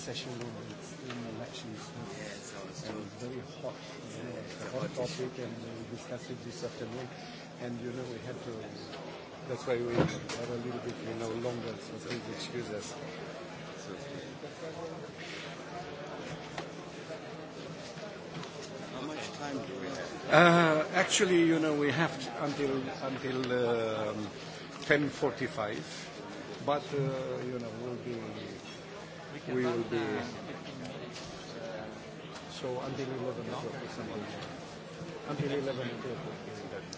session in, in elections. Yes, and was very hot. Yeah, it's hot topic, and we discussed it this afternoon. And you know, we had to. That's why we have a little bit, you know, longer. So please excuse us. How much time do we have? Uh, actually, you know, we have to, until until um, 10:45, but uh, you know, we'll be we will be uh, uh, so until 11 o'clock. Until 11 o'clock.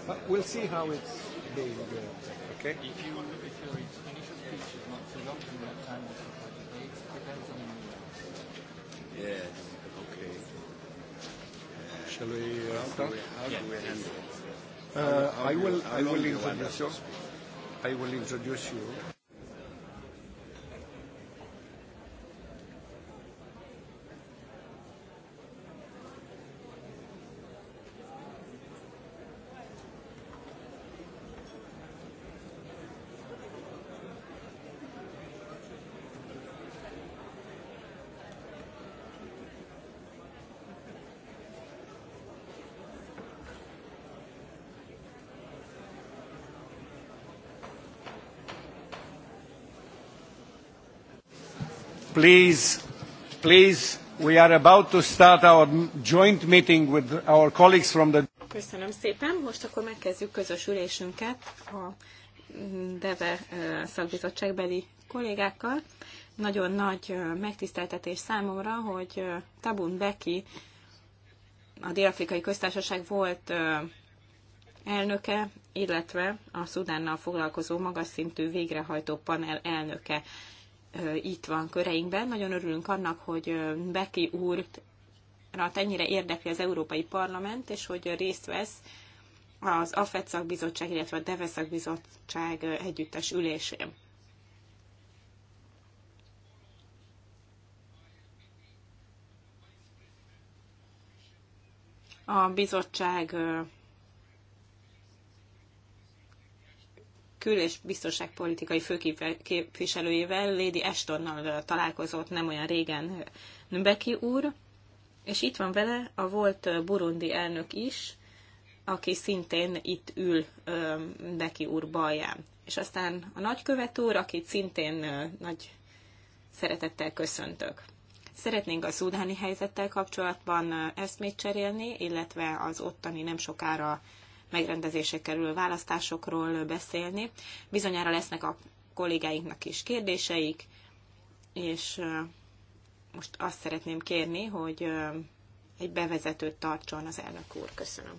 But we'll see how it's being. Uh, okay. If you if your initial speech is not too long, you have time also for debates. Depends on. Yes. Okay. Uh, Shall we uh, start? How do we handle it? Uh, I will. I will introduce. you. I will introduce you Please, please, we are about to start our joint meeting with our colleagues from the... Köszönöm szépen. Most akkor megkezdjük közös ülésünket a DEVE eh, szakbizottságbeli kollégákkal. Nagyon nagy eh, megtiszteltetés számomra, hogy eh, Tabun Beki, a Dél-Afrikai Köztársaság volt elnöke, illetve a Szudánnal foglalkozó magas szintű végrehajtó panel elnöke itt van köreinkben. Nagyon örülünk annak, hogy Beki úr ennyire érdekli az Európai Parlament, és hogy részt vesz az AFET szakbizottság, illetve a DEVE szakbizottság együttes ülésén. A bizottság kül- és biztonságpolitikai főképviselőjével, Lady Ashtonnal találkozott nem olyan régen Nbeki úr, és itt van vele a volt burundi elnök is, aki szintén itt ül Nbeki úr balján. És aztán a nagykövet úr, akit szintén nagy szeretettel köszöntök. Szeretnénk a szudáni helyzettel kapcsolatban eszmét cserélni, illetve az ottani nem sokára megrendezése kerül választásokról beszélni. Bizonyára lesznek a kollégáinknak is kérdéseik, és most azt szeretném kérni, hogy egy bevezetőt tartson az elnök úr. Köszönöm.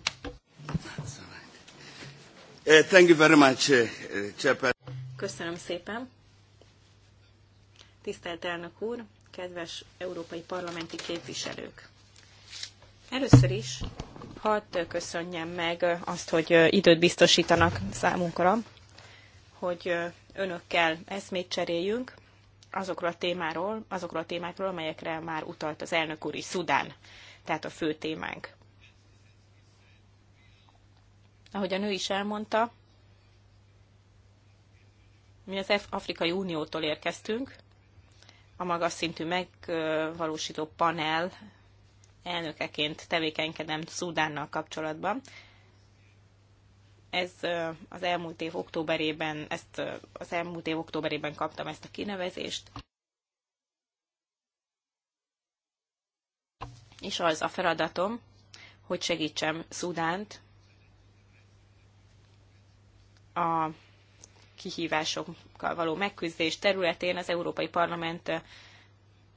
Eh, thank you very much, eh, Köszönöm szépen. Tisztelt elnök úr, kedves európai parlamenti képviselők! Először is hadd köszönjem meg azt, hogy időt biztosítanak számunkra, hogy önökkel eszmét cseréljünk azokról a témáról, azokról a témákról, amelyekre már utalt az elnök úr is, Szudán, tehát a fő témánk. Ahogy a nő is elmondta, mi az Afrikai Uniótól érkeztünk, a magas szintű megvalósító panel elnökeként tevékenykedem Szudánnal kapcsolatban. Ez az elmúlt év októberében, ezt az elmúlt év októberében kaptam ezt a kinevezést. És az a feladatom, hogy segítsem Szudánt a kihívásokkal való megküzdés területén az Európai Parlament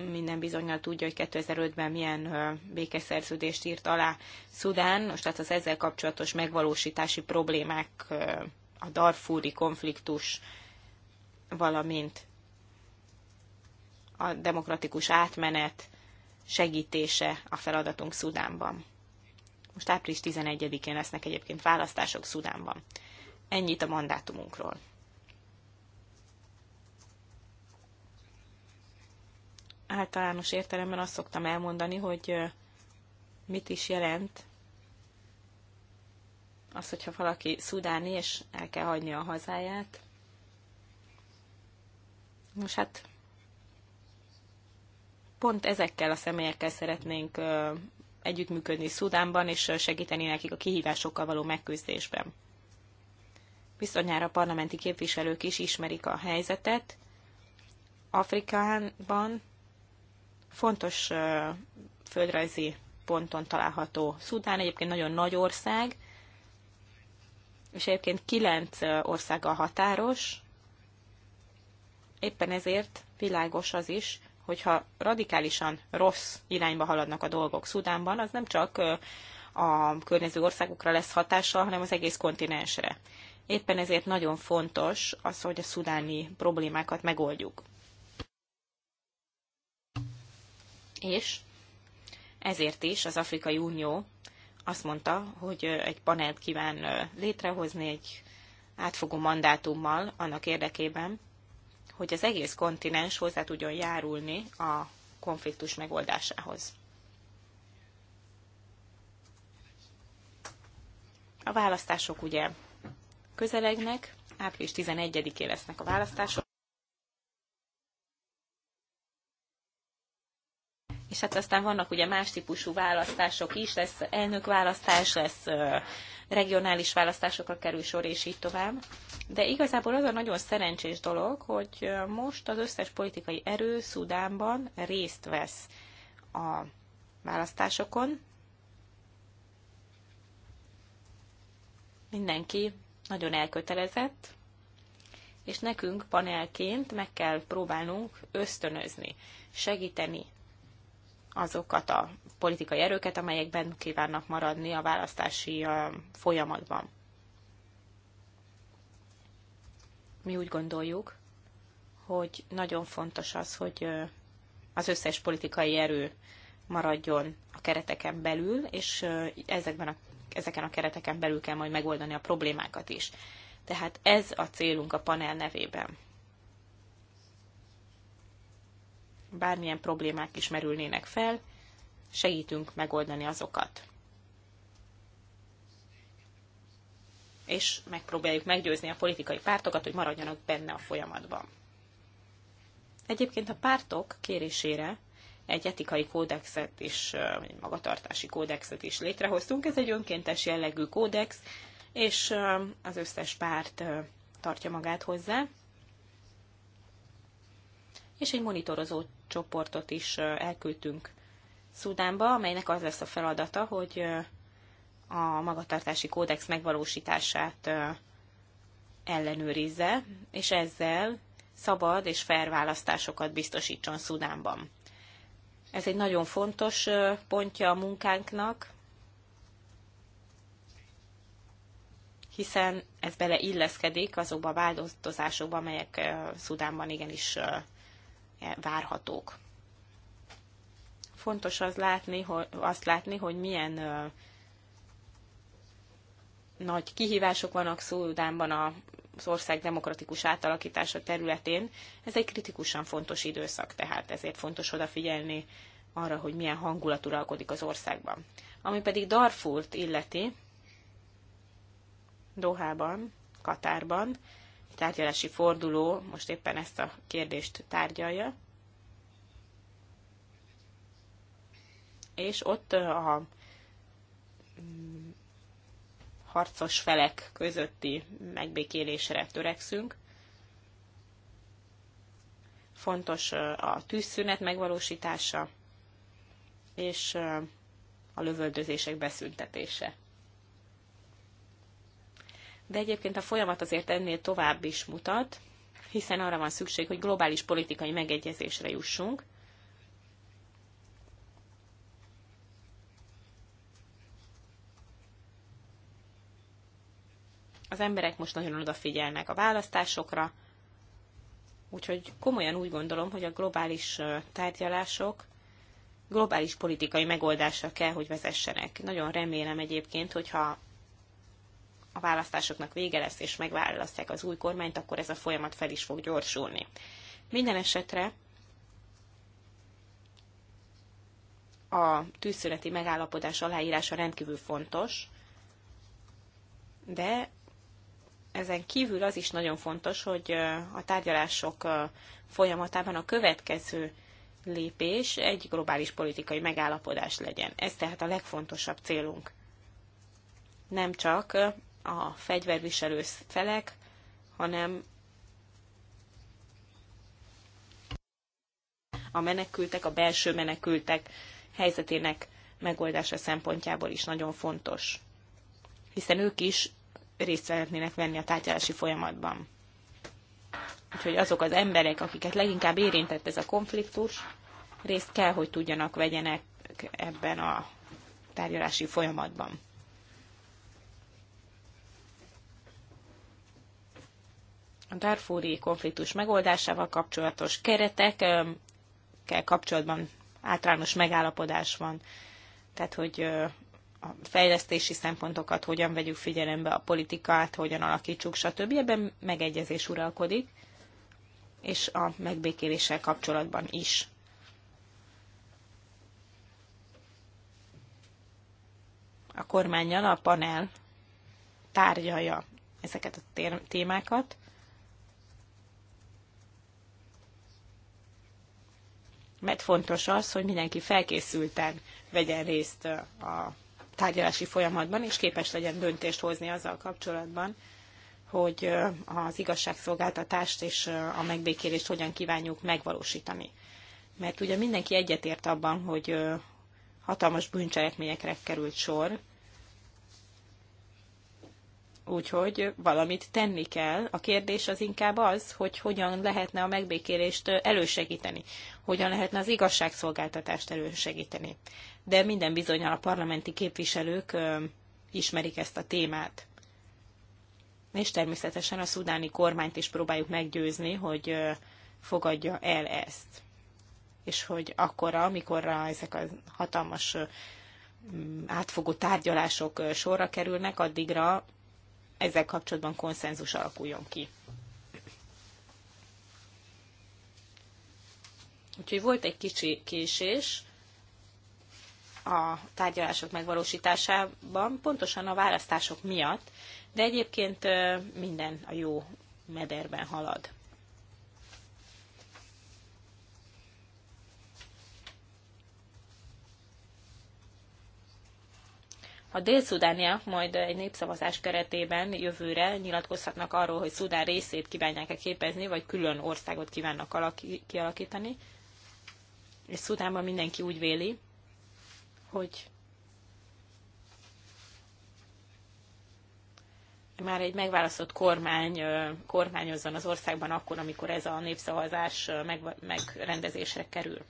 minden bizonyal tudja, hogy 2005-ben milyen békeszerződést írt alá Szudán, most tehát az ezzel kapcsolatos megvalósítási problémák, a darfúri konfliktus, valamint a demokratikus átmenet segítése a feladatunk Szudánban. Most április 11-én lesznek egyébként választások Szudánban. Ennyit a mandátumunkról. általános értelemben azt szoktam elmondani, hogy mit is jelent az, hogyha valaki szudáni, és el kell hagyni a hazáját. Most hát pont ezekkel a személyekkel szeretnénk együttműködni Szudánban, és segíteni nekik a kihívásokkal való megküzdésben. Bizonyára a parlamenti képviselők is ismerik a helyzetet. Afrikában Fontos földrajzi ponton található Szudán, egyébként nagyon nagy ország, és egyébként kilenc országgal határos. Éppen ezért világos az is, hogyha radikálisan rossz irányba haladnak a dolgok Szudánban, az nem csak a környező országokra lesz hatással, hanem az egész kontinensre. Éppen ezért nagyon fontos az, hogy a szudáni problémákat megoldjuk. És ezért is az Afrikai Unió azt mondta, hogy egy panelt kíván létrehozni egy átfogó mandátummal annak érdekében, hogy az egész kontinens hozzá tudjon járulni a konfliktus megoldásához. A választások ugye közelegnek, április 11-én lesznek a választások. és hát aztán vannak ugye más típusú választások is, lesz elnökválasztás, lesz regionális választásokra kerül sor, és így tovább. De igazából az a nagyon szerencsés dolog, hogy most az összes politikai erő Szudánban részt vesz a választásokon. Mindenki nagyon elkötelezett, és nekünk panelként meg kell próbálnunk ösztönözni, segíteni azokat a politikai erőket, amelyek benne kívánnak maradni a választási folyamatban. Mi úgy gondoljuk, hogy nagyon fontos az, hogy az összes politikai erő maradjon a kereteken belül, és ezekben a, ezeken a kereteken belül kell majd megoldani a problémákat is. Tehát ez a célunk a panel nevében. bármilyen problémák is merülnének fel, segítünk megoldani azokat. És megpróbáljuk meggyőzni a politikai pártokat, hogy maradjanak benne a folyamatban. Egyébként a pártok kérésére egy etikai kódexet is, egy magatartási kódexet is létrehoztunk. Ez egy önkéntes jellegű kódex, és az összes párt tartja magát hozzá és egy monitorozó csoportot is elküldtünk Szudánba, amelynek az lesz a feladata, hogy a magatartási kódex megvalósítását ellenőrizze, és ezzel szabad és fair választásokat biztosítson Szudánban. Ez egy nagyon fontos pontja a munkánknak, hiszen ez beleilleszkedik azokba a változásokba, amelyek Szudánban igenis várhatók. Fontos az látni, hogy, azt látni, hogy milyen nagy kihívások vannak Szúdánban a az ország demokratikus átalakítása területén. Ez egy kritikusan fontos időszak, tehát ezért fontos odafigyelni arra, hogy milyen hangulat uralkodik az országban. Ami pedig Darfurt illeti, Dohában, Katárban, tárgyalási forduló most éppen ezt a kérdést tárgyalja. És ott a mm, harcos felek közötti megbékélésre törekszünk. Fontos a tűzszünet megvalósítása és a lövöldözések beszüntetése de egyébként a folyamat azért ennél tovább is mutat, hiszen arra van szükség, hogy globális politikai megegyezésre jussunk. Az emberek most nagyon odafigyelnek a választásokra, úgyhogy komolyan úgy gondolom, hogy a globális tárgyalások globális politikai megoldásra kell, hogy vezessenek. Nagyon remélem egyébként, hogyha a választásoknak vége lesz, és megválasztják az új kormányt, akkor ez a folyamat fel is fog gyorsulni. Minden esetre a tűzszüneti megállapodás aláírása rendkívül fontos, de ezen kívül az is nagyon fontos, hogy a tárgyalások folyamatában a következő lépés egy globális politikai megállapodás legyen. Ez tehát a legfontosabb célunk. Nem csak a fegyverviselő felek, hanem a menekültek, a belső menekültek helyzetének megoldása szempontjából is nagyon fontos, hiszen ők is részt szeretnének venni a tárgyalási folyamatban. Úgyhogy azok az emberek, akiket leginkább érintett ez a konfliktus, részt kell, hogy tudjanak vegyenek ebben a tárgyalási folyamatban. a Darfúri konfliktus megoldásával kapcsolatos keretekkel kapcsolatban általános megállapodás van. Tehát, hogy a fejlesztési szempontokat hogyan vegyük figyelembe, a politikát hogyan alakítsuk, stb. Ebben megegyezés uralkodik, és a megbékéléssel kapcsolatban is. A kormányjal a panel tárgyalja ezeket a témákat, mert fontos az, hogy mindenki felkészülten vegyen részt a tárgyalási folyamatban, és képes legyen döntést hozni azzal kapcsolatban, hogy az igazságszolgáltatást és a megbékélést hogyan kívánjuk megvalósítani. Mert ugye mindenki egyetért abban, hogy hatalmas bűncselekményekre került sor, Úgyhogy valamit tenni kell. A kérdés az inkább az, hogy hogyan lehetne a megbékélést elősegíteni, hogyan lehetne az igazságszolgáltatást elősegíteni. De minden bizonyal a parlamenti képviselők ismerik ezt a témát. És természetesen a szudáni kormányt is próbáljuk meggyőzni, hogy fogadja el ezt. És hogy akkor, amikor ezek a hatalmas átfogó tárgyalások sorra kerülnek, addigra ezzel kapcsolatban konszenzus alakuljon ki. Úgyhogy volt egy kicsi késés a tárgyalások megvalósításában, pontosan a választások miatt, de egyébként minden a jó mederben halad. A dél-szudániak majd egy népszavazás keretében jövőre nyilatkozhatnak arról, hogy Szudán részét kívánják-e képezni, vagy külön országot kívánnak alaki- kialakítani. És Szudánban mindenki úgy véli, hogy már egy megválasztott kormány kormányozzon az országban akkor, amikor ez a népszavazás megrendezésre kerül.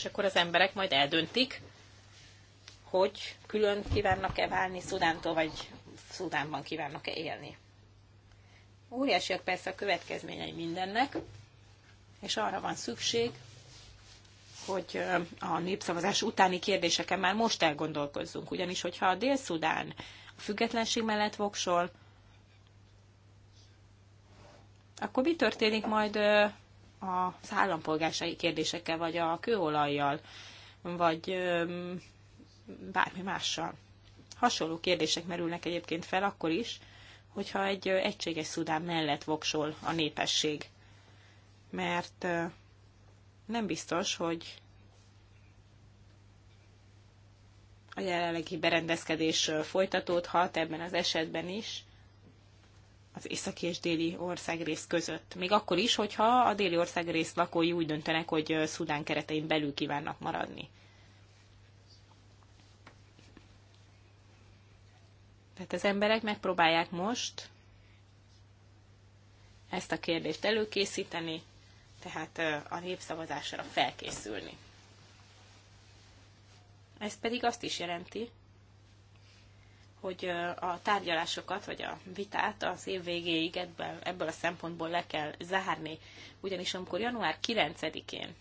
és akkor az emberek majd eldöntik, hogy külön kívánnak-e válni Szudántól, vagy Szudánban kívánnak-e élni. Óriásiak persze a következményei mindennek, és arra van szükség, hogy a népszavazás utáni kérdéseken már most elgondolkozzunk, ugyanis hogyha a Dél-Szudán a függetlenség mellett voksol, akkor mi történik majd az állampolgársági kérdésekkel, vagy a kőolajjal, vagy bármi mással. Hasonló kérdések merülnek egyébként fel akkor is, hogyha egy egységes Szudán mellett voksol a népesség. Mert nem biztos, hogy a jelenlegi berendezkedés folytatódhat ebben az esetben is, az északi és déli országrész között. Még akkor is, hogyha a déli országrész lakói úgy döntenek, hogy Szudán keretein belül kívánnak maradni. Tehát az emberek megpróbálják most ezt a kérdést előkészíteni, tehát a népszavazásra felkészülni. Ez pedig azt is jelenti, hogy a tárgyalásokat, vagy a vitát az év végéig ebből, ebből a szempontból le kell zárni. Ugyanis amikor január 9-én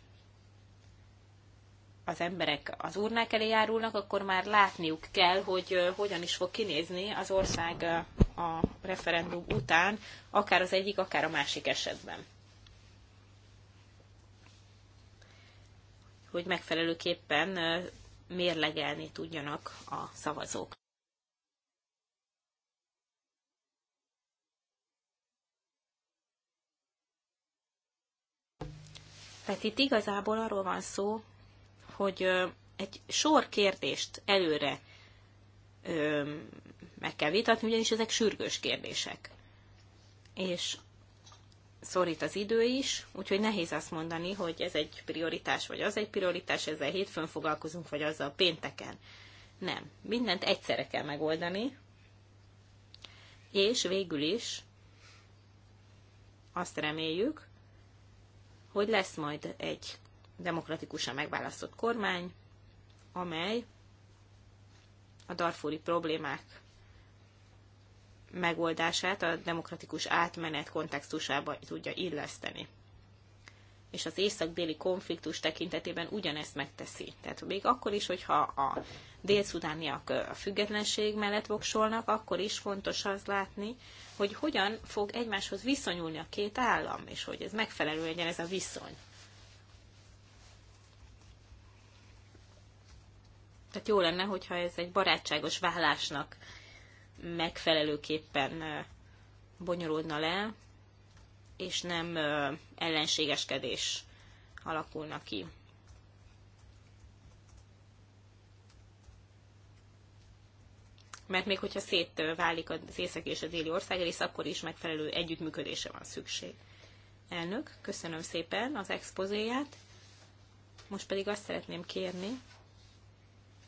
az emberek az urnák elé járulnak, akkor már látniuk kell, hogy hogyan is fog kinézni az ország a referendum után, akár az egyik, akár a másik esetben. Hogy megfelelőképpen mérlegelni tudjanak a szavazók. Tehát itt igazából arról van szó, hogy egy sor kérdést előre meg kell vitatni, ugyanis ezek sürgős kérdések. És szorít az idő is, úgyhogy nehéz azt mondani, hogy ez egy prioritás, vagy az egy prioritás, ezzel hétfőn foglalkozunk, vagy azzal pénteken. Nem. Mindent egyszerre kell megoldani, és végül is azt reméljük, hogy lesz majd egy demokratikusan megválasztott kormány, amely a darfúri problémák megoldását a demokratikus átmenet kontextusába tudja illeszteni és az észak-déli konfliktus tekintetében ugyanezt megteszi. Tehát még akkor is, hogyha a dél-szudániak a függetlenség mellett voksolnak, akkor is fontos az látni, hogy hogyan fog egymáshoz viszonyulni a két állam, és hogy ez megfelelő legyen ez a viszony. Tehát jó lenne, hogyha ez egy barátságos vállásnak megfelelőképpen bonyolódna le, és nem ellenségeskedés alakulna ki. Mert még hogyha szétválik az észak és az éli országrész, akkor is megfelelő együttműködése van szükség. Elnök, köszönöm szépen az expozéját. Most pedig azt szeretném kérni,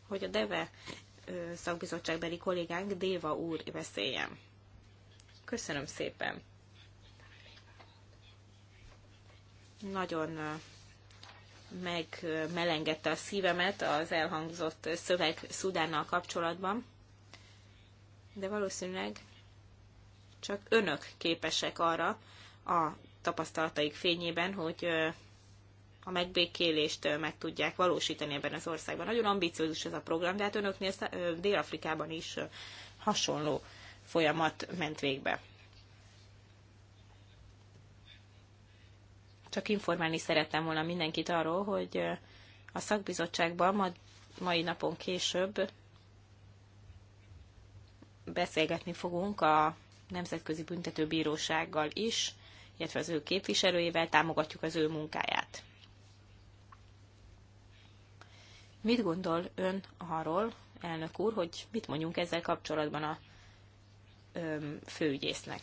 hogy a DEVE szakbizottságbeli kollégánk Déva úr beszéljen. Köszönöm szépen! nagyon megmelengette a szívemet az elhangzott szöveg Szudánnal kapcsolatban, de valószínűleg csak önök képesek arra a tapasztalataik fényében, hogy a megbékélést meg tudják valósítani ebben az országban. Nagyon ambiciózus ez a program, de hát önöknél Dél-Afrikában is hasonló folyamat ment végbe. Csak informálni szerettem volna mindenkit arról, hogy a szakbizottságban ma, mai napon később beszélgetni fogunk a Nemzetközi Büntetőbírósággal is, illetve az ő képviselőjével támogatjuk az ő munkáját. Mit gondol ön arról, elnök úr, hogy mit mondjunk ezzel kapcsolatban a főügyésznek?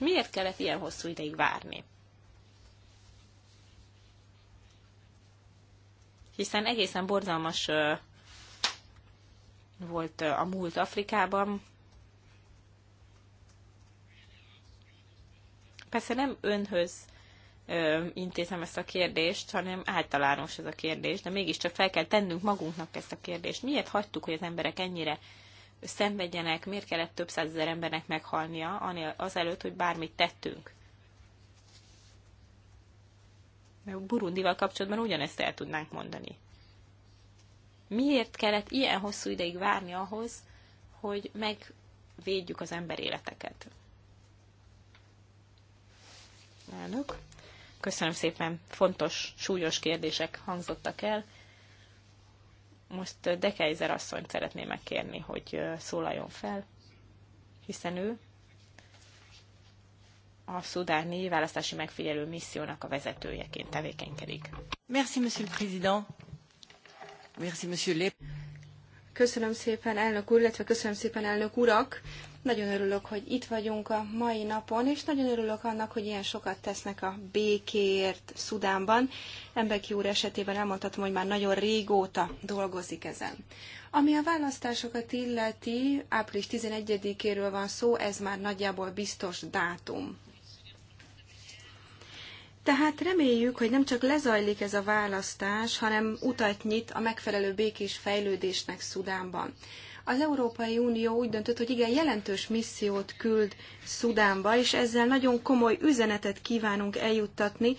Miért kellett ilyen hosszú ideig várni? Hiszen egészen borzalmas volt a múlt Afrikában. Persze nem önhöz intézem ezt a kérdést, hanem általános ez a kérdés, de mégiscsak fel kell tennünk magunknak ezt a kérdést. Miért hagytuk, hogy az emberek ennyire szenvedjenek, miért kellett több százezer embernek meghalnia azelőtt, hogy bármit tettünk. Burundival kapcsolatban ugyanezt el tudnánk mondani. Miért kellett ilyen hosszú ideig várni ahhoz, hogy megvédjük az ember életeket? Elnök. Köszönöm szépen, fontos, súlyos kérdések hangzottak el. Most Dekeizer asszonyt szeretném megkérni, hogy szólaljon fel, hiszen ő a szudáni választási megfigyelő missziónak a vezetőjeként tevékenykedik. Merci, monsieur le président. Merci, monsieur le... Köszönöm szépen, elnök úr, illetve köszönöm szépen, elnök urak. Nagyon örülök, hogy itt vagyunk a mai napon, és nagyon örülök annak, hogy ilyen sokat tesznek a békéért Szudánban. Embeki úr esetében elmondhatom, hogy már nagyon régóta dolgozik ezen. Ami a választásokat illeti, április 11-éről van szó, ez már nagyjából biztos dátum. Tehát reméljük, hogy nem csak lezajlik ez a választás, hanem utat nyit a megfelelő békés fejlődésnek Szudánban. Az Európai Unió úgy döntött, hogy igen jelentős missziót küld Szudánba, és ezzel nagyon komoly üzenetet kívánunk eljuttatni,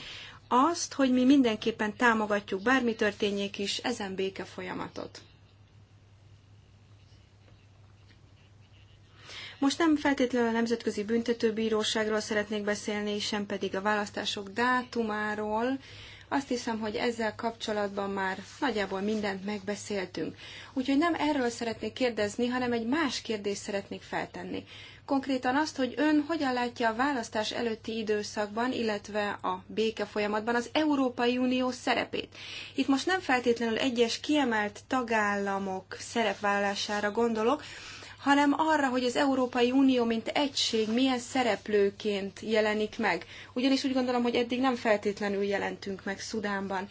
azt, hogy mi mindenképpen támogatjuk, bármi történjék is, ezen béke folyamatot. Most nem feltétlenül a Nemzetközi Büntetőbíróságról szeretnék beszélni, sem pedig a választások dátumáról. Azt hiszem, hogy ezzel kapcsolatban már nagyjából mindent megbeszéltünk. Úgyhogy nem erről szeretnék kérdezni, hanem egy más kérdést szeretnék feltenni. Konkrétan azt, hogy ön hogyan látja a választás előtti időszakban, illetve a béke folyamatban az Európai Unió szerepét. Itt most nem feltétlenül egyes kiemelt tagállamok szerepvállására gondolok, hanem arra, hogy az Európai Unió mint egység milyen szereplőként jelenik meg. Ugyanis úgy gondolom, hogy eddig nem feltétlenül jelentünk meg Szudánban.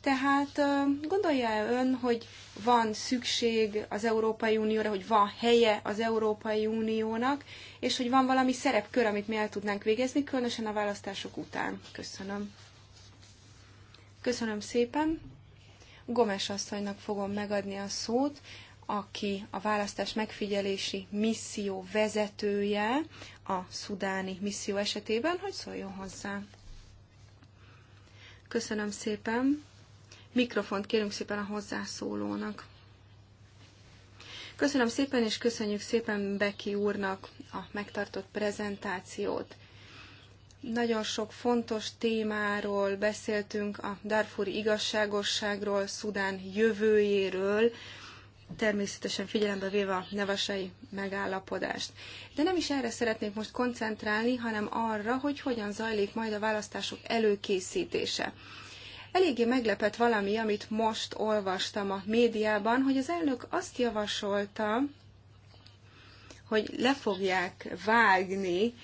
Tehát gondolja -e ön, hogy van szükség az Európai Unióra, hogy van helye az Európai Uniónak, és hogy van valami szerepkör, amit mi el tudnánk végezni, különösen a választások után. Köszönöm. Köszönöm szépen. Gomes asszonynak fogom megadni a szót, aki a választás megfigyelési misszió vezetője a szudáni misszió esetében, hogy szóljon hozzá. Köszönöm szépen. Mikrofont kérünk szépen a hozzászólónak. Köszönöm szépen, és köszönjük szépen Beki úrnak a megtartott prezentációt. Nagyon sok fontos témáról beszéltünk, a Darfuri igazságosságról, Szudán jövőjéről, természetesen figyelembe véve a nevasai megállapodást. De nem is erre szeretnék most koncentrálni, hanem arra, hogy hogyan zajlik majd a választások előkészítése. Eléggé meglepett valami, amit most olvastam a médiában, hogy az elnök azt javasolta, hogy le fogják vágni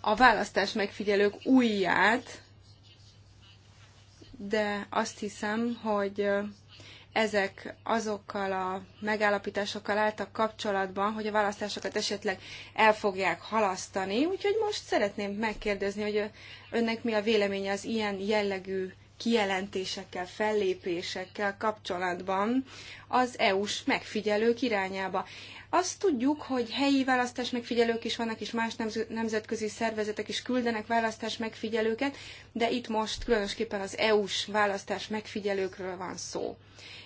a választás megfigyelők ujját, de azt hiszem, hogy ezek azokkal a megállapításokkal álltak kapcsolatban, hogy a választásokat esetleg el fogják halasztani. Úgyhogy most szeretném megkérdezni, hogy önnek mi a véleménye az ilyen jellegű kijelentésekkel, fellépésekkel kapcsolatban az EU-s megfigyelők irányába. Azt tudjuk, hogy helyi választás megfigyelők is vannak, és más nemzetközi szervezetek is küldenek választás megfigyelőket, de itt most különösképpen az EU-s választás megfigyelőkről van szó.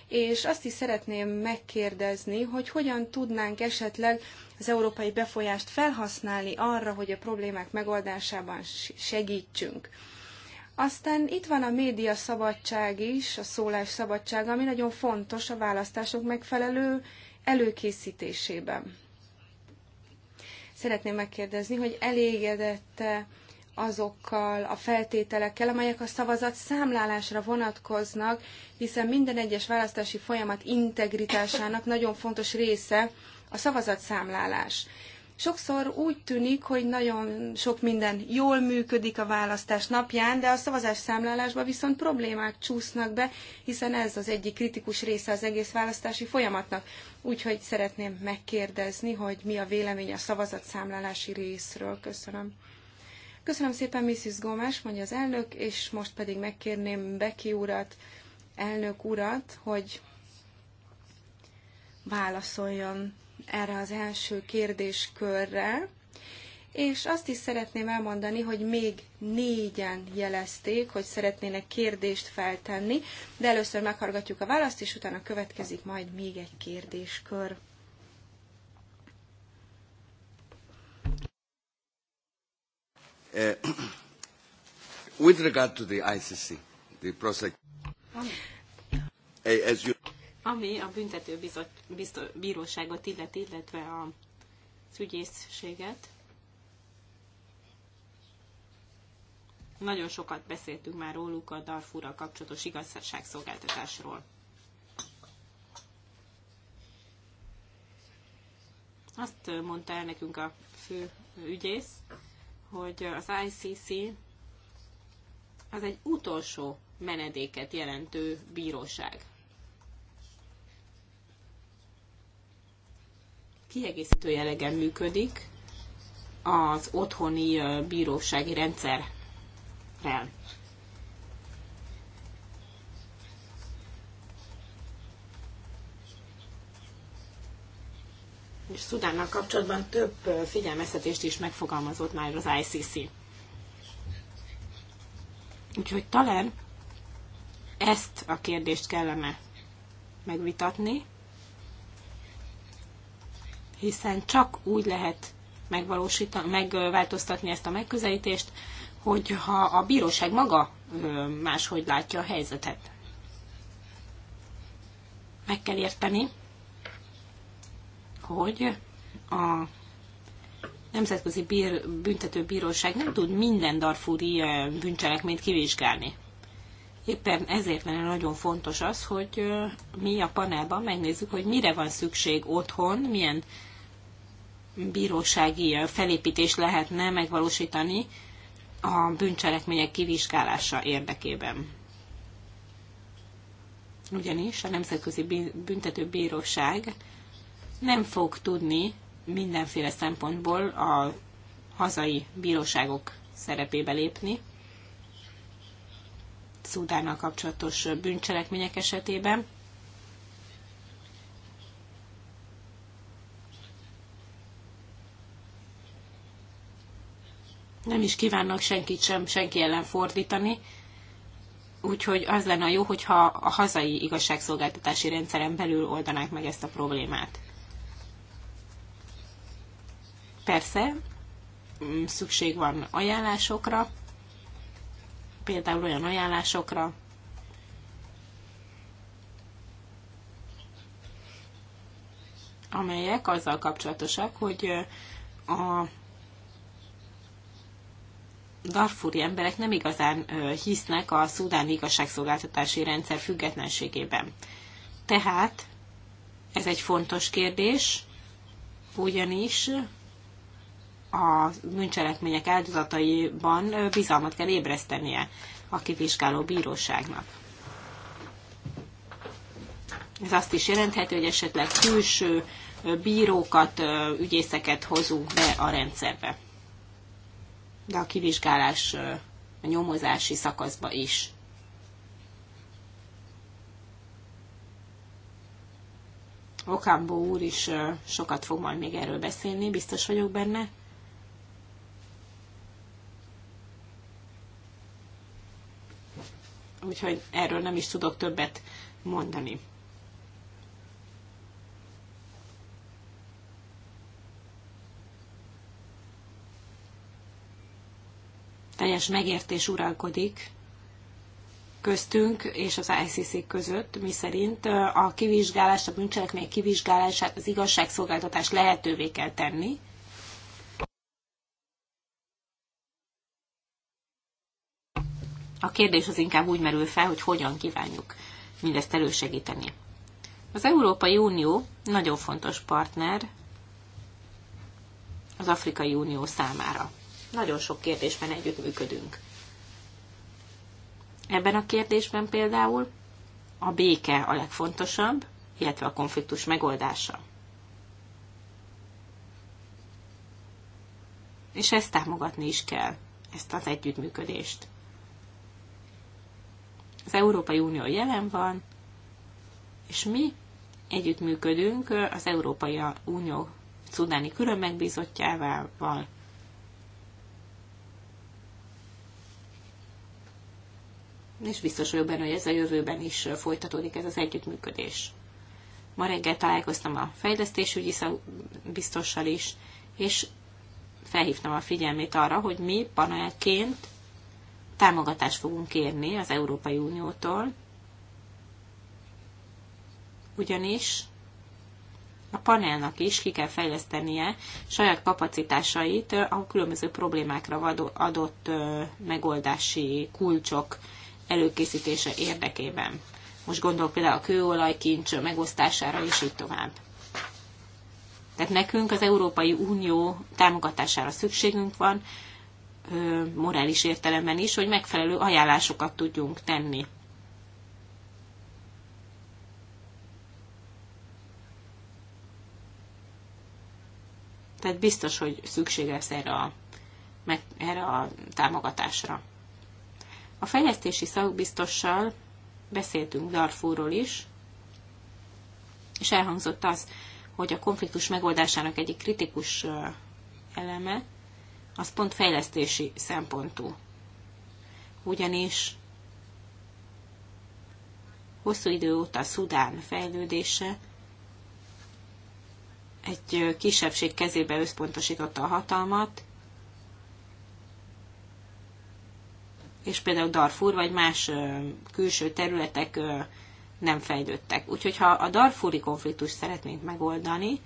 És azt is szeretném megkérdezni, hogy hogyan tudnánk esetleg az európai befolyást felhasználni arra, hogy a problémák megoldásában segítsünk aztán itt van a média szabadság is, a szólás szabadság, ami nagyon fontos a választások megfelelő előkészítésében. Szeretném megkérdezni, hogy elégedette azokkal a feltételekkel, amelyek a szavazat számlálásra vonatkoznak, hiszen minden egyes választási folyamat integritásának nagyon fontos része a szavazatszámlálás. számlálás Sokszor úgy tűnik, hogy nagyon sok minden jól működik a választás napján, de a szavazás számlálásban viszont problémák csúsznak be, hiszen ez az egyik kritikus része az egész választási folyamatnak. Úgyhogy szeretném megkérdezni, hogy mi a vélemény a szavazatszámlálási részről. Köszönöm. Köszönöm szépen, Mrs. Gomes, mondja az elnök, és most pedig megkérném Beki urat, elnök urat, hogy válaszoljon erre az első kérdéskörre, és azt is szeretném elmondani, hogy még négyen jelezték, hogy szeretnének kérdést feltenni, de először meghallgatjuk a választ, és utána következik majd még egy kérdéskör. Uh, with regard to the ICC, the prosecutor, eh, as you... Ami a büntető bíróságot illet, illetve a, ügyészséget, nagyon sokat beszéltünk már róluk a Darfurral kapcsolatos igazságszolgáltatásról. Azt mondta el nekünk a fő ügyész, hogy az ICC az egy utolsó menedéket jelentő bíróság. kiegészítő jellegen működik az otthoni bírósági rendszerrel. és Szudánnal kapcsolatban több figyelmeztetést is megfogalmazott már az ICC. Úgyhogy talán ezt a kérdést kellene megvitatni, hiszen csak úgy lehet megvalósítani, megváltoztatni ezt a megközelítést, hogyha a bíróság maga máshogy látja a helyzetet. Meg kell érteni, hogy a Nemzetközi Bír, Büntetőbíróság nem tud minden darfúri bűncselekményt kivizsgálni. Éppen ezért lenne nagyon fontos az, hogy mi a panelban megnézzük, hogy mire van szükség otthon, milyen bírósági felépítés lehetne megvalósítani a bűncselekmények kivizsgálása érdekében. Ugyanis a Nemzetközi Büntetőbíróság nem fog tudni mindenféle szempontból a hazai bíróságok szerepébe lépni, Szudánnal kapcsolatos bűncselekmények esetében. nem is kívánnak senkit sem senki ellen fordítani, úgyhogy az lenne jó, hogyha a hazai igazságszolgáltatási rendszeren belül oldanák meg ezt a problémát. Persze, mm, szükség van ajánlásokra, például olyan ajánlásokra, amelyek azzal kapcsolatosak, hogy a darfúri emberek nem igazán hisznek a szudáni igazságszolgáltatási rendszer függetlenségében. Tehát ez egy fontos kérdés, ugyanis a bűncselekmények áldozataiban bizalmat kell ébresztenie a kivizsgáló bíróságnak. Ez azt is jelentheti, hogy esetleg külső bírókat, ügyészeket hozunk be a rendszerbe de a kivizsgálás a nyomozási szakaszba is. Okambó úr is sokat fog majd még erről beszélni, biztos vagyok benne. Úgyhogy erről nem is tudok többet mondani. teljes megértés uralkodik köztünk és az ICC között, mi szerint a kivizsgálást, a bűncselekmény kivizsgálását, az igazságszolgáltatást lehetővé kell tenni. A kérdés az inkább úgy merül fel, hogy hogyan kívánjuk mindezt elősegíteni. Az Európai Unió nagyon fontos partner az Afrikai Unió számára nagyon sok kérdésben együttműködünk. Ebben a kérdésben például a béke a legfontosabb, illetve a konfliktus megoldása. És ezt támogatni is kell, ezt az együttműködést. Az Európai Unió jelen van, és mi együttműködünk az Európai Unió külön különmegbizottjával, és biztos vagyok benne, hogy ez a jövőben is folytatódik ez az együttműködés. Ma reggel találkoztam a fejlesztésügyi biztossal is, és felhívtam a figyelmét arra, hogy mi panelként támogatást fogunk kérni az Európai Uniótól, ugyanis a panelnak is ki kell fejlesztenie saját kapacitásait a különböző problémákra adott megoldási kulcsok előkészítése érdekében. Most gondolok például a kincs megosztására, és így tovább. Tehát nekünk az Európai Unió támogatására szükségünk van, morális értelemben is, hogy megfelelő ajánlásokat tudjunk tenni. Tehát biztos, hogy szükséges erre a, meg, erre a támogatásra. A fejlesztési szakbiztossal beszéltünk Darfurról is, és elhangzott az, hogy a konfliktus megoldásának egyik kritikus eleme az pont fejlesztési szempontú. Ugyanis hosszú idő óta Szudán fejlődése egy kisebbség kezébe összpontosította a hatalmat, és például Darfur vagy más külső területek nem fejlődtek. Úgyhogy ha a Darfuri konfliktust szeretnénk megoldani,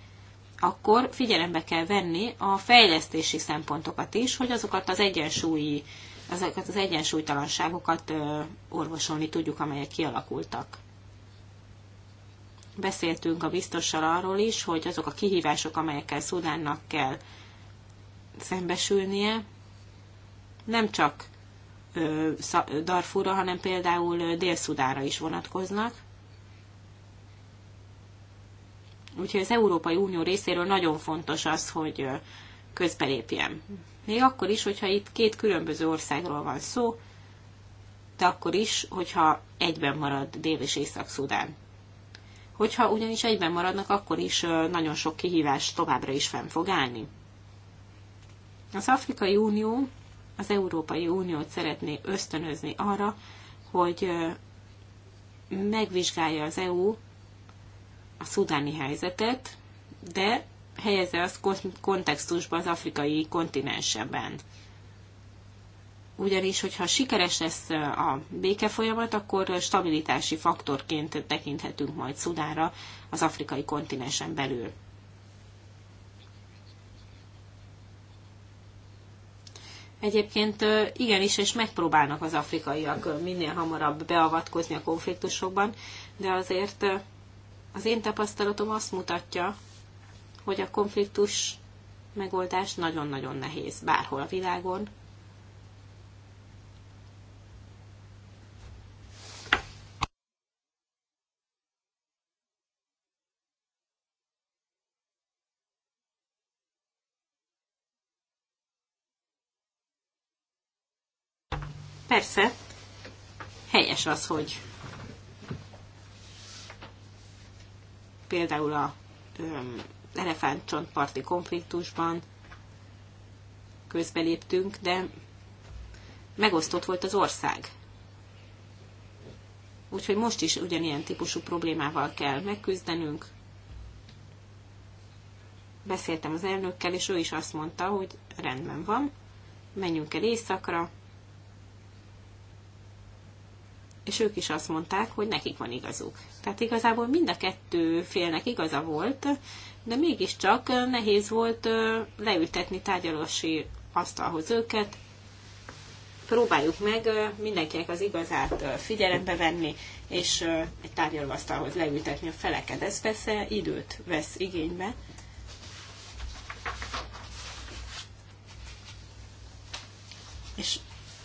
akkor figyelembe kell venni a fejlesztési szempontokat is, hogy azokat az egyensúlyi, azokat az egyensúlytalanságokat orvosolni tudjuk, amelyek kialakultak. Beszéltünk a biztossal arról is, hogy azok a kihívások, amelyekkel Szudánnak kell szembesülnie, nem csak Darfurra, hanem például Dél-Szudára is vonatkoznak. Úgyhogy az Európai Unió részéről nagyon fontos az, hogy közbelépjen. Még akkor is, hogyha itt két különböző országról van szó, de akkor is, hogyha egyben marad Dél- és Észak-Szudán. Hogyha ugyanis egyben maradnak, akkor is nagyon sok kihívás továbbra is fenn fog állni. Az Afrikai Unió az Európai Uniót szeretné ösztönözni arra, hogy megvizsgálja az EU a szudáni helyzetet, de helyezze azt kontextusba az afrikai kontinenseben. Ugyanis, hogyha sikeres lesz a békefolyamat, akkor stabilitási faktorként tekinthetünk majd Szudára az afrikai kontinensen belül. Egyébként igenis, és megpróbálnak az afrikaiak minél hamarabb beavatkozni a konfliktusokban, de azért az én tapasztalatom azt mutatja, hogy a konfliktus megoldás nagyon-nagyon nehéz bárhol a világon, Persze, helyes az, hogy például a elefántcsontparti konfliktusban közbeléptünk, de megosztott volt az ország. Úgyhogy most is ugyanilyen típusú problémával kell megküzdenünk. Beszéltem az elnökkel, és ő is azt mondta, hogy rendben van, menjünk el éjszakra, és ők is azt mondták, hogy nekik van igazuk. Tehát igazából mind a kettő félnek igaza volt, de mégiscsak nehéz volt leültetni tárgyalási asztalhoz őket. Próbáljuk meg mindenkinek az igazát figyelembe venni, és egy tárgyalóasztalhoz leültetni a feleket. Ez persze időt vesz igénybe. És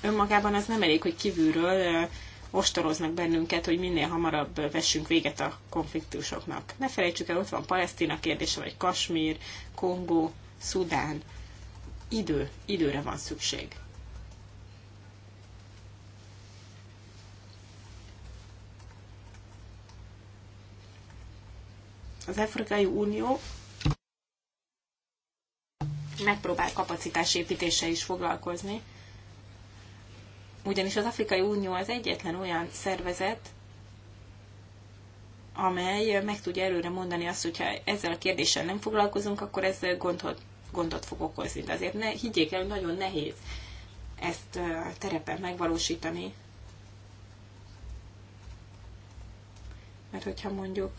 önmagában az nem elég, hogy kívülről ostoroznak bennünket, hogy minél hamarabb vessünk véget a konfliktusoknak. Ne felejtsük el, ott van Palesztina kérdése, vagy Kasmír, Kongó, Szudán. Idő, időre van szükség. Az Afrikai Unió megpróbál kapacitásépítéssel is foglalkozni, ugyanis az Afrikai Unió az egyetlen olyan szervezet, amely meg tudja előre mondani azt, hogyha ezzel a kérdéssel nem foglalkozunk, akkor ez gondot, gondot fog okozni. De azért ne, higgyék el, nagyon nehéz ezt a terepen megvalósítani. Mert hogyha mondjuk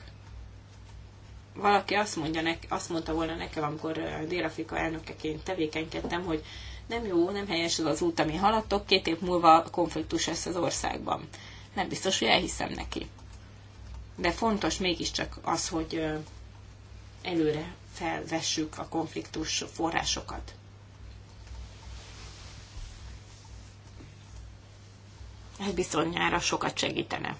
valaki azt, mondja nek, azt mondta volna nekem, amikor Dél-Afrika elnökeként tevékenykedtem, hogy nem jó, nem helyes az az út, ami haladtok, két év múlva konfliktus lesz az országban. Nem biztos, hogy elhiszem neki. De fontos mégiscsak az, hogy előre felvessük a konfliktus forrásokat. Ez bizonyára sokat segítene.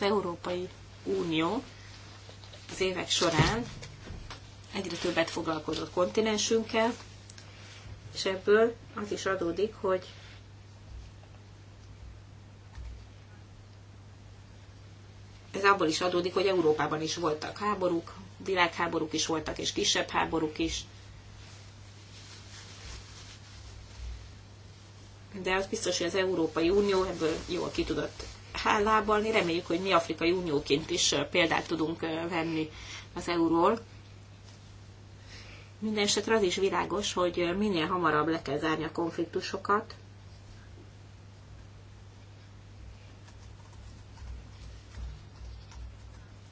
az Európai Unió az évek során egyre többet foglalkozott kontinensünkkel, és ebből az is adódik, hogy ez abból is adódik, hogy Európában is voltak háborúk, világháborúk is voltak, és kisebb háborúk is. De az biztos, hogy az Európai Unió ebből jól ki tudott hálában. Reméljük, hogy mi Afrikai Unióként is példát tudunk venni az euróról. Minden Mindenesetre az is világos, hogy minél hamarabb le kell zárni a konfliktusokat,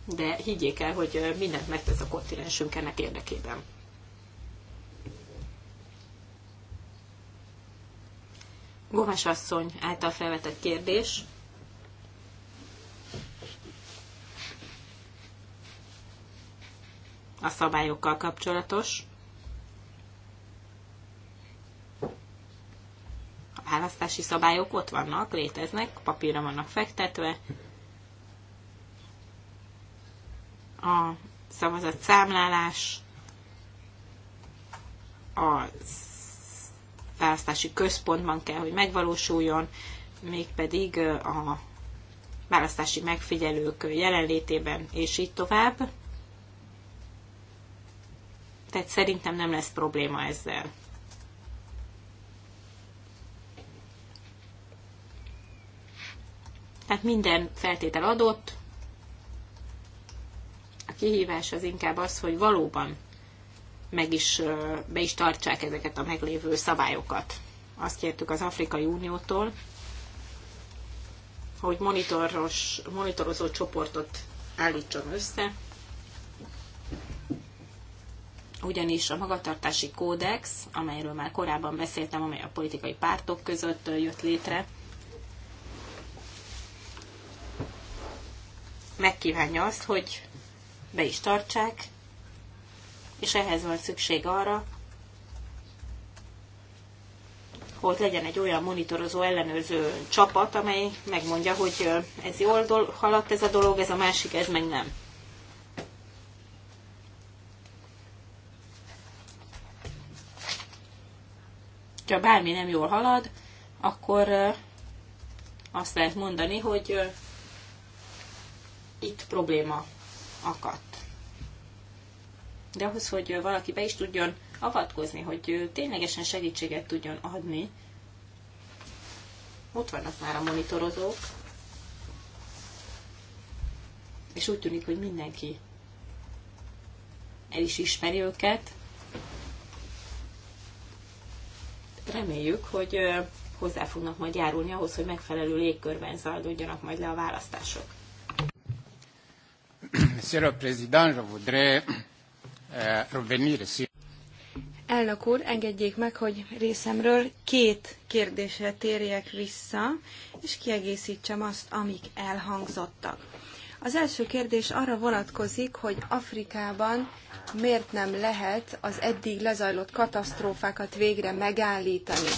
de higgyék el, hogy mindent megtesz a kontinensünk ennek érdekében. Gomes asszony által felvetett kérdés. a szabályokkal kapcsolatos. A választási szabályok ott vannak, léteznek, papírra vannak fektetve. A szavazat számlálás, a választási központban kell, hogy megvalósuljon, mégpedig a választási megfigyelők jelenlétében, és így tovább. Tehát szerintem nem lesz probléma ezzel. Tehát minden feltétel adott. A kihívás az inkább az, hogy valóban meg is, be is tartsák ezeket a meglévő szabályokat. Azt kértük az Afrikai Uniótól, hogy monitoros, monitorozó csoportot állítson össze, ugyanis a magatartási kódex, amelyről már korábban beszéltem, amely a politikai pártok között jött létre, megkívánja azt, hogy be is tartsák, és ehhez van szükség arra, hogy legyen egy olyan monitorozó, ellenőrző csapat, amely megmondja, hogy ez jól haladt ez a dolog, ez a másik, ez meg nem. hogyha bármi nem jól halad, akkor azt lehet mondani, hogy itt probléma akadt. De ahhoz, hogy valaki be is tudjon avatkozni, hogy ténylegesen segítséget tudjon adni, ott vannak már a monitorozók, és úgy tűnik, hogy mindenki el is ismeri őket, reméljük, hogy hozzá fognak majd járulni ahhoz, hogy megfelelő légkörben zajlódjanak majd le a választások. Monsieur le Président, je voudrais euh, revenir Elnök úr, engedjék meg, hogy részemről két kérdésre térjek vissza, és kiegészítsem azt, amik elhangzottak. Az első kérdés arra vonatkozik, hogy Afrikában miért nem lehet az eddig lezajlott katasztrófákat végre megállítani.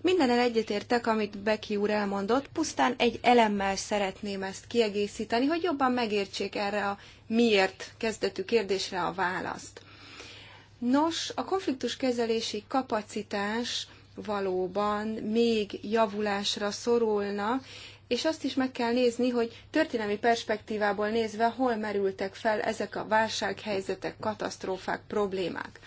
Mindenen egyetértek, amit Becky úr elmondott, pusztán egy elemmel szeretném ezt kiegészíteni, hogy jobban megértsék erre a miért kezdetű kérdésre a választ. Nos, a konfliktuskezelési kapacitás valóban még javulásra szorulna, és azt is meg kell nézni, hogy történelmi perspektívából nézve hol merültek fel ezek a válsághelyzetek, katasztrófák, problémák.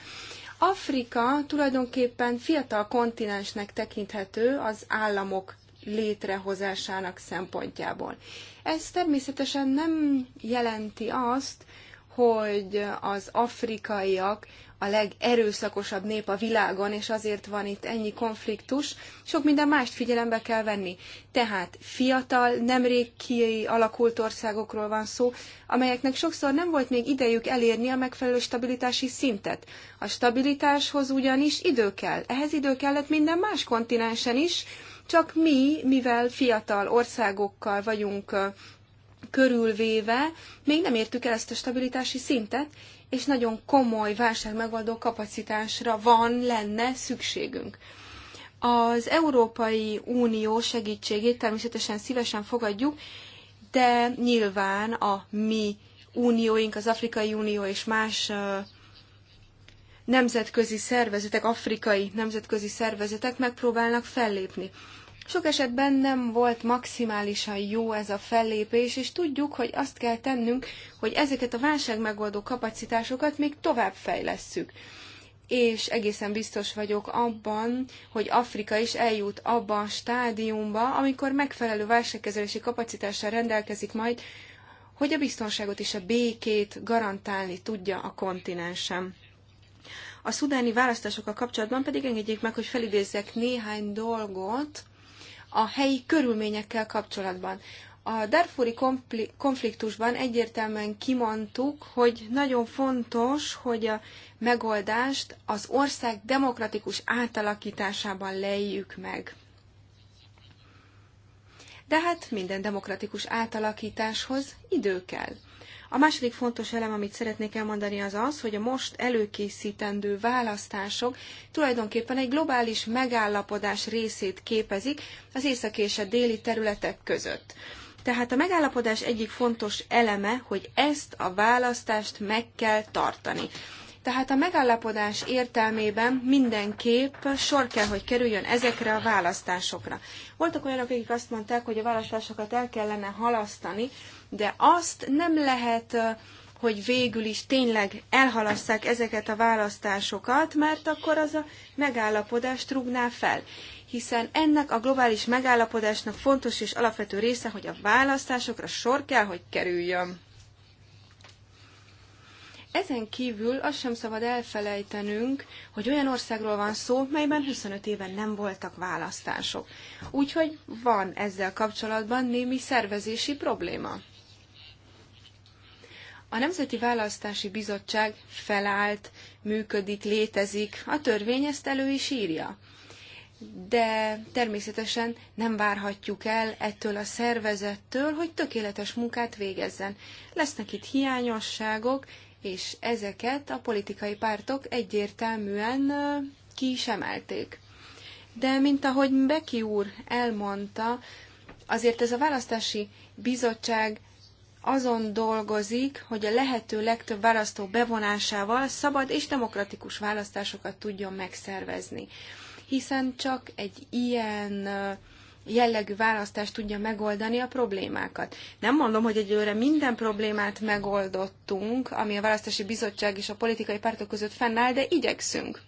Afrika tulajdonképpen fiatal kontinensnek tekinthető az államok létrehozásának szempontjából. Ez természetesen nem jelenti azt, hogy az afrikaiak a legerőszakosabb nép a világon, és azért van itt ennyi konfliktus, sok minden mást figyelembe kell venni. Tehát fiatal, nemrég kialakult országokról van szó, amelyeknek sokszor nem volt még idejük elérni a megfelelő stabilitási szintet. A stabilitáshoz ugyanis idő kell. Ehhez idő kellett minden más kontinensen is, csak mi, mivel fiatal országokkal vagyunk körülvéve, még nem értük el ezt a stabilitási szintet, és nagyon komoly válságmegoldó kapacitásra van, lenne szükségünk. Az Európai Unió segítségét természetesen szívesen fogadjuk, de nyilván a mi unióink, az Afrikai Unió és más nemzetközi szervezetek, afrikai nemzetközi szervezetek megpróbálnak fellépni. Sok esetben nem volt maximálisan jó ez a fellépés, és tudjuk, hogy azt kell tennünk, hogy ezeket a válságmegoldó kapacitásokat még tovább fejlesszük és egészen biztos vagyok abban, hogy Afrika is eljut abba a stádiumba, amikor megfelelő válságkezelési kapacitással rendelkezik majd, hogy a biztonságot és a békét garantálni tudja a kontinensen. A szudáni választásokkal kapcsolatban pedig engedjék meg, hogy felidézzek néhány dolgot, a helyi körülményekkel kapcsolatban. A Darfuri konfliktusban egyértelműen kimondtuk, hogy nagyon fontos, hogy a megoldást az ország demokratikus átalakításában lejjük meg. De hát minden demokratikus átalakításhoz idő kell. A második fontos elem, amit szeretnék elmondani, az az, hogy a most előkészítendő választások tulajdonképpen egy globális megállapodás részét képezik az észak és a déli területek között. Tehát a megállapodás egyik fontos eleme, hogy ezt a választást meg kell tartani. Tehát a megállapodás értelmében mindenképp sor kell, hogy kerüljön ezekre a választásokra. Voltak olyanok, akik azt mondták, hogy a választásokat el kellene halasztani, de azt nem lehet hogy végül is tényleg elhalasszák ezeket a választásokat, mert akkor az a megállapodást rúgná fel. Hiszen ennek a globális megállapodásnak fontos és alapvető része, hogy a választásokra sor kell, hogy kerüljön. Ezen kívül azt sem szabad elfelejtenünk, hogy olyan országról van szó, melyben 25 éven nem voltak választások. Úgyhogy van ezzel kapcsolatban némi szervezési probléma. A Nemzeti Választási Bizottság felállt, működik, létezik, a törvény ezt elő is írja. De természetesen nem várhatjuk el ettől a szervezettől, hogy tökéletes munkát végezzen. Lesznek itt hiányosságok, és ezeket a politikai pártok egyértelműen ki is emelték. De mint ahogy Beki úr elmondta, azért ez a választási bizottság azon dolgozik, hogy a lehető legtöbb választó bevonásával szabad és demokratikus választásokat tudjon megszervezni. Hiszen csak egy ilyen jellegű választást tudja megoldani a problémákat. Nem mondom, hogy egyőre minden problémát megoldottunk, ami a választási bizottság és a politikai pártok között fennáll, de igyekszünk.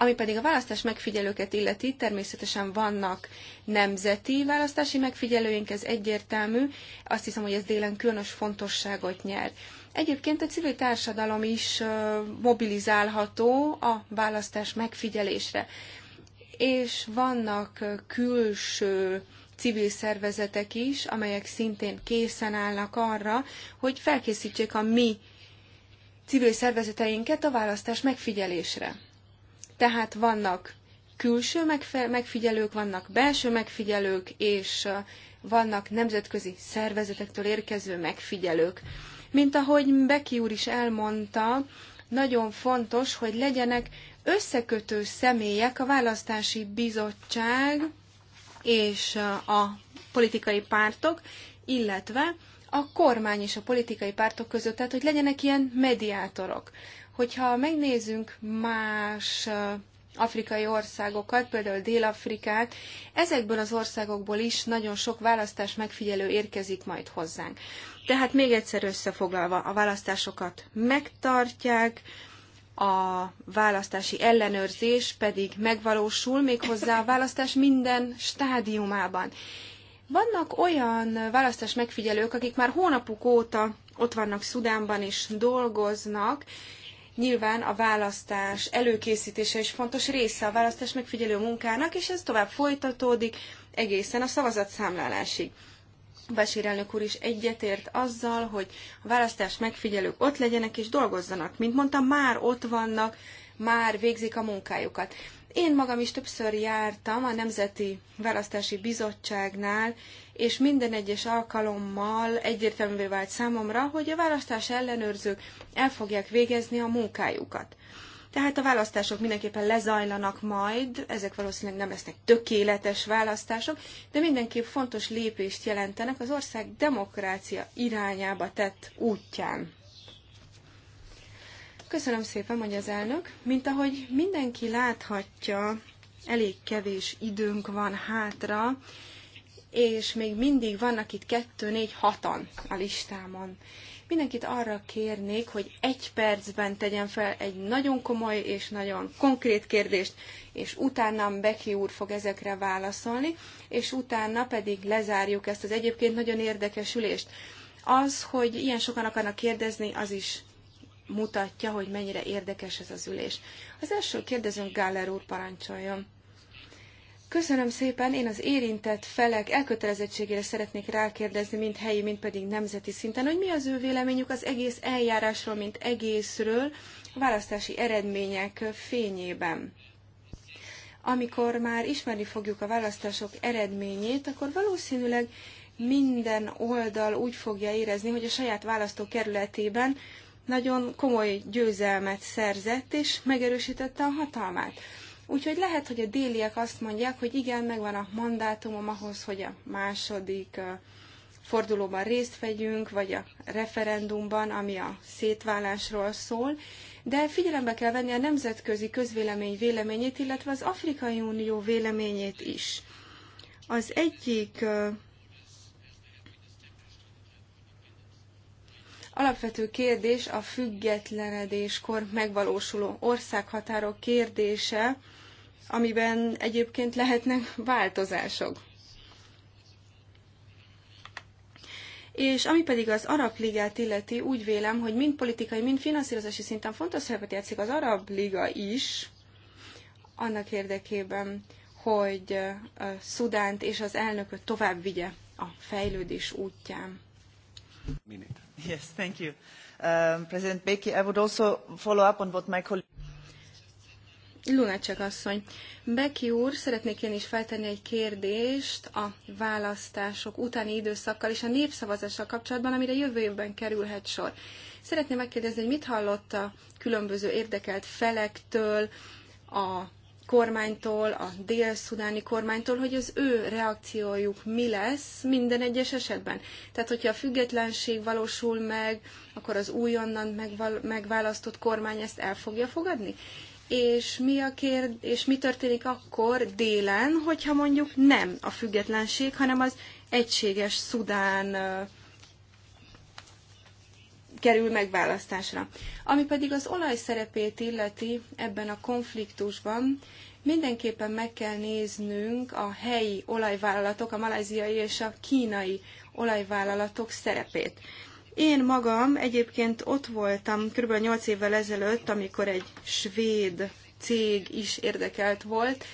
Ami pedig a választás megfigyelőket illeti, természetesen vannak nemzeti választási megfigyelőink, ez egyértelmű. Azt hiszem, hogy ez délen különös fontosságot nyer. Egyébként a civil társadalom is mobilizálható a választás megfigyelésre. És vannak külső civil szervezetek is, amelyek szintén készen állnak arra, hogy felkészítsék a mi civil szervezeteinket a választás megfigyelésre. Tehát vannak külső megfigyelők, vannak belső megfigyelők, és vannak nemzetközi szervezetektől érkező megfigyelők. Mint ahogy Beki úr is elmondta, nagyon fontos, hogy legyenek összekötő személyek a választási bizottság és a politikai pártok, illetve a kormány és a politikai pártok között, tehát hogy legyenek ilyen mediátorok. Hogyha megnézzünk más afrikai országokat, például Dél-Afrikát, ezekből az országokból is nagyon sok választás megfigyelő érkezik majd hozzánk. Tehát még egyszer összefoglalva, a választásokat megtartják, a választási ellenőrzés pedig megvalósul méghozzá a választás minden stádiumában. Vannak olyan választás megfigyelők, akik már hónapok óta ott vannak Szudánban és dolgoznak, Nyilván a választás előkészítése is fontos része a választás megfigyelő munkának, és ez tovább folytatódik egészen a szavazatszámlálásig. Basír elnök úr is egyetért azzal, hogy a választás megfigyelők ott legyenek és dolgozzanak. Mint mondtam, már ott vannak, már végzik a munkájukat. Én magam is többször jártam a Nemzeti Választási Bizottságnál, és minden egyes alkalommal egyértelművé vált számomra, hogy a választás ellenőrzők el fogják végezni a munkájukat. Tehát a választások mindenképpen lezajlanak majd, ezek valószínűleg nem lesznek tökéletes választások, de mindenképp fontos lépést jelentenek az ország demokrácia irányába tett útján. Köszönöm szépen, hogy az elnök. Mint ahogy mindenki láthatja, elég kevés időnk van hátra, és még mindig vannak itt kettő, négy, hatan a listámon. Mindenkit arra kérnék, hogy egy percben tegyen fel egy nagyon komoly és nagyon konkrét kérdést, és utána Beki úr fog ezekre válaszolni, és utána pedig lezárjuk ezt az egyébként nagyon érdekes ülést. Az, hogy ilyen sokan akarnak kérdezni, az is mutatja, hogy mennyire érdekes ez az ülés. Az első kérdezőnk Gáller úr parancsoljon. Köszönöm szépen, én az érintett felek elkötelezettségére szeretnék rákérdezni, mind helyi, mind pedig nemzeti szinten, hogy mi az ő véleményük az egész eljárásról, mint egészről, a választási eredmények fényében. Amikor már ismerni fogjuk a választások eredményét, akkor valószínűleg minden oldal úgy fogja érezni, hogy a saját választókerületében nagyon komoly győzelmet szerzett, és megerősítette a hatalmát. Úgyhogy lehet, hogy a déliek azt mondják, hogy igen, megvan a mandátumom ahhoz, hogy a második fordulóban részt vegyünk, vagy a referendumban, ami a szétválásról szól, de figyelembe kell venni a nemzetközi közvélemény véleményét, illetve az Afrikai Unió véleményét is. Az egyik Alapvető kérdés a függetlenedéskor megvalósuló országhatárok kérdése, amiben egyébként lehetnek változások. És ami pedig az Arab Ligát illeti, úgy vélem, hogy mind politikai, mind finanszírozási szinten fontos szerepet játszik az Arab Liga is, annak érdekében, hogy Szudánt és az elnököt tovább vigye a fejlődés útján. Minit. Yes, thank you. Um, President Becky, I would also follow up on what my colleague... Lunacek asszony. Beki úr, szeretnék én is feltenni egy kérdést a választások utáni időszakkal és a népszavazással kapcsolatban, amire jövő évben kerülhet sor. Szeretném megkérdezni, hogy mit hallott a különböző érdekelt felektől, a kormánytól, a dél-szudáni kormánytól, hogy az ő reakciójuk mi lesz minden egyes esetben. Tehát, hogyha a függetlenség valósul meg, akkor az újonnan megválasztott kormány ezt el fogja fogadni? És mi, a kérd... és mi történik akkor délen, hogyha mondjuk nem a függetlenség, hanem az egységes Szudán kerül megválasztásra. Ami pedig az olaj szerepét illeti ebben a konfliktusban, mindenképpen meg kell néznünk a helyi olajvállalatok, a maláziai és a kínai olajvállalatok szerepét. Én magam egyébként ott voltam kb. 8 évvel ezelőtt, amikor egy svéd cég is érdekelt volt,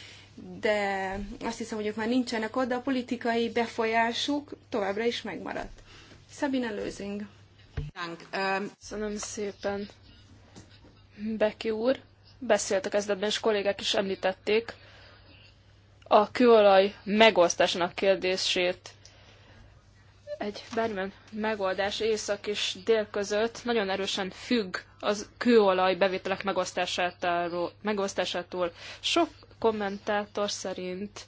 de azt hiszem, hogy ők már nincsenek ott, de a politikai befolyásuk továbbra is megmaradt. Sabina Lőzing. Köszönöm szépen, Beki úr. Beszélt a kezdetben, és kollégák is említették a kőolaj megosztásának kérdését. Egy bármilyen megoldás észak és dél között nagyon erősen függ az kőolaj bevételek megosztásától. megosztásától. Sok kommentátor szerint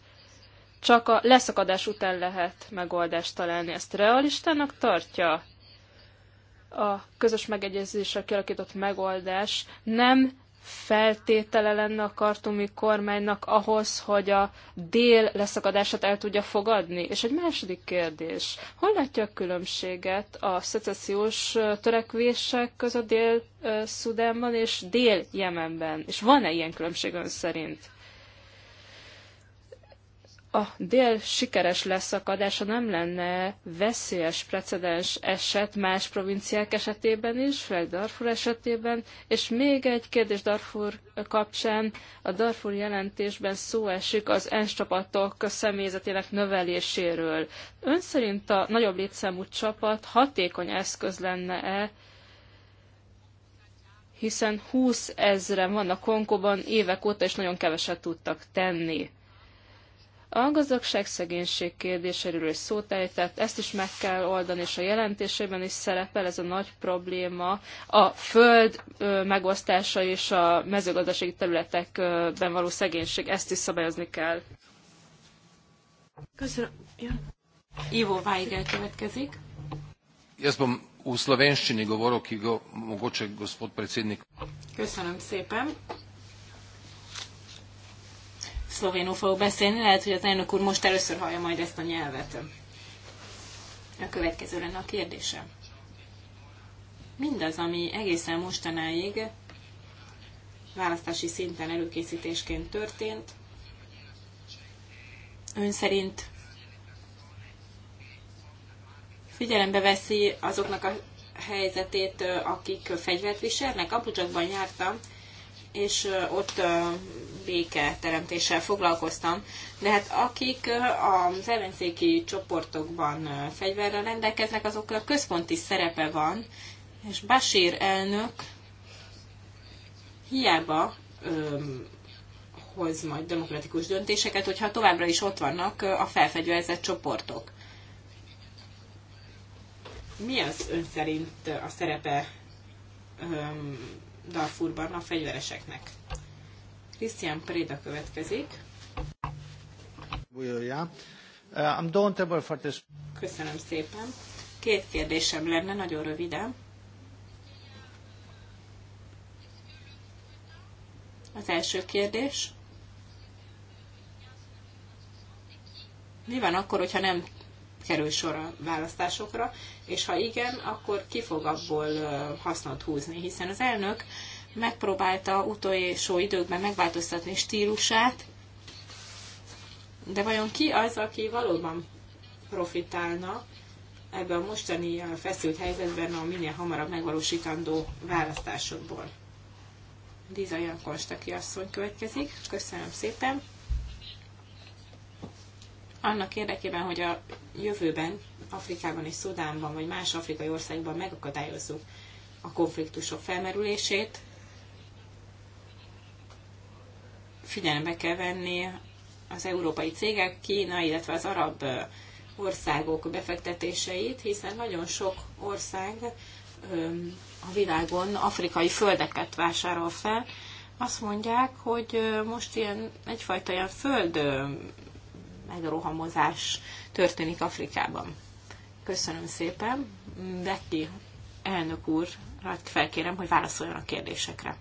csak a leszakadás után lehet megoldást találni. Ezt realistának tartja? a közös megegyezésre kialakított megoldás nem feltétele lenne a kartumi kormánynak ahhoz, hogy a dél leszakadását el tudja fogadni? És egy második kérdés. Hol látja a különbséget a szecessziós törekvések között Dél-Szudánban és Dél-Jemenben? És van-e ilyen különbség ön szerint? a dél sikeres leszakadása nem lenne veszélyes precedens eset más provinciák esetében is, főleg Darfur esetében, és még egy kérdés Darfur kapcsán. A Darfur jelentésben szó esik az ENSZ csapatok személyzetének növeléséről. Ön szerint a nagyobb létszámú csapat hatékony eszköz lenne-e hiszen 20 ezren vannak Konkóban évek óta, és nagyon keveset tudtak tenni. A gazdagság-szegénység kérdéséről is szótájtett, ezt is meg kell oldani, és a jelentésében is szerepel ez a nagy probléma. A föld megosztása és a mezőgazdasági területekben való szegénység, ezt is szabályozni kell. Köszönöm. Ivo Weigel következik. Jaz bom v slovenščini govoril, ki ga mogoče gospod predsednik. Köszönöm szépen szlovénul fogok beszélni, lehet, hogy az elnök úr most először hallja majd ezt a nyelvet. A következő lenne a kérdése. Mindaz, ami egészen mostanáig választási szinten előkészítésként történt, ön szerint figyelembe veszi azoknak a helyzetét, akik fegyvert viselnek. Abucsakban jártam, és ott béke teremtéssel foglalkoztam, de hát akik az ellenzéki csoportokban fegyverrel rendelkeznek, azoknak központi szerepe van, és Basír elnök hiába öm, hoz majd demokratikus döntéseket, hogyha továbbra is ott vannak a felfegyverzett csoportok. Mi az ön szerint a szerepe öm, Darfurban a fegyvereseknek? Christian Preda következik. Uh, Köszönöm szépen. Két kérdésem lenne, nagyon röviden. Az első kérdés. Mi van akkor, hogyha nem kerül sor a választásokra, és ha igen, akkor ki fog abból uh, hasznot húzni, hiszen az elnök megpróbálta utolsó időkben megváltoztatni stílusát, de vajon ki az, aki valóban profitálna ebben a mostani eh, feszült helyzetben a minél hamarabb megvalósítandó választásokból? Liza Jankonstaki asszony következik. Köszönöm szépen. Annak érdekében, hogy a jövőben Afrikában és Szudánban vagy más afrikai országban megakadályozzuk a konfliktusok felmerülését, figyelembe kell venni az európai cégek, Kína, illetve az arab országok befektetéseit, hiszen nagyon sok ország a világon afrikai földeket vásárol fel. Azt mondják, hogy most ilyen egyfajta ilyen föld megrohamozás történik Afrikában. Köszönöm szépen. Becky elnök úr, hát felkérem, hogy válaszoljon a kérdésekre.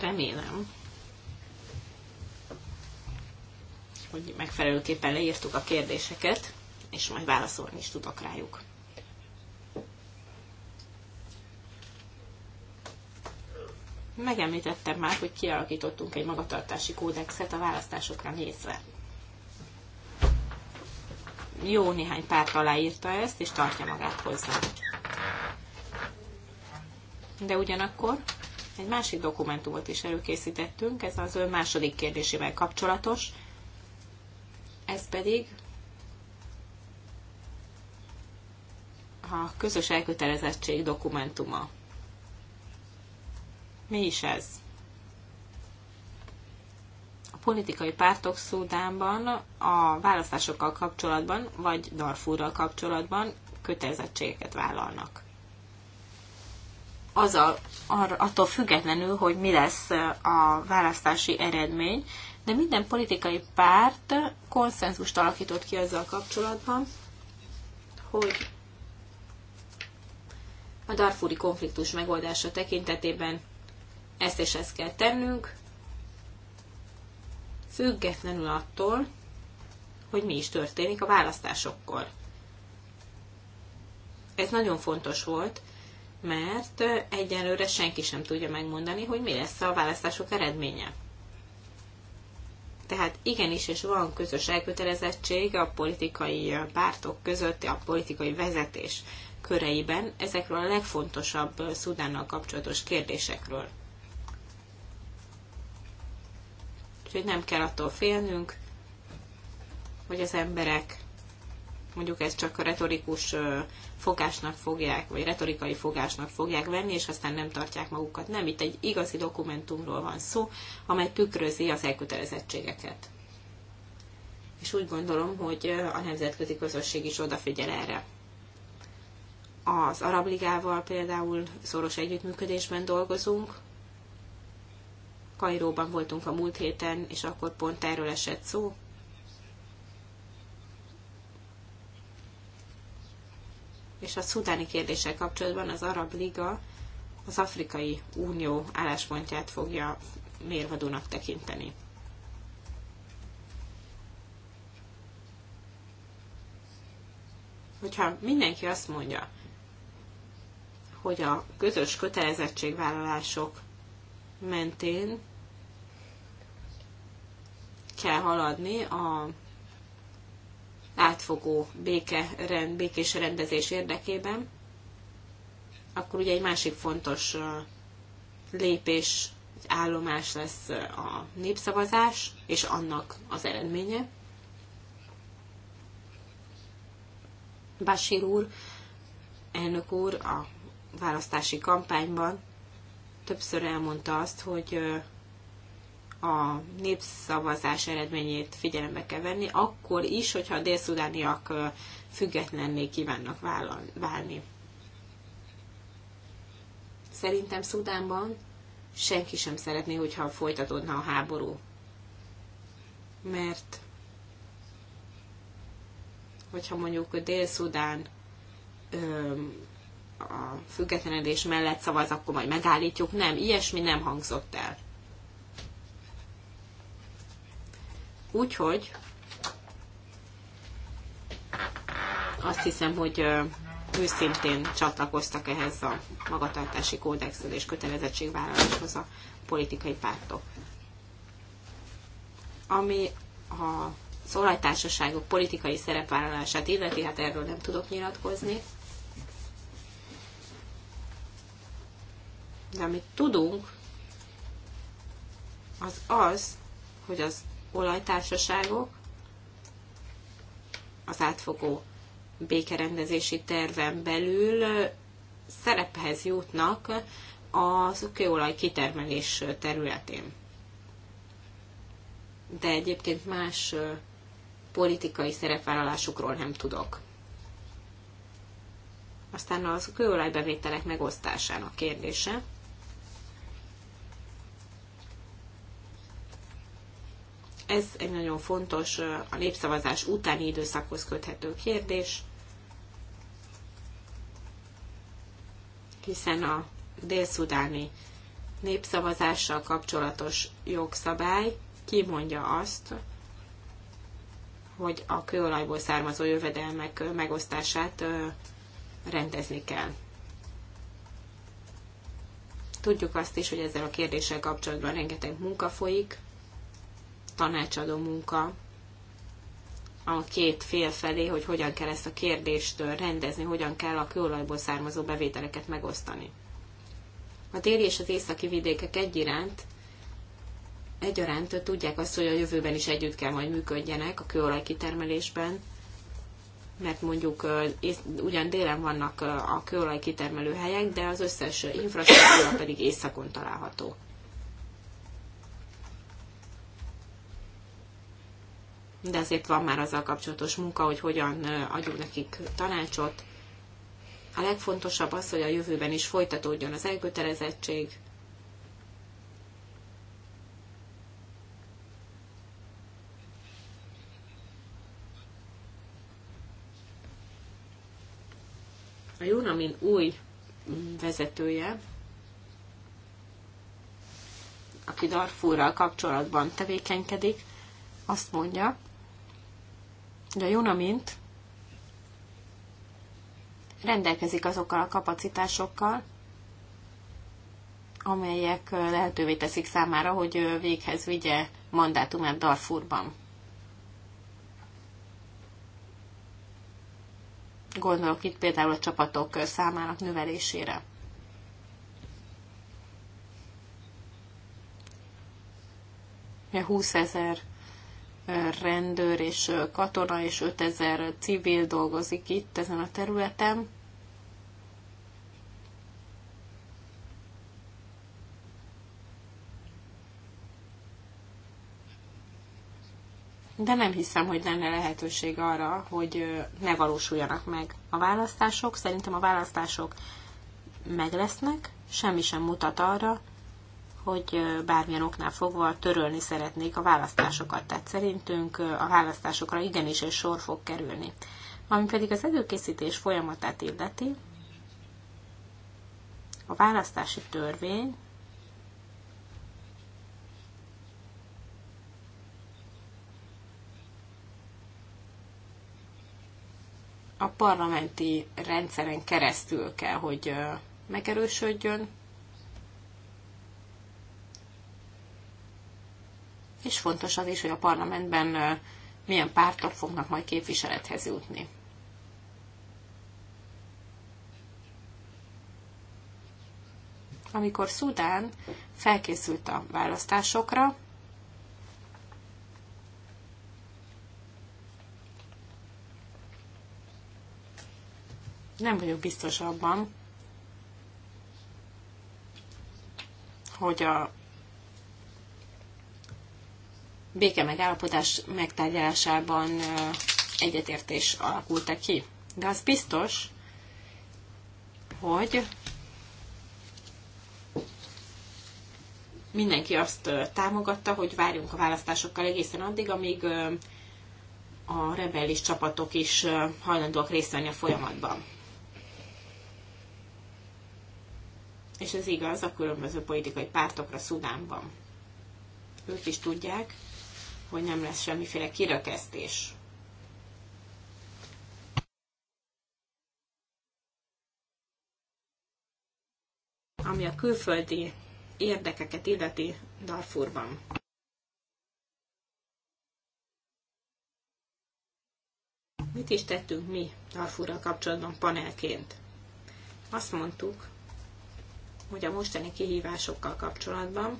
Remélem, hogy megfelelőképpen leírtuk a kérdéseket, és majd válaszolni is tudok rájuk. Megemlítettem már, hogy kialakítottunk egy magatartási kódexet a választásokra nézve. Jó néhány párt aláírta ezt, és tartja magát hozzá. De ugyanakkor egy másik dokumentumot is előkészítettünk, ez az ön második kérdésével kapcsolatos. Ez pedig a közös elkötelezettség dokumentuma. Mi is ez? A politikai pártok Szudánban a választásokkal kapcsolatban, vagy Darfurral kapcsolatban kötelezettségeket vállalnak az a, attól függetlenül, hogy mi lesz a választási eredmény, de minden politikai párt konszenzust alakított ki azzal kapcsolatban, hogy a darfúri konfliktus megoldása tekintetében ezt és ezt kell tennünk, függetlenül attól, hogy mi is történik a választásokkor. Ez nagyon fontos volt, mert egyelőre senki sem tudja megmondani, hogy mi lesz a választások eredménye. Tehát igenis, és van közös elkötelezettség a politikai pártok között, a politikai vezetés köreiben ezekről a legfontosabb Szudánnal kapcsolatos kérdésekről. Úgyhogy nem kell attól félnünk, hogy az emberek mondjuk ezt csak a retorikus fogásnak fogják, vagy retorikai fogásnak fogják venni, és aztán nem tartják magukat. Nem, itt egy igazi dokumentumról van szó, amely tükrözi az elkötelezettségeket. És úgy gondolom, hogy a nemzetközi közösség is odafigyel erre. Az Arab Ligával például szoros együttműködésben dolgozunk, Kairóban voltunk a múlt héten, és akkor pont erről esett szó, és a szudáni kérdéssel kapcsolatban az Arab Liga az Afrikai Unió álláspontját fogja mérvadónak tekinteni. Hogyha mindenki azt mondja, hogy a közös kötelezettségvállalások mentén kell haladni a átfogó béke, rend, békés rendezés érdekében, akkor ugye egy másik fontos lépés, egy állomás lesz a népszavazás, és annak az eredménye. Basir úr, elnök úr a választási kampányban többször elmondta azt, hogy a népszavazás eredményét figyelembe kell venni, akkor is, hogyha a délszudániak függetlenné kívánnak válni. Szerintem Szudánban senki sem szeretné, hogyha folytatódna a háború. Mert hogyha mondjuk a Dél-Szudán a függetlenedés mellett szavaz, akkor majd megállítjuk. Nem, ilyesmi nem hangzott el. Úgyhogy azt hiszem, hogy őszintén csatlakoztak ehhez a magatartási kódexhez és kötelezettségvállaláshoz a politikai pártok. Ami a szolajtársaságok politikai szerepvállalását illeti, hát erről nem tudok nyilatkozni. De amit tudunk, az az, hogy az olajtársaságok az átfogó békerendezési terven belül szerephez jutnak az kőolaj kitermelés területén. De egyébként más politikai szerepvállalásukról nem tudok. Aztán az kőolajbevételek megosztásának kérdése. Ez egy nagyon fontos a népszavazás utáni időszakhoz köthető kérdés, hiszen a délszudáni népszavazással kapcsolatos jogszabály kimondja azt, hogy a kőolajból származó jövedelmek megosztását rendezni kell. Tudjuk azt is, hogy ezzel a kérdéssel kapcsolatban rengeteg munka folyik, tanácsadó munka a két fél felé, hogy hogyan kell ezt a kérdést rendezni, hogyan kell a kőolajból származó bevételeket megosztani. A déli és az északi vidékek egyiránt egyaránt tudják azt, hogy a jövőben is együtt kell majd működjenek a kőolaj kitermelésben, mert mondjuk ugyan délen vannak a kőolaj kitermelő helyek, de az összes infrastruktúra pedig északon található. de azért van már azzal kapcsolatos munka, hogy hogyan adjuk nekik tanácsot. A legfontosabb az, hogy a jövőben is folytatódjon az elkötelezettség, A Jónamin új mm, vezetője, aki Darfurral kapcsolatban tevékenykedik, azt mondja, de juna mint rendelkezik azokkal a kapacitásokkal, amelyek lehetővé teszik számára, hogy véghez vigye mandátumát Darfurban. Gondolok itt például a csapatok számának növelésére. Ja, 20 ezer rendőr és katona és 5000 civil dolgozik itt ezen a területen. De nem hiszem, hogy lenne lehetőség arra, hogy ne valósuljanak meg a választások. Szerintem a választások meg lesznek, semmi sem mutat arra, hogy bármilyen oknál fogva törölni szeretnék a választásokat. Tehát szerintünk a választásokra igenis egy sor fog kerülni. Ami pedig az előkészítés folyamatát illeti, a választási törvény a parlamenti rendszeren keresztül kell, hogy megerősödjön, és fontos az is, hogy a parlamentben milyen pártok fognak majd képviselethez jutni. Amikor Szudán felkészült a választásokra, nem vagyok biztos abban, hogy a béke megállapodás megtárgyalásában egyetértés alakult -e ki. De az biztos, hogy mindenki azt támogatta, hogy várjunk a választásokkal egészen addig, amíg a rebellis csapatok is hajlandóak részt venni a folyamatban. És ez igaz a különböző politikai pártokra Szudánban. Ők is tudják, hogy nem lesz semmiféle kirekesztés. Ami a külföldi érdekeket illeti Darfurban. Mit is tettünk mi Darfurral kapcsolatban panelként? Azt mondtuk, hogy a mostani kihívásokkal kapcsolatban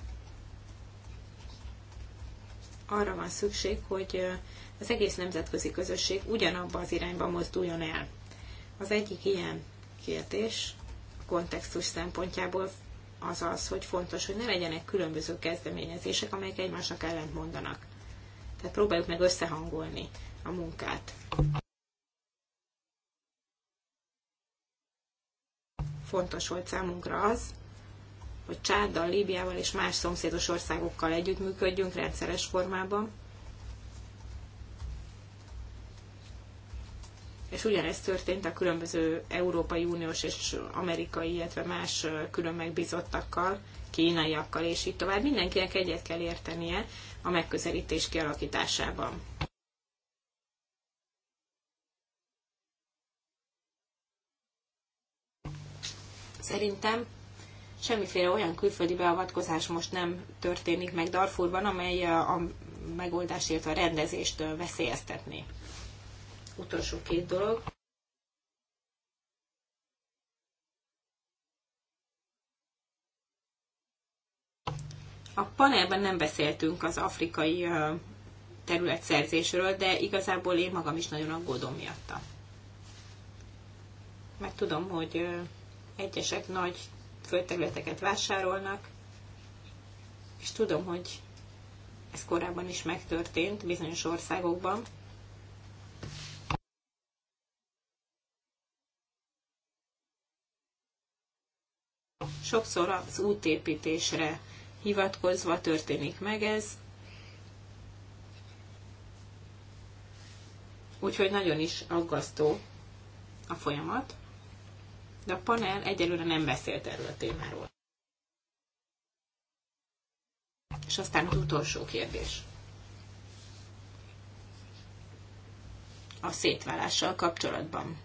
arra van szükség, hogy az egész nemzetközi közösség ugyanabba az irányba mozduljon el. Az egyik ilyen kérdés a kontextus szempontjából az az, hogy fontos, hogy ne legyenek különböző kezdeményezések, amelyek egymásnak ellent mondanak. Tehát próbáljuk meg összehangolni a munkát. Fontos volt számunkra az, hogy Csáddal, Líbiával és más szomszédos országokkal együttműködjünk rendszeres formában. És ugyanezt történt a különböző Európai Uniós és amerikai, illetve más külön megbizottakkal, kínaiakkal, és így tovább. Mindenkinek egyet kell értenie a megközelítés kialakításában. Szerintem semmiféle olyan külföldi beavatkozás most nem történik meg Darfurban, amely eh, a megoldást, illetve a rendezést eh, veszélyeztetné. Utolsó két dolog. A panelben nem beszéltünk az afrikai eh, területszerzésről, de igazából én magam is nagyon aggódom miatta. Mert tudom, hogy egyesek nagy földterületeket vásárolnak, és tudom, hogy ez korábban is megtörtént bizonyos országokban. Sokszor az útépítésre hivatkozva történik meg ez, úgyhogy nagyon is aggasztó a folyamat de a panel egyelőre nem beszélt erről a témáról. És aztán az utolsó kérdés. A szétválással kapcsolatban.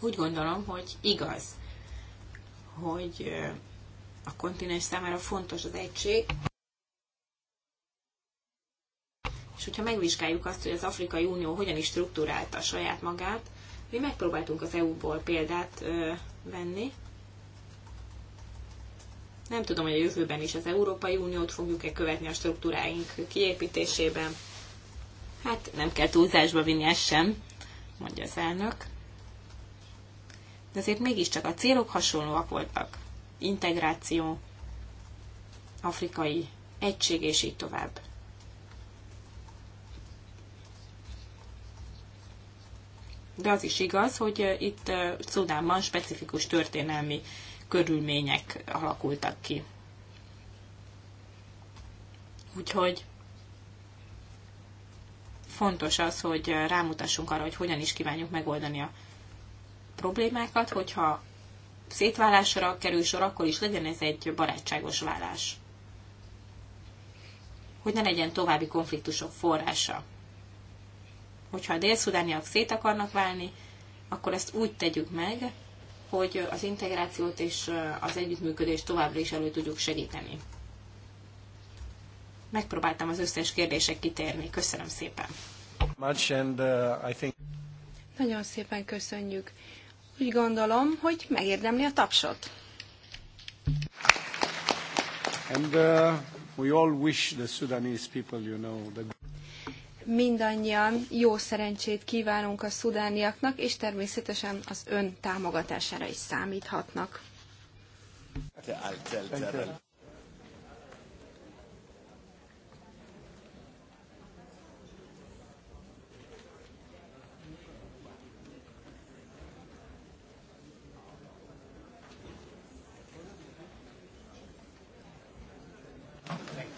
Úgy gondolom, hogy igaz, hogy a kontinens számára fontos az egység, hogyha megvizsgáljuk azt, hogy az Afrikai Unió hogyan is struktúrálta saját magát, mi megpróbáltunk az EU-ból példát ö, venni. Nem tudom, hogy a jövőben is az Európai Uniót fogjuk-e követni a struktúráink kiépítésében. Hát nem kell túlzásba vinni ezt sem, mondja az elnök. De azért mégiscsak a célok hasonlóak voltak. Integráció, afrikai egység és így tovább. de az is igaz, hogy itt Szudánban specifikus történelmi körülmények alakultak ki. Úgyhogy fontos az, hogy rámutassunk arra, hogy hogyan is kívánjuk megoldani a problémákat, hogyha szétválásra kerül sor, akkor is legyen ez egy barátságos vállás. Hogy ne legyen további konfliktusok forrása hogyha a dél-szudániak szét akarnak válni, akkor ezt úgy tegyük meg, hogy az integrációt és az együttműködést továbbra is elő tudjuk segíteni. Megpróbáltam az összes kérdések kitérni. Köszönöm szépen. Uh, Nagyon szépen köszönjük. Úgy gondolom, hogy megérdemli a tapsot. And uh, we all wish the Sudanese people, you know, the... Mindannyian jó szerencsét kívánunk a szudániaknak, és természetesen az ön támogatására is számíthatnak. Thank you.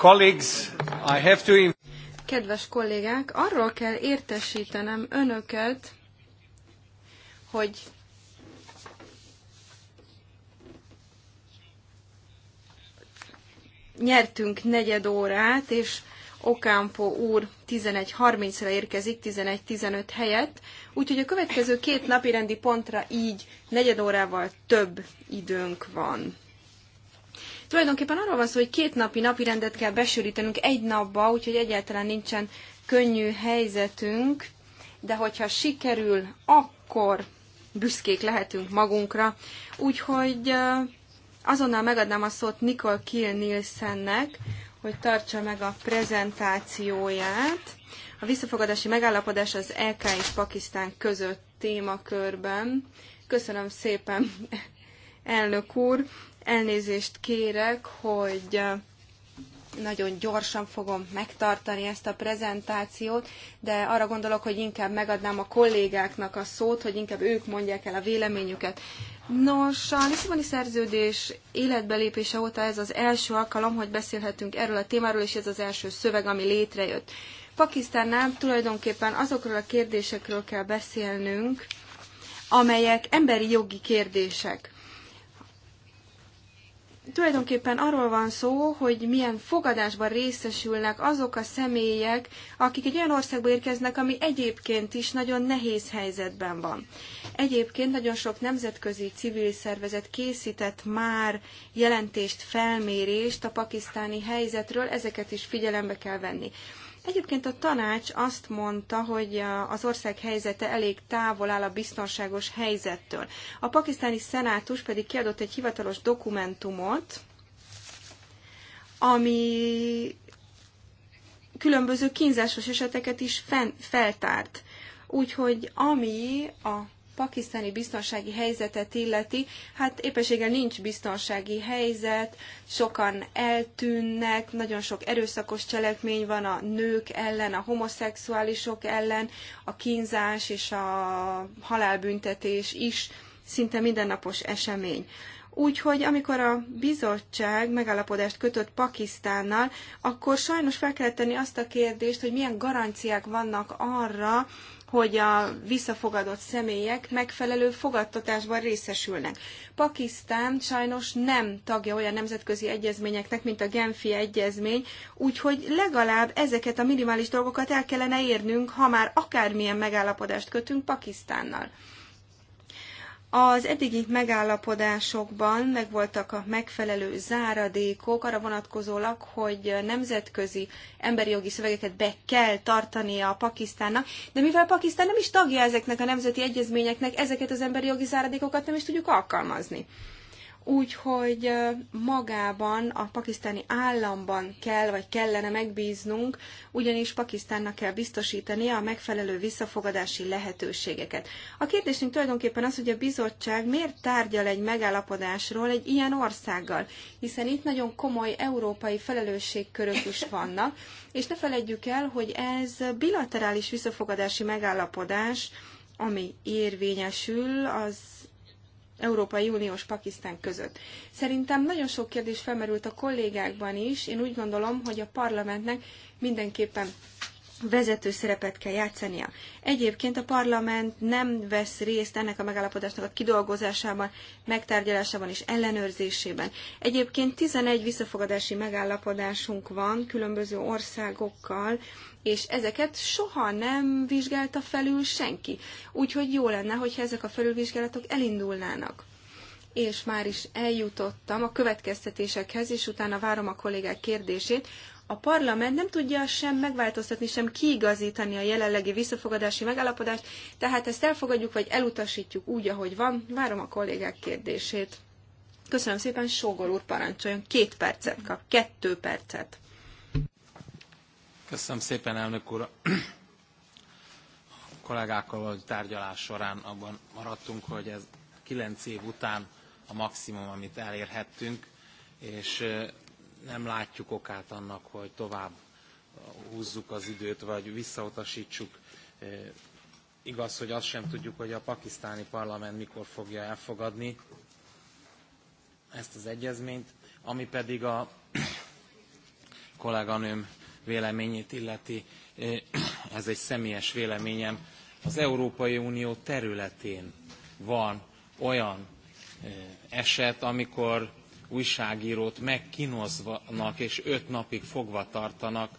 Colleagues, I have to... Kedves kollégák, arról kell értesítenem önöket, hogy nyertünk negyed órát, és Okámpó úr 11.30-ra érkezik, 11.15 helyett, úgyhogy a következő két napirendi pontra így negyed órával több időnk van. Tulajdonképpen arról van szó, hogy két napi napirendet kell besűrítenünk egy napba, úgyhogy egyáltalán nincsen könnyű helyzetünk, de hogyha sikerül, akkor büszkék lehetünk magunkra. Úgyhogy azonnal megadnám a szót Nikol Kiel Nielsennek, hogy tartsa meg a prezentációját. A visszafogadási megállapodás az EK és Pakisztán között témakörben. Köszönöm szépen Elnök úr, elnézést kérek, hogy eh, nagyon gyorsan fogom megtartani ezt a prezentációt, de arra gondolok, hogy inkább megadnám a kollégáknak a szót, hogy inkább ők mondják el a véleményüket. Nos, a Lisszaboni szerződés életbelépése óta ez az első alkalom, hogy beszélhetünk erről a témáról, és ez az első szöveg, ami létrejött. Pakisztánnál tulajdonképpen azokról a kérdésekről kell beszélnünk, amelyek emberi jogi kérdések tulajdonképpen arról van szó, hogy milyen fogadásban részesülnek azok a személyek, akik egy olyan országba érkeznek, ami egyébként is nagyon nehéz helyzetben van. Egyébként nagyon sok nemzetközi civil szervezet készített már jelentést, felmérést a pakisztáni helyzetről, ezeket is figyelembe kell venni. Egyébként a tanács azt mondta, hogy e, az ország helyzete elég távol áll a biztonságos helyzettől. A pakisztáni szenátus pedig kiadott egy hivatalos dokumentumot, ami különböző kínzásos eseteket is feltárt. Úgyhogy ami a pakisztáni biztonsági helyzetet illeti, hát éppenséggel nincs biztonsági helyzet, sokan eltűnnek, nagyon sok erőszakos cselekmény van a nők ellen, a homoszexuálisok ellen, a kínzás és a halálbüntetés is szinte mindennapos esemény. Úgyhogy amikor a bizottság megállapodást kötött Pakisztánnal, akkor sajnos fel kellett tenni azt a kérdést, hogy milyen garanciák vannak arra, hogy a visszafogadott személyek megfelelő fogadtatásban részesülnek. Pakisztán sajnos nem tagja olyan nemzetközi egyezményeknek, mint a Genfi egyezmény, úgyhogy legalább ezeket a minimális dolgokat el kellene érnünk, ha már akármilyen megállapodást kötünk Pakisztánnal. Az eddigi megállapodásokban megvoltak a megfelelő záradékok arra vonatkozólag, hogy nemzetközi emberi jogi szövegeket be kell tartania a Pakisztánnak, de mivel Pakisztán nem is tagja ezeknek a nemzeti egyezményeknek, ezeket az emberi jogi záradékokat nem is tudjuk alkalmazni úgyhogy magában a pakisztáni államban kell, vagy kellene megbíznunk, ugyanis Pakisztánnak kell biztosítania a megfelelő visszafogadási lehetőségeket. A kérdésünk tulajdonképpen az, hogy a bizottság miért tárgyal egy megállapodásról egy ilyen országgal, hiszen itt nagyon komoly európai felelősségkörök is vannak, és ne felejtjük el, hogy ez bilaterális visszafogadási megállapodás, ami érvényesül az Európai Unió és Pakisztán között. Szerintem nagyon sok kérdés felmerült a kollégákban is. Én úgy gondolom, hogy a parlamentnek mindenképpen vezető szerepet kell játszania. Egyébként a parlament nem vesz részt ennek a megállapodásnak a kidolgozásában, megtárgyalásában és ellenőrzésében. Egyébként 11 visszafogadási megállapodásunk van különböző országokkal, és ezeket soha nem vizsgálta felül senki. Úgyhogy jó lenne, hogyha ezek a felülvizsgálatok elindulnának és már is eljutottam a következtetésekhez, és utána várom a kollégák kérdését, a parlament nem tudja sem megváltoztatni, sem kiigazítani a jelenlegi visszafogadási megállapodást, tehát ezt elfogadjuk, vagy elutasítjuk úgy, ahogy van. Várom a kollégák kérdését. Köszönöm szépen, Sógor úr parancsoljon. Két percet kap, kettő percet. Köszönöm szépen, elnök úr. A kollégákkal való tárgyalás során abban maradtunk, hogy ez kilenc év után a maximum, amit elérhettünk, és nem látjuk okát annak, hogy tovább eh, húzzuk az időt, vagy visszautasítsuk. Eh, igaz, hogy azt sem tudjuk, hogy a pakisztáni parlament mikor fogja elfogadni ezt az egyezményt, ami pedig a kolléganőm véleményét illeti, eh, ez egy személyes véleményem, az Európai Unió területén van olyan eset, amikor újságírót megkínoznak és öt napig fogva tartanak.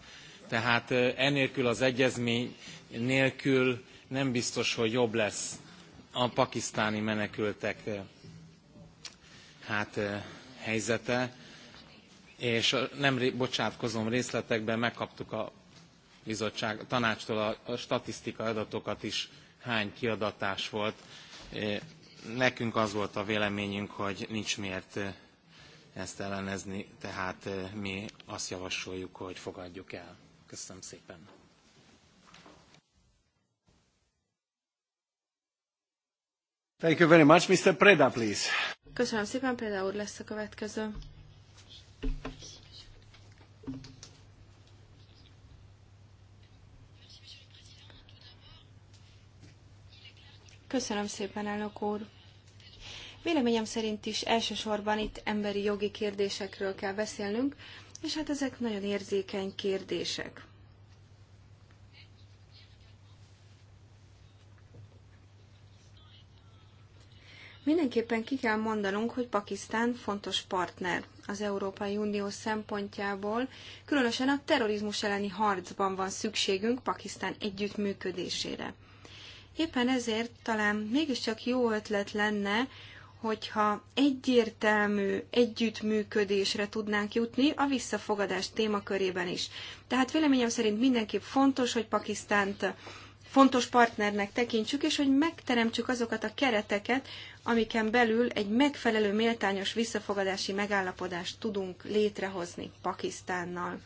Tehát enélkül az egyezmény nélkül nem biztos, hogy jobb lesz a pakisztáni menekültek hát, helyzete. És nem bocsátkozom részletekben, megkaptuk a bizottság, a tanácstól a, a statisztikai adatokat is, hány kiadatás volt. Nekünk az volt a véleményünk, hogy nincs miért ezt ellenezni, tehát eh, mi azt javasoljuk, hogy fogadjuk el. Köszönöm szépen. Thank you very much, Mr. Preda, please. Köszönöm szépen, Preda úr lesz a következő. Köszönöm szépen, elnök úr. Véleményem szerint is elsősorban itt emberi jogi kérdésekről kell beszélnünk, és hát ezek nagyon érzékeny kérdések. Mindenképpen ki kell mondanunk, hogy Pakisztán fontos partner az Európai Unió szempontjából, különösen a terrorizmus elleni harcban van szükségünk Pakisztán együttműködésére. Éppen ezért talán mégiscsak jó ötlet lenne hogyha egyértelmű együttműködésre tudnánk jutni a visszafogadás témakörében is. Tehát véleményem szerint mindenképp fontos, hogy Pakisztánt fontos partnernek tekintsük, és hogy megteremtsük azokat a kereteket, amiken belül egy megfelelő méltányos visszafogadási megállapodást tudunk létrehozni Pakisztánnal.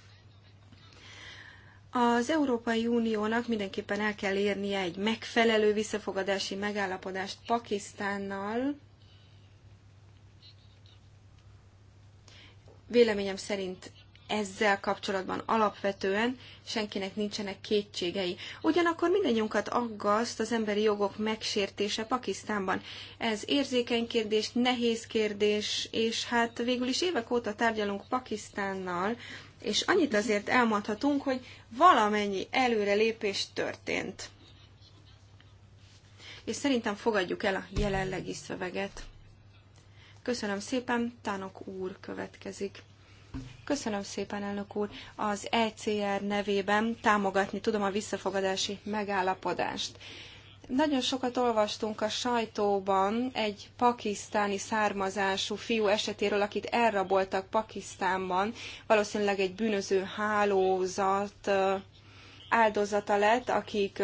Az Európai Uniónak mindenképpen el kell érnie egy megfelelő visszafogadási megállapodást Pakisztánnal, Véleményem szerint ezzel kapcsolatban alapvetően senkinek nincsenek kétségei. Ugyanakkor mindannyiunkat aggaszt az emberi jogok megsértése Pakisztánban. Ez érzékeny kérdés, nehéz kérdés, és hát végül is évek óta tárgyalunk Pakisztánnal, és annyit azért elmondhatunk, hogy valamennyi előrelépés történt. És szerintem fogadjuk el a jelenlegi szöveget. Köszönöm szépen, Tánok úr következik. Köszönöm szépen, elnök úr. Az ECR nevében támogatni tudom a visszafogadási megállapodást. Nagyon sokat olvastunk a sajtóban egy pakisztáni származású fiú esetéről, akit elraboltak Pakisztánban. Valószínűleg egy bűnöző hálózat áldozata lett, akik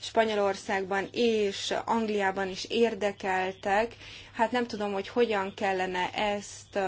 Spanyolországban és Angliában is érdekeltek, hát nem tudom, hogy hogyan kellene ezt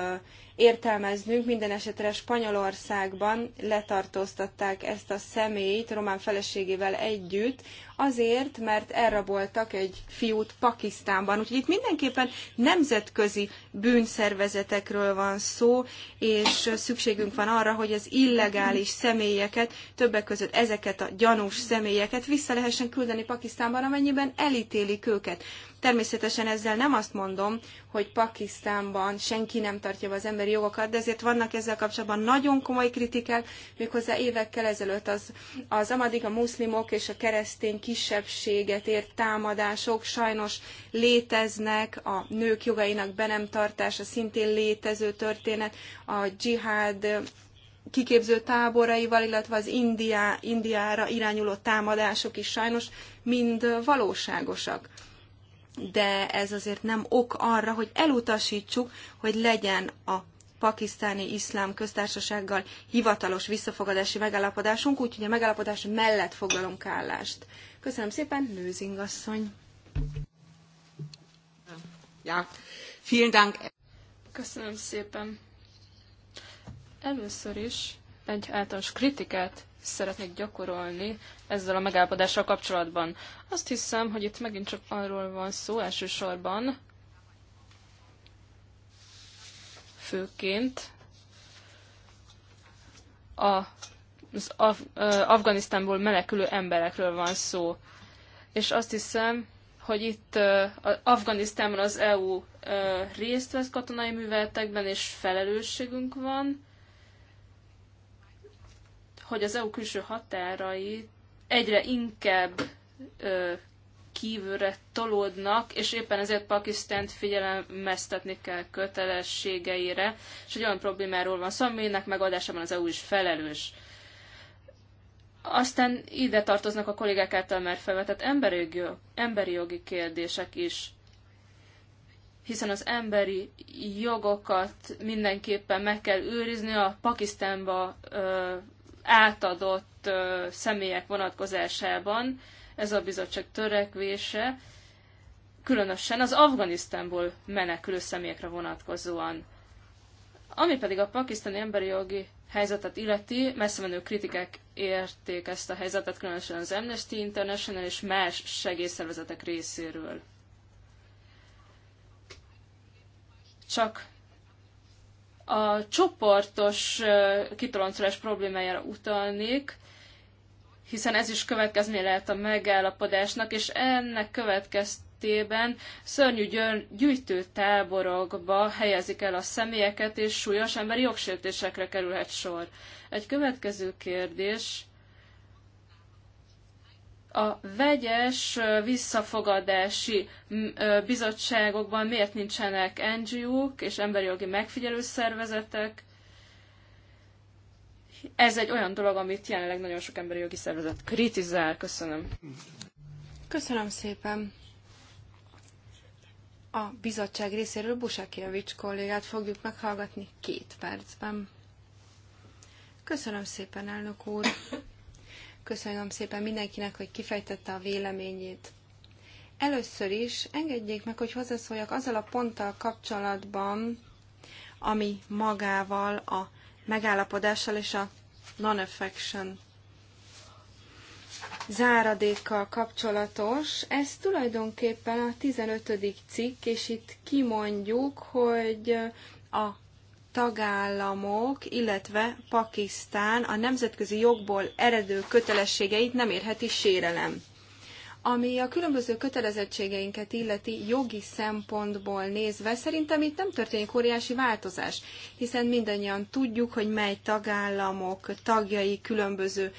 értelmeznünk. Minden esetre Spanyolországban letartóztatták ezt a személyt román feleségével együtt, azért, mert elraboltak egy fiút Pakisztánban. Úgyhogy itt mindenképpen nemzetközi bűnszervezetekről van szó, és szükségünk van arra, hogy az illegális személyeket, többek között ezeket a gyanús személyeket vissza lehessen küldeni Pakisztánban, amennyiben elítélik őket. Természetesen ezzel nem azt mondom, hogy Pakisztánban senki nem tartja be az emberi emberi jogokat, de ezért vannak ezzel kapcsolatban nagyon komoly kritikák, méghozzá évekkel ezelőtt az, az amadig a muszlimok és a keresztény kisebbséget ért támadások sajnos léteznek, a nők jogainak be nem tartása szintén létező történet, a dzsihád kiképző táboraival, illetve az Indiá, Indiára irányuló támadások is sajnos mind valóságosak. De ez azért nem ok arra, hogy elutasítsuk, hogy legyen a pakisztáni iszlám köztársasággal hivatalos visszafogadási megállapodásunk, úgyhogy a megállapodás mellett foglalunk állást. Köszönöm szépen, Nőzingasszony! Ja, vielen Dank! Köszönöm szépen! Először is egy általános kritikát szeretnék gyakorolni ezzel a megállapodással kapcsolatban. Azt hiszem, hogy itt megint csak arról van szó elsősorban, főként a, az Af Afganisztánból menekülő emberekről van szó. És azt hiszem, hogy itt uh, Afganisztánban az EU uh, részt vesz katonai műveletekben, és felelősségünk van, hogy az EU külső határai egyre inkább uh, kívülre tolódnak, és éppen ezért Pakisztánt figyelmeztetni kell kötelességeire, és egy olyan problémáról van szó, aminek megoldásában az EU is felelős. Aztán ide tartoznak a kollégák által már felvetett emberi, emberi jogi kérdések is, hiszen az emberi jogokat mindenképpen meg kell őrizni a Pakisztánba ö, átadott ö, személyek vonatkozásában, ez a bizottság törekvése, különösen az Afganisztánból menekülő személyekre vonatkozóan. Ami pedig a pakisztáni emberi jogi helyzetet illeti, messze menő kritikák érték ezt a helyzetet, különösen az Amnesty International és más segélyszervezetek részéről. Csak a csoportos kitoloncolás problémájára utalnék, hiszen ez is következménye lehet a megállapodásnak, és ennek következtében szörnyű gyűjtő táborokba helyezik el a személyeket, és súlyos emberi jogsértésekre kerülhet sor. Egy következő kérdés a vegyes visszafogadási bizottságokban miért nincsenek NGO-k és emberi jogi megfigyelő szervezetek, ez egy olyan dolog, amit jelenleg nagyon sok emberi jogi szervezet kritizál. Köszönöm. Köszönöm szépen. A bizottság részéről Busakievics kollégát fogjuk meghallgatni két percben. Köszönöm szépen, elnök úr. Köszönöm szépen mindenkinek, hogy kifejtette a véleményét. Először is engedjék meg, hogy hozzászóljak azzal a ponttal kapcsolatban, ami magával a megállapodással és a non-affection záradékkal kapcsolatos. Ez tulajdonképpen a 15. cikk, és itt kimondjuk, hogy a tagállamok, illetve Pakisztán a nemzetközi jogból eredő kötelességeit nem érheti sérelem. Ami a különböző kötelezettségeinket illeti jogi szempontból nézve, szerintem itt nem történik óriási változás, hiszen mindannyian tudjuk, hogy mely tagállamok tagjai különböző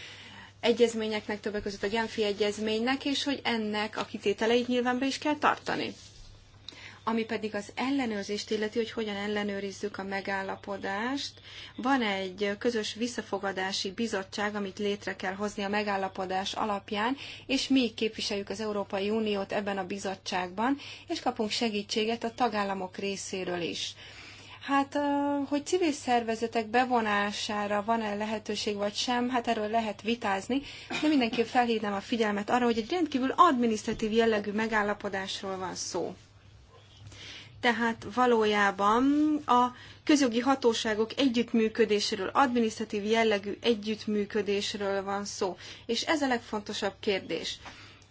egyezményeknek, többek között a Genfi egyezménynek, és hogy ennek a kitételeit nyilván be is kell tartani. Ami pedig az ellenőrzést illeti, hogy hogyan ellenőrizzük a megállapodást, van egy közös visszafogadási bizottság, amit létre kell hozni a megállapodás alapján, és mi képviseljük az Európai Uniót ebben a bizottságban, és kapunk segítséget a tagállamok részéről is. Hát, hogy civil szervezetek bevonására van-e lehetőség vagy sem, hát erről lehet vitázni, de mindenképp felhívnám a figyelmet arra, hogy egy rendkívül adminisztratív jellegű megállapodásról van szó. Tehát valójában a közjogi hatóságok együttműködéséről, adminisztratív jellegű együttműködésről van szó. És ez a legfontosabb kérdés.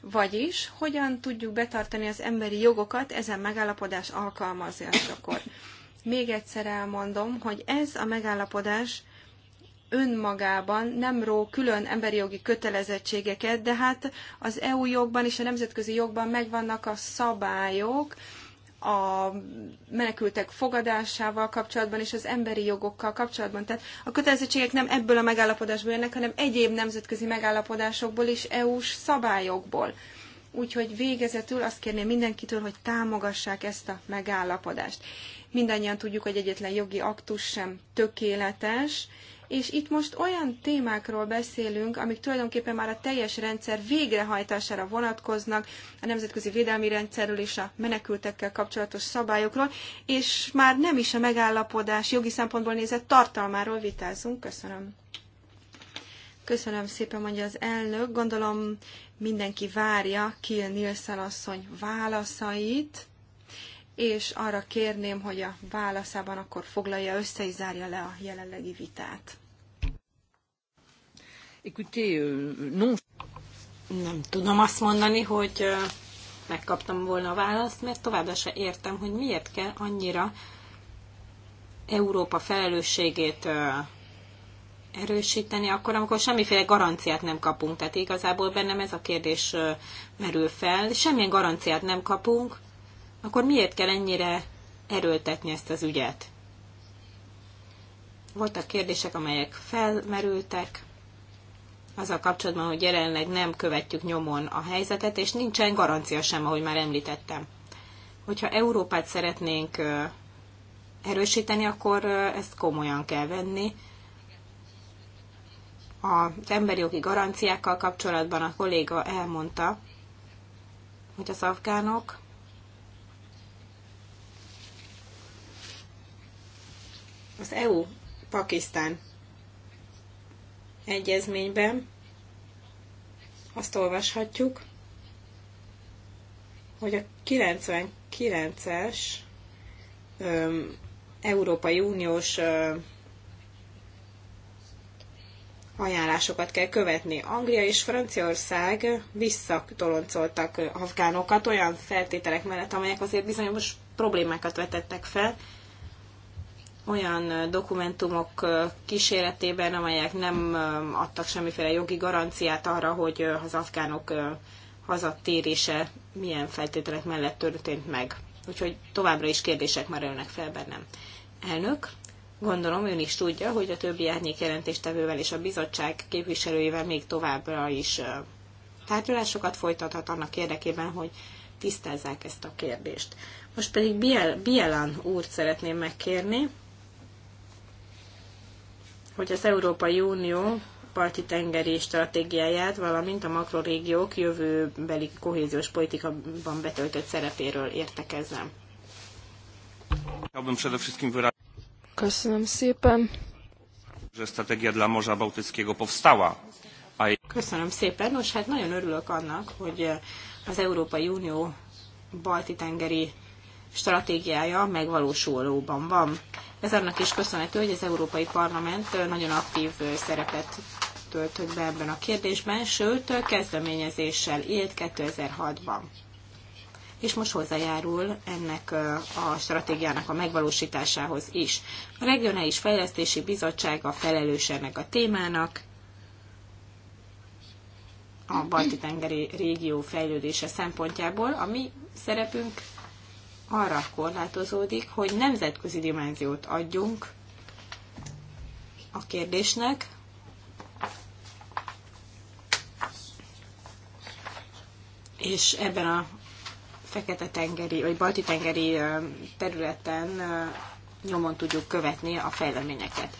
Vagyis, hogyan tudjuk betartani az emberi jogokat ezen megállapodás alkalmazásakor. Még egyszer elmondom, hogy ez a megállapodás önmagában nem ró külön emberi jogi kötelezettségeket, de hát az EU jogban és a nemzetközi jogban megvannak a szabályok, a menekültek fogadásával kapcsolatban és az emberi jogokkal kapcsolatban. Tehát a kötelezettségek nem ebből a megállapodásból jönnek, hanem egyéb nemzetközi megállapodásokból és EU-s szabályokból. Úgyhogy végezetül azt kérném mindenkitől, hogy támogassák ezt a megállapodást. Mindannyian tudjuk, hogy egyetlen jogi aktus sem tökéletes, és itt most olyan témákról beszélünk, amik tulajdonképpen már a teljes rendszer végrehajtására vonatkoznak, a nemzetközi védelmi rendszerről és a menekültekkel kapcsolatos szabályokról, és már nem is a megállapodás jogi szempontból nézett tartalmáról vitázunk. Köszönöm. Köszönöm szépen, mondja az elnök. Gondolom mindenki várja Kiel Nielsen asszony válaszait és arra kérném, hogy a válaszában akkor foglalja össze és zárja le a jelenlegi vitát. Écoutez, euh, non. Nem tudom azt mondani, hogy euh, megkaptam volna a választ, mert továbbra se értem, hogy miért kell annyira Európa felelősségét euh, erősíteni, akkor, amikor semmiféle garanciát nem kapunk. Tehát igazából bennem ez a kérdés merül fel. Semmilyen garanciát nem kapunk, akkor miért kell ennyire erőltetni ezt az ügyet? Voltak kérdések, amelyek felmerültek, azzal kapcsolatban, hogy jelenleg nem követjük nyomon a helyzetet, és nincsen garancia sem, ahogy már említettem. Hogyha Európát szeretnénk erősíteni, akkor ezt komolyan kell venni. Az emberi jogi garanciákkal kapcsolatban a kolléga elmondta, hogy az afgánok Az EU-Pakisztán egyezményben azt olvashatjuk, hogy a 99-es Európai Uniós öm, ajánlásokat kell követni. Anglia és Franciaország visszatoloncoltak afgánokat olyan feltételek mellett, amelyek azért bizonyos problémákat vetettek fel, olyan dokumentumok kíséretében, amelyek nem adtak semmiféle jogi garanciát arra, hogy az afgánok hazatérése milyen feltételek mellett történt meg. Úgyhogy továbbra is kérdések már ölnek fel bennem. Elnök, gondolom ön is tudja, hogy a többi árnyék jelentéstevővel és a bizottság képviselőivel még továbbra is tárgyalásokat folytathat annak érdekében, hogy tisztázzák ezt a kérdést. Most pedig Biel, Bielan úr szeretném megkérni, hogy az Európai Unió parti tengeri stratégiáját, valamint a makrorégiók jövőbeli kohéziós politikában betöltött szerepéről értekezzem. Köszönöm szépen. Stratégia dla Morza Bałtyckiego powstała. Köszönöm szépen. Nos, hát nagyon örülök annak, hogy az Európai Unió balti tengeri stratégiája megvalósulóban van. Ez annak is köszönhető, hogy az Európai Parlament nagyon aktív szerepet töltött be ebben a kérdésben, sőt, kezdeményezéssel élt 2006-ban. És most hozzájárul ennek a stratégiának a megvalósításához is. A Regionális Fejlesztési bizottság a felelős ennek a témának, a balti-tengeri régió fejlődése szempontjából. ami szerepünk arra korlátozódik, hogy nemzetközi dimenziót adjunk a kérdésnek, és ebben a Fekete-tengeri vagy Balti-tengeri területen nyomon tudjuk követni a fejleményeket.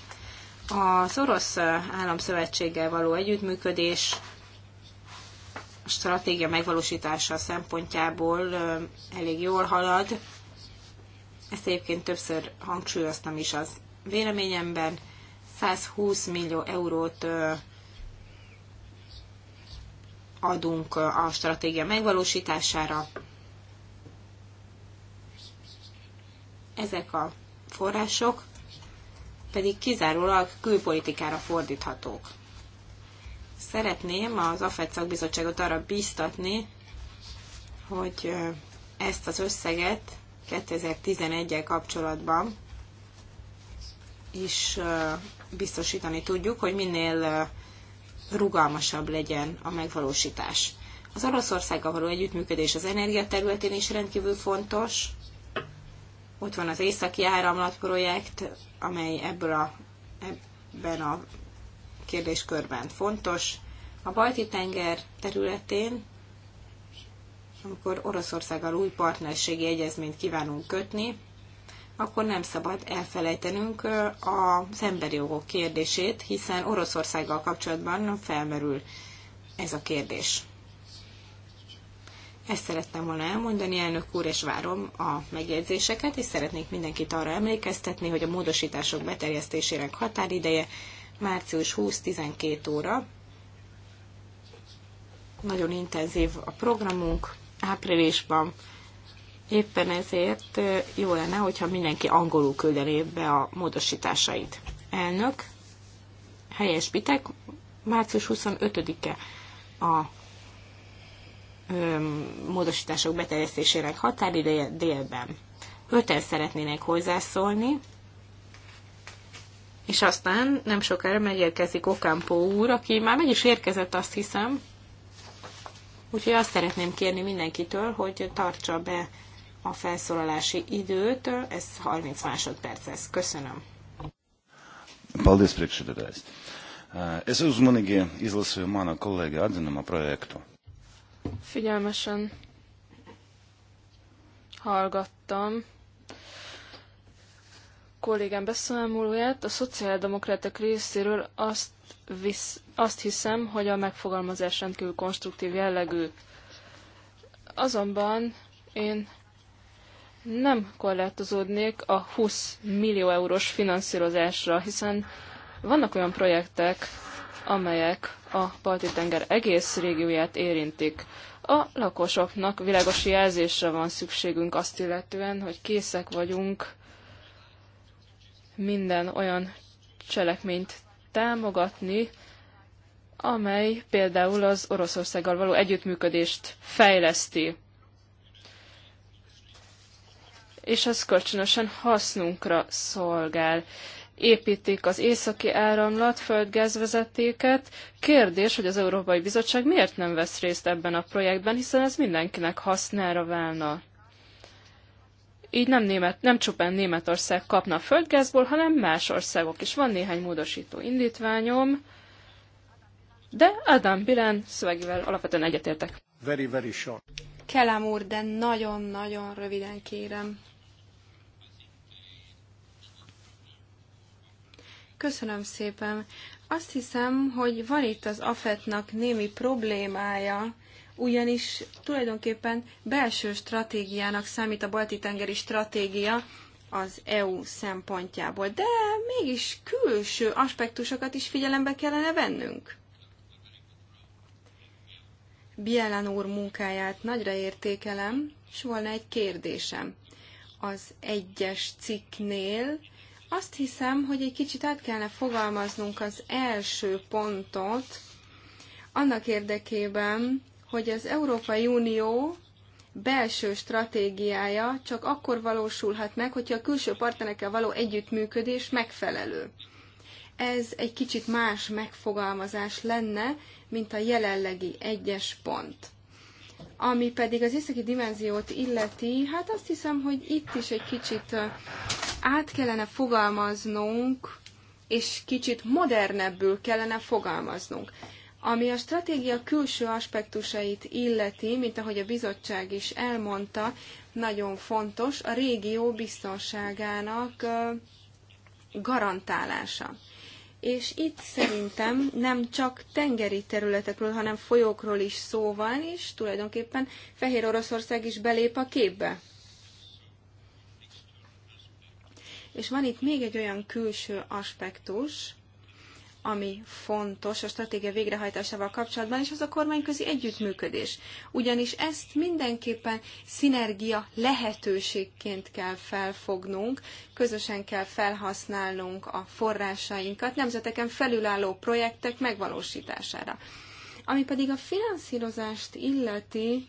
A orosz államszövetséggel való együttműködés stratégia megvalósítása szempontjából elég jól halad. Ezt egyébként többször hangsúlyoztam is az véleményemben. 120 millió eurót adunk a stratégia megvalósítására. Ezek a források pedig kizárólag külpolitikára fordíthatók. Szeretném az AFED szakbizottságot arra bíztatni, hogy ezt az összeget 2011-el kapcsolatban is biztosítani tudjuk, hogy minél rugalmasabb legyen a megvalósítás. Az Oroszországgal való együttműködés az energiaterületén is rendkívül fontos. Ott van az északi áramlat projekt, amely ebből a, ebben a kérdéskörben fontos. A Balti-tenger területén, amikor Oroszországgal új partnerségi egyezményt kívánunk kötni, akkor nem szabad elfelejtenünk az emberi jogok kérdését, hiszen Oroszországgal kapcsolatban felmerül ez a kérdés. Ezt szerettem volna elmondani, elnök úr, és várom a megjegyzéseket, és szeretnék mindenkit arra emlékeztetni, hogy a módosítások beterjesztésének határideje március 20-12 óra. Nagyon intenzív a programunk áprilisban. Éppen ezért jó lenne, hogyha mindenki angolul küldené be a módosításait. Elnök, helyes bitek, március 25-e a ö, módosítások beterjesztésének határideje délben. Öten szeretnének hozzászólni, és aztán nem sokára megérkezik Okampó úr, aki már meg is érkezett, azt hiszem. Úgyhogy azt szeretném kérni mindenkitől, hogy tartsa be a felszólalási időt, ez 30 másodperc lesz. Köszönöm. Paldies, Ez eh, Es uzmanīgi izlasīju mana kolēģa atzinuma projektu. Figyelmesen hallgattam kollégám beszámolóját, a szociáldemokraták részéről azt, visz, azt hiszem, hogy a megfogalmazás rendkívül konstruktív jellegű. Azonban én nem korlátozódnék a 20 millió eurós finanszírozásra, hiszen vannak olyan projektek, amelyek a Balti-tenger egész régióját érintik. A lakosoknak világos jelzésre van szükségünk azt illetően, hogy készek vagyunk minden olyan cselekményt támogatni, amely például az Oroszországgal való együttműködést fejleszti. És ez kölcsönösen hasznunkra szolgál. Építik az északi áramlat, földgázvezetéket. Kérdés, hogy az Európai Bizottság miért nem vesz részt ebben a projektben, hiszen ez mindenkinek hasznára válna. Így nem, német, nem csupán Németország kapna a földgázból, hanem más országok is. Van néhány módosító indítványom, de Adam Bilen szövegével alapvetően egyetértek. Very, very short. Kelem úr, de nagyon-nagyon röviden kérem. Köszönöm szépen. Azt hiszem, hogy van itt az AFET-nak némi problémája, ugyanis tulajdonképpen belső stratégiának számít a balti-tengeri stratégia az EU szempontjából, de mégis külső aspektusokat is figyelembe kellene vennünk. Bielan úr munkáját nagyra értékelem, és volna egy kérdésem. Az egyes cikknél azt hiszem, hogy egy kicsit át kellene fogalmaznunk az első pontot, annak érdekében, hogy az Európai Unió belső stratégiája csak akkor valósulhat meg, hogyha a külső partnerekkel való együttműködés megfelelő. Ez egy kicsit más megfogalmazás lenne, mint a jelenlegi egyes pont. Ami pedig az északi dimenziót illeti, hát azt hiszem, hogy itt is egy kicsit át kellene fogalmaznunk, és kicsit modernebbül kellene fogalmaznunk. Ami a stratégia külső aspektusait illeti, mint ahogy a bizottság is elmondta, nagyon fontos a régió biztonságának garantálása. És itt szerintem nem csak tengeri területekről, hanem folyókról is szó van, és tulajdonképpen Fehér Oroszország is belép a képbe. És van itt még egy olyan külső aspektus, ami fontos a stratégia végrehajtásával kapcsolatban, és az a kormányközi együttműködés. Ugyanis ezt mindenképpen szinergia lehetőségként kell felfognunk, közösen kell felhasználnunk a forrásainkat nemzeteken felülálló projektek megvalósítására. Ami pedig a finanszírozást illeti,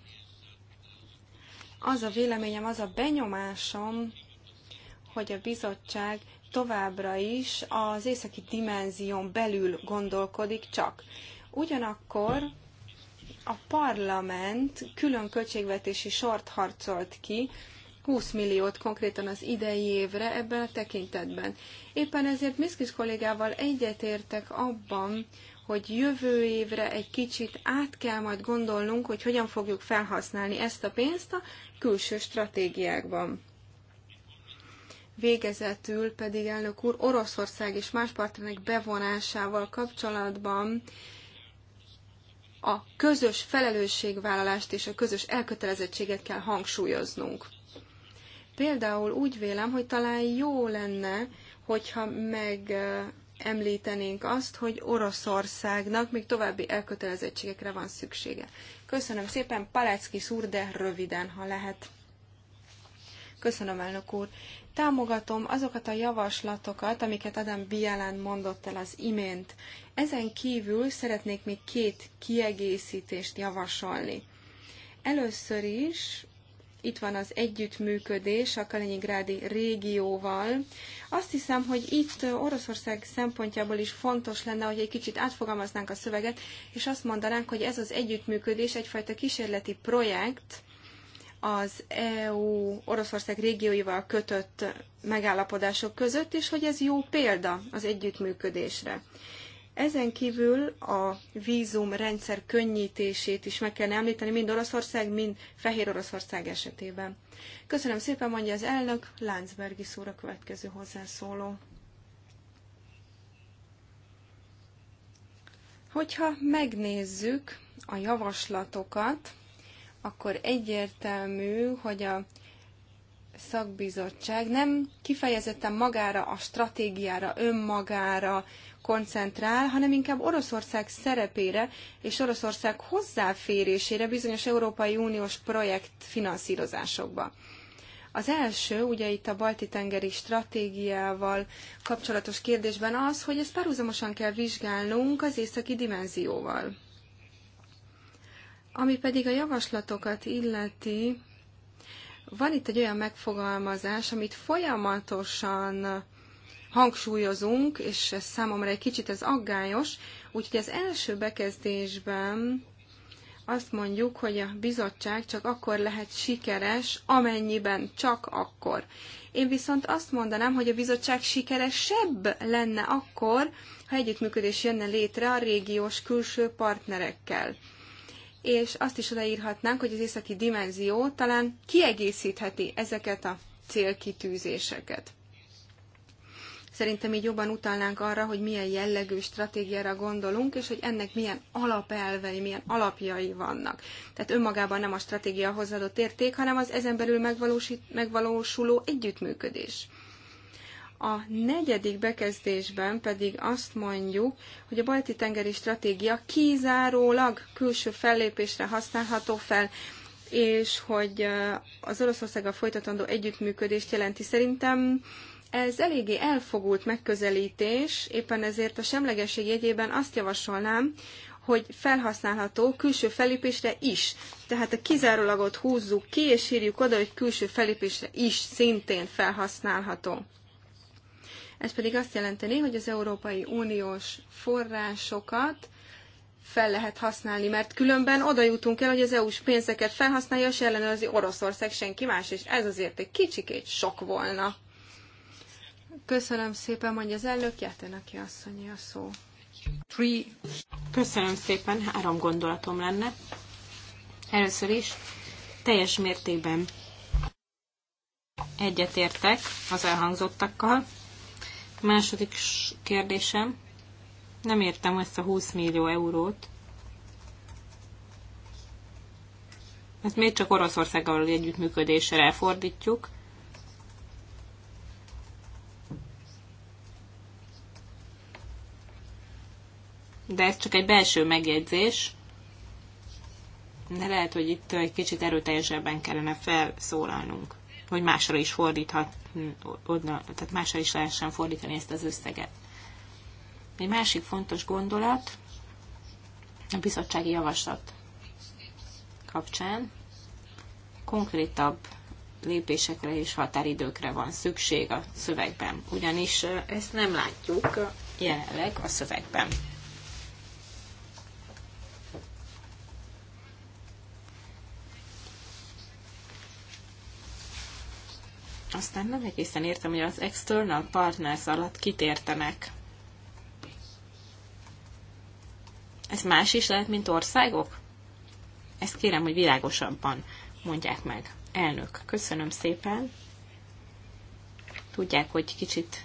az a véleményem, az a benyomásom, hogy a bizottság továbbra is az északi dimenzión belül gondolkodik csak. Ugyanakkor a parlament külön költségvetési sort harcolt ki, 20 milliót konkrétan az idei évre ebben a tekintetben. Éppen ezért Miskis kollégával egyetértek abban, hogy jövő évre egy kicsit át kell majd gondolnunk, hogy hogyan fogjuk felhasználni ezt a pénzt a külső stratégiákban. Végezetül pedig, elnök úr, Oroszország és más partnerek bevonásával kapcsolatban a közös felelősségvállalást és a közös elkötelezettséget kell hangsúlyoznunk. Például úgy vélem, hogy talán jó lenne, hogyha megemlítenénk azt, hogy Oroszországnak még további elkötelezettségekre van szüksége. Köszönöm szépen, Palecki szúr, de röviden, ha lehet. Köszönöm, elnök úr. Támogatom azokat a javaslatokat, amiket Adam Bielán mondott el az imént. Ezen kívül szeretnék még két kiegészítést javasolni. Először is itt van az együttműködés a Kaliningrádi régióval. Azt hiszem, hogy itt Oroszország szempontjából is fontos lenne, hogy egy kicsit átfogalmaznánk a szöveget, és azt mondanánk, hogy ez az együttműködés egyfajta kísérleti projekt, az EU Oroszország régióival kötött megállapodások között, és hogy ez jó példa az együttműködésre. Ezen kívül a vízum rendszer könnyítését is meg kell említeni, mind Oroszország, mind Fehér Oroszország esetében. Köszönöm szépen, mondja az elnök, Láncbergi szóra következő hozzászóló. Hogyha megnézzük a javaslatokat, akkor egyértelmű, hogy a szakbizottság nem kifejezetten magára, a stratégiára, önmagára koncentrál, hanem inkább Oroszország szerepére és Oroszország hozzáférésére bizonyos Európai Uniós projekt finanszírozásokba. Az első, ugye itt a balti-tengeri stratégiával kapcsolatos kérdésben az, hogy ezt párhuzamosan kell vizsgálnunk az északi dimenzióval. Ami pedig a javaslatokat illeti, van itt egy olyan megfogalmazás, amit folyamatosan hangsúlyozunk, és ez számomra egy kicsit ez aggályos, úgyhogy az első bekezdésben azt mondjuk, hogy a bizottság csak akkor lehet sikeres, amennyiben csak akkor. Én viszont azt mondanám, hogy a bizottság sikeresebb lenne akkor, ha együttműködés jönne létre a régiós külső partnerekkel és azt is odaírhatnánk, hogy az északi dimenzió talán kiegészítheti ezeket a célkitűzéseket. Szerintem így jobban utalnánk arra, hogy milyen jellegű stratégiára gondolunk, és hogy ennek milyen alapelvei, milyen alapjai vannak. Tehát önmagában nem a stratégia hozzáadott érték, hanem az ezen belül megvalósuló együttműködés. A negyedik bekezdésben pedig azt mondjuk, hogy a balti tengeri stratégia kizárólag külső fellépésre használható fel, és hogy az Oroszországgal folytatandó együttműködést jelenti. Szerintem ez eléggé elfogult megközelítés, éppen ezért a semlegesség jegyében azt javasolnám, hogy felhasználható külső felépésre is. Tehát a kizárólagot húzzuk ki, és írjuk oda, hogy külső felépésre is szintén felhasználható. Ez pedig azt jelenteni, hogy az Európai Uniós forrásokat fel lehet használni, mert különben oda jutunk el, hogy az EU-s pénzeket felhasználja, és ellenőrzi Oroszország senki más, és ez azért egy kicsikét sok volna. Köszönöm szépen, mondja az elnök, Játenaki asszonyi a szó. Three. Köszönöm szépen, három gondolatom lenne. Először is teljes mértékben egyetértek az elhangzottakkal. Második kérdésem. Nem értem ezt a 20 millió eurót. Mert miért csak Oroszországgal együttműködésre elfordítjuk. De ez csak egy belső megjegyzés. De lehet, hogy itt egy kicsit erőteljesebben kellene felszólalnunk hogy másra is fordíthat, odna, tehát másra is lehessen fordítani ezt az összeget. Egy másik fontos gondolat a bizottsági javaslat kapcsán konkrétabb lépésekre és határidőkre van szükség a szövegben, ugyanis ezt nem látjuk jelenleg a szövegben. aztán nem egészen értem, hogy az external partners alatt kitértenek. Ez más is lehet, mint országok? Ezt kérem, hogy világosabban mondják meg. Elnök, köszönöm szépen. Tudják, hogy kicsit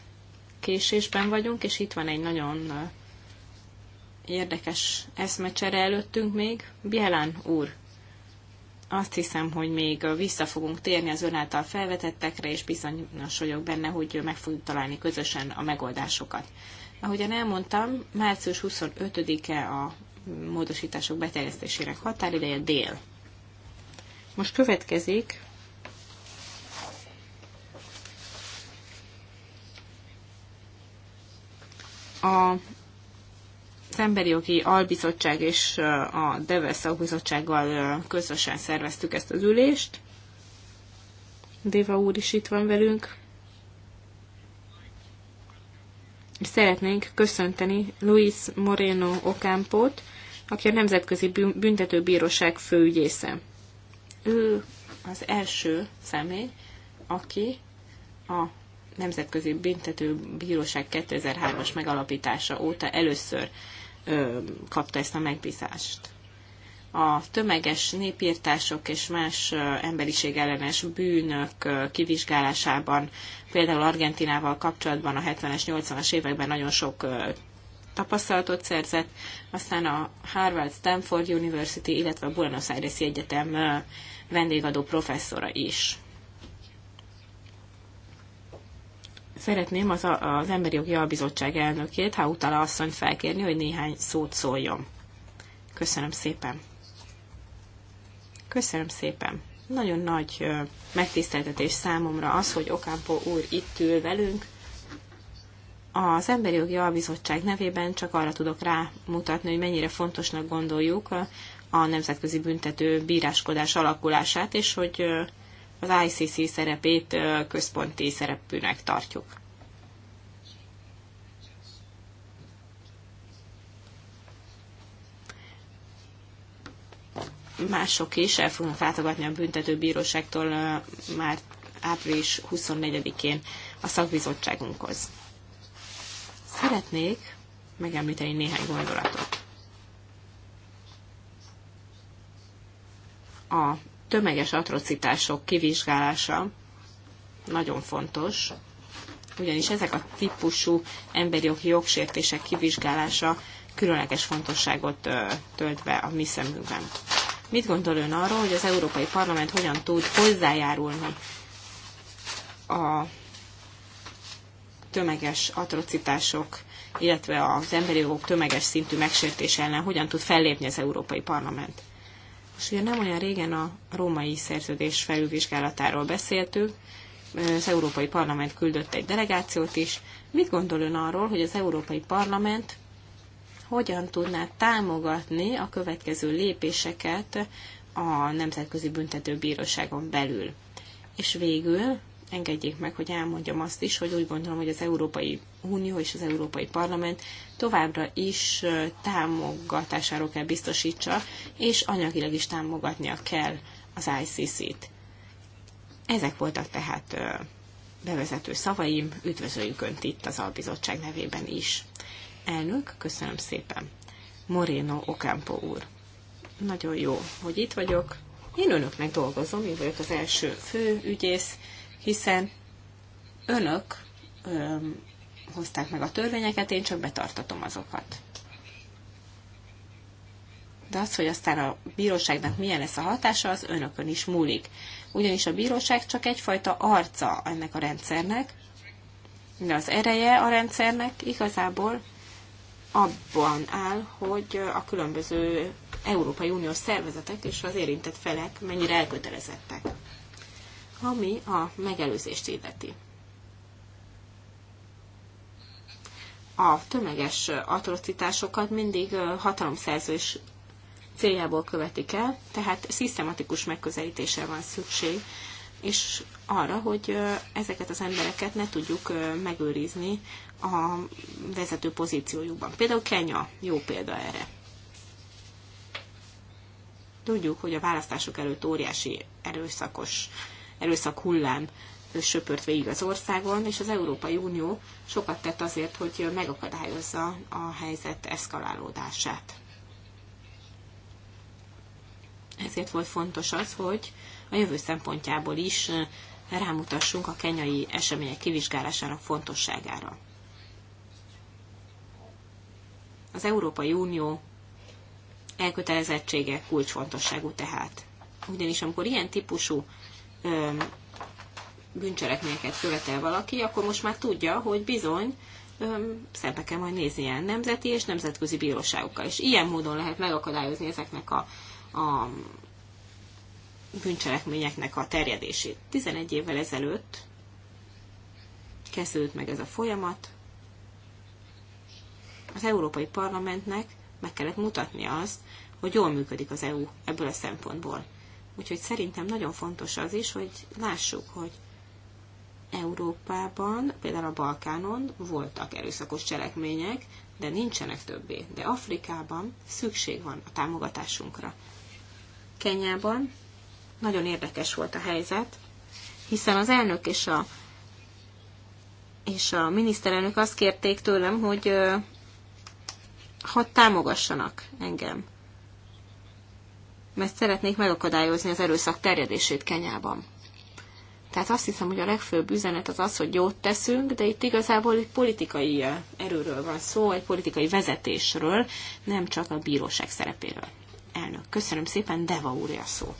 késésben vagyunk, és itt van egy nagyon érdekes eszmecsere előttünk még. Bielán úr, azt hiszem, hogy még vissza fogunk térni az ön által felvetettekre, és bizonyos vagyok benne, hogy meg fogjuk találni közösen a megoldásokat. Ahogyan elmondtam, március 25-e a módosítások beterjesztésének határideje dél. Most következik a az Emberi Jogi Albizottság és a Devel Szakbizottsággal közösen szerveztük ezt az ülést. Déva úr is itt van velünk. szeretnénk köszönteni Luis Moreno Ocampót, aki a Nemzetközi Büntetőbíróság főügyésze. Ő az első személy, aki a Nemzetközi Büntetőbíróság 2003-as megalapítása óta először ö, kapta ezt a megbízást. A tömeges népírtások és más emberiség ellenes bűnök kivizsgálásában, például Argentinával kapcsolatban a 70-es, 80-as években nagyon sok tapasztalatot szerzett, aztán a Harvard Stanford University, illetve a Buenos Aires Egyetem vendégadó professzora is. Szeretném az, az Emberi Jogi Albizottság elnökét, ha utala asszony felkérni, hogy néhány szót szóljon. Köszönöm szépen. Köszönöm szépen. Nagyon nagy megtiszteltetés számomra az, hogy Okámpó úr itt ül velünk. Az Emberi Jogi Albizottság nevében csak arra tudok rámutatni, hogy mennyire fontosnak gondoljuk a nemzetközi büntető bíráskodás alakulását, és hogy az ICC szerepét központi szerepűnek tartjuk. Mások is el fogunk látogatni a büntetőbíróságtól már április 24-én a szakbizottságunkhoz. Szeretnék megemlíteni néhány gondolatot. a tömeges atrocitások kivizsgálása nagyon fontos, ugyanis ezek a típusú emberi jogi jogsértések kivizsgálása különleges fontosságot tölt be a mi szemünkben. Mit gondol ön arról, hogy az Európai Parlament hogyan tud hozzájárulni a tömeges atrocitások, illetve az emberi jogok tömeges szintű megsértése ellen hogyan tud fellépni az Európai Parlament? És ugye nem olyan régen a római szerződés felülvizsgálatáról beszéltük, az Európai Parlament küldött egy delegációt is. Mit gondol ön arról, hogy az Európai Parlament hogyan tudná támogatni a következő lépéseket a Nemzetközi Büntetőbíróságon belül? És végül engedjék meg, hogy elmondjam azt is, hogy úgy gondolom, hogy az Európai Unió és az Európai Parlament továbbra is támogatásáról kell biztosítsa, és anyagilag is támogatnia kell az ICC-t. Ezek voltak tehát bevezető szavaim, üdvözöljük Önt itt az albizottság nevében is. Elnök, köszönöm szépen. Moreno Ocampo úr. Nagyon jó, hogy itt vagyok. Én önöknek dolgozom, én vagyok az első főügyész, hiszen önök ö, hozták meg a törvényeket, én csak betartatom azokat. De az, hogy aztán a bíróságnak milyen lesz a hatása, az önökön is múlik. Ugyanis a bíróság csak egyfajta arca ennek a rendszernek, de az ereje a rendszernek igazából abban áll, hogy a különböző Európai Uniós szervezetek és az érintett felek mennyire elkötelezettek ami a megelőzést illeti. A tömeges atrocitásokat mindig hatalomszerzős céljából követik el, tehát szisztematikus megközelítésre van szükség, és arra, hogy ezeket az embereket ne tudjuk megőrizni a vezető pozíciójukban. Például Kenya jó példa erre. Tudjuk, hogy a választások előtt óriási erőszakos erőszak hullám söpört végig az országon, és az Európai Unió sokat tett azért, hogy megakadályozza a helyzet eszkalálódását. Ezért volt fontos az, hogy a jövő szempontjából is rámutassunk a kenyai események kivizsgálásának fontosságára. Az Európai Unió elkötelezettsége kulcsfontosságú tehát. Ugyanis amikor ilyen típusú bűncselekményeket követel valaki, akkor most már tudja, hogy bizony szembe kell majd nézni ilyen nemzeti és nemzetközi bíróságokkal. És ilyen módon lehet megakadályozni ezeknek a, a bűncselekményeknek a terjedését. 11 évvel ezelőtt kezdődött meg ez a folyamat. Az Európai Parlamentnek meg kellett mutatni azt, hogy jól működik az EU ebből a szempontból. Úgyhogy szerintem nagyon fontos az is, hogy lássuk, hogy Európában, például a Balkánon voltak erőszakos cselekmények, de nincsenek többé. De Afrikában szükség van a támogatásunkra. Kenyában nagyon érdekes volt a helyzet, hiszen az elnök és a, és a miniszterelnök azt kérték tőlem, hogy hadd támogassanak engem mert szeretnék megakadályozni az erőszak terjedését Kenyában. Tehát azt hiszem, hogy a legfőbb üzenet az az, hogy jót teszünk, de itt igazából egy politikai eh, erőről van szó, egy politikai vezetésről, nem csak a bíróság szerepéről. Elnök, köszönöm szépen, Deva úrja a szó.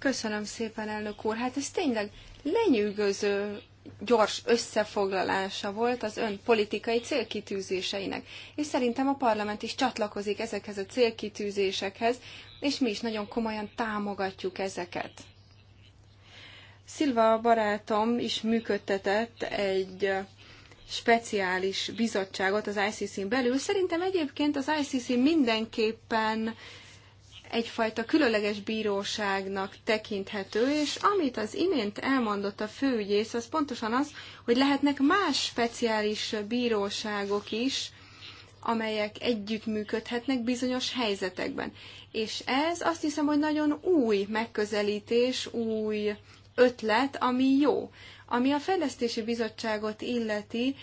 Köszönöm szépen, elnök úr. Hát ez tényleg lenyűgöző gyors összefoglalása volt az ön politikai célkitűzéseinek. És szerintem a parlament is csatlakozik ezekhez a célkitűzésekhez, és mi is nagyon komolyan támogatjuk ezeket. Szilva barátom is működtetett egy speciális bizottságot az ICC-n belül. Szerintem egyébként az ICC mindenképpen egyfajta különleges bíróságnak tekinthető, és amit az imént elmondott a főügyész, az pontosan az, hogy lehetnek más speciális bíróságok is, amelyek együttműködhetnek bizonyos helyzetekben. És ez azt hiszem, hogy nagyon új megközelítés, új ötlet, ami jó. Ami a fejlesztési bizottságot illeti,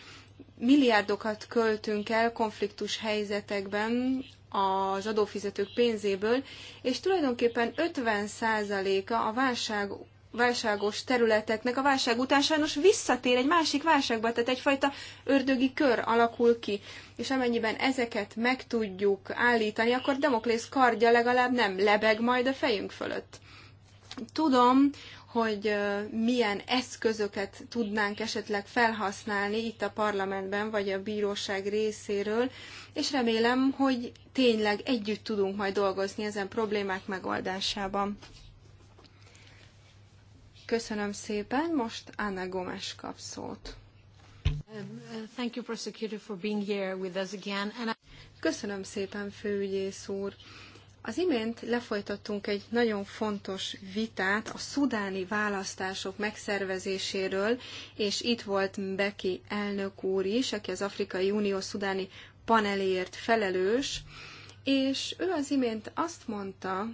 milliárdokat költünk el konfliktus helyzetekben az adófizetők pénzéből, és tulajdonképpen 50%-a a válság válságos területeknek a válság után sajnos visszatér egy másik válságba, tehát egyfajta ördögi kör alakul ki. És amennyiben ezeket meg tudjuk állítani, akkor Demoklész kardja legalább nem lebeg majd a fejünk fölött. Tudom, hogy milyen eszközöket tudnánk esetleg felhasználni itt a parlamentben, vagy a bíróság részéről, és remélem, hogy tényleg együtt tudunk majd dolgozni ezen problémák megoldásában. Köszönöm szépen, most Anna Gomes kap szót. Um, uh, Köszönöm szépen, főügyész úr. Az imént lefolytattunk egy nagyon fontos vitát a szudáni választások megszervezéséről, és itt volt Beki elnök úr is, aki az Afrikai Unió szudáni paneléért felelős, és ő az imént azt mondta,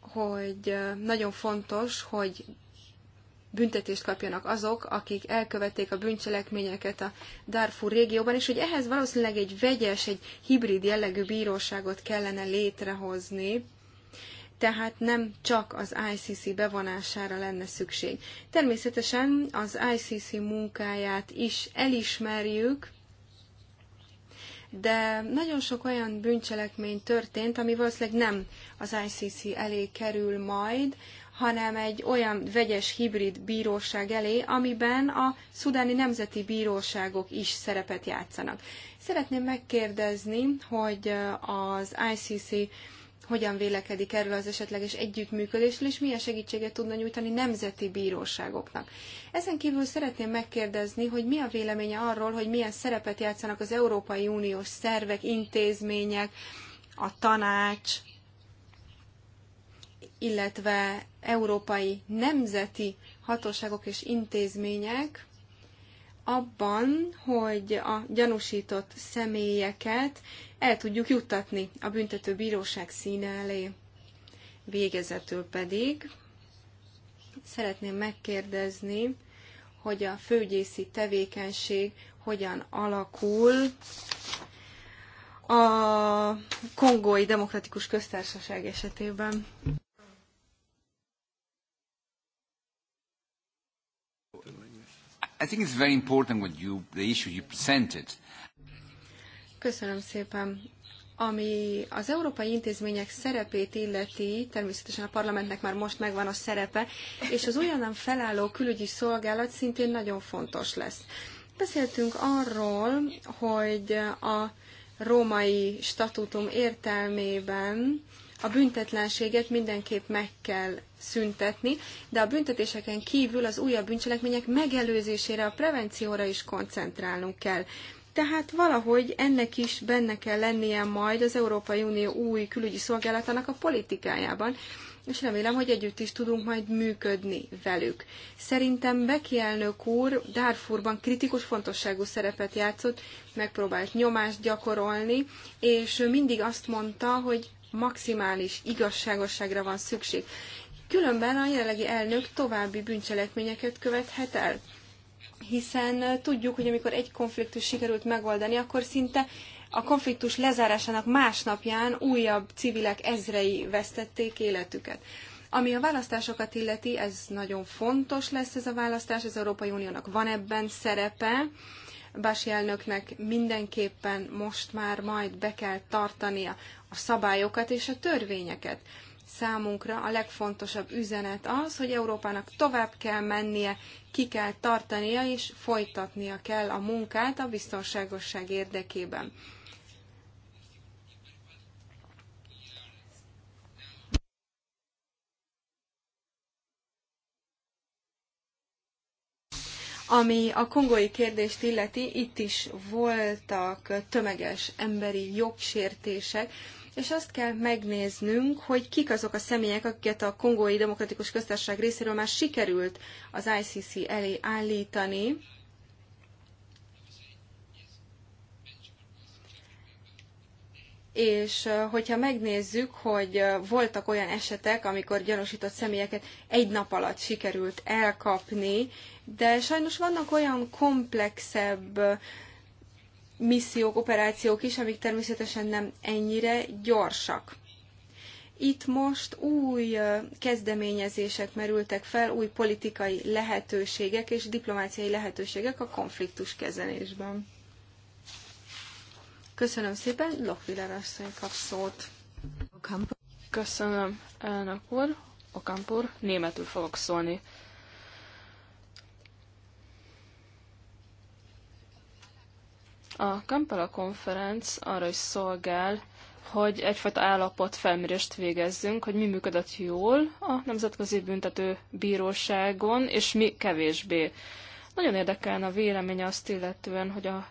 hogy nagyon fontos, hogy büntetést kapjanak azok, akik elkövették a bűncselekményeket a Darfur régióban, és hogy ehhez valószínűleg egy vegyes, egy hibrid jellegű bíróságot kellene létrehozni, tehát nem csak az ICC bevonására lenne szükség. Természetesen az ICC munkáját is elismerjük, de nagyon sok olyan bűncselekmény történt, ami valószínűleg nem az ICC elé kerül majd, hanem egy olyan vegyes hibrid bíróság elé, amiben a szudáni nemzeti bíróságok is szerepet játszanak. Szeretném megkérdezni, hogy az ICC hogyan vélekedik erről az esetleges együttműködésről, és milyen segítséget tudna nyújtani nemzeti bíróságoknak. Ezen kívül szeretném megkérdezni, hogy mi a véleménye arról, hogy milyen szerepet játszanak az Európai Uniós szervek, intézmények, a tanács, illetve európai nemzeti hatóságok és intézmények abban, hogy a gyanúsított személyeket el tudjuk juttatni a büntető bíróság színe elé. Végezetül pedig szeretném megkérdezni, hogy a főgyészi tevékenység hogyan alakul a Kongói Demokratikus Köztársaság esetében. I think it's very important what you, the issue you presented. Köszönöm szépen. Ami az európai intézmények szerepét illeti, természetesen a parlamentnek már most megvan a szerepe, és az újonnan felálló külügyi szolgálat szintén nagyon fontos lesz. Beszéltünk arról, hogy a római statútum értelmében a büntetlenséget mindenképp meg kell szüntetni, de a büntetéseken kívül az újabb bűncselekmények megelőzésére, a prevencióra is koncentrálnunk kell. Tehát valahogy ennek is benne kell lennie majd az Európai Unió új külügyi szolgálatának a politikájában, és remélem, hogy együtt is tudunk majd működni velük. Szerintem Beki elnök úr Darfurban kritikus fontosságú szerepet játszott, megpróbált nyomást gyakorolni, és mindig azt mondta, hogy maximális igazságosságra van szükség. Különben a jelenlegi elnök további bűncselekményeket követhet el. Hiszen tudjuk, hogy amikor egy konfliktus sikerült megoldani, akkor szinte a konfliktus lezárásának másnapján újabb civilek ezrei vesztették életüket. Ami a választásokat illeti, ez nagyon fontos lesz ez a választás, az Európai Uniónak van ebben szerepe, Bási elnöknek mindenképpen most már majd be kell tartania a szabályokat és a törvényeket. Számunkra a legfontosabb üzenet az, hogy Európának tovább kell mennie, ki kell tartania és folytatnia kell a munkát a biztonságosság érdekében. Ami a kongói kérdést illeti, itt is voltak tömeges emberi jogsértések, és azt kell megnéznünk, hogy kik azok a személyek, akiket a Kongói Demokratikus Köztársaság részéről már sikerült az ICC elé állítani. és hogyha megnézzük, hogy voltak olyan esetek, amikor gyanúsított személyeket egy nap alatt sikerült elkapni, de sajnos vannak olyan komplexebb missziók, operációk is, amik természetesen nem ennyire gyorsak. Itt most új kezdeményezések merültek fel, új politikai lehetőségek és diplomáciai lehetőségek a konfliktus kezelésben. Köszönöm szépen, Lokvider asszony kap szót. Köszönöm, elnök úr. Okampur, németül fogok szólni. A Kampala konferenc arra is szolgál, hogy egyfajta állapot felmérést végezzünk, hogy mi működött jól a Nemzetközi Büntető Bíróságon, és mi kevésbé. Nagyon érdekelne a vélemény azt illetően, hogy a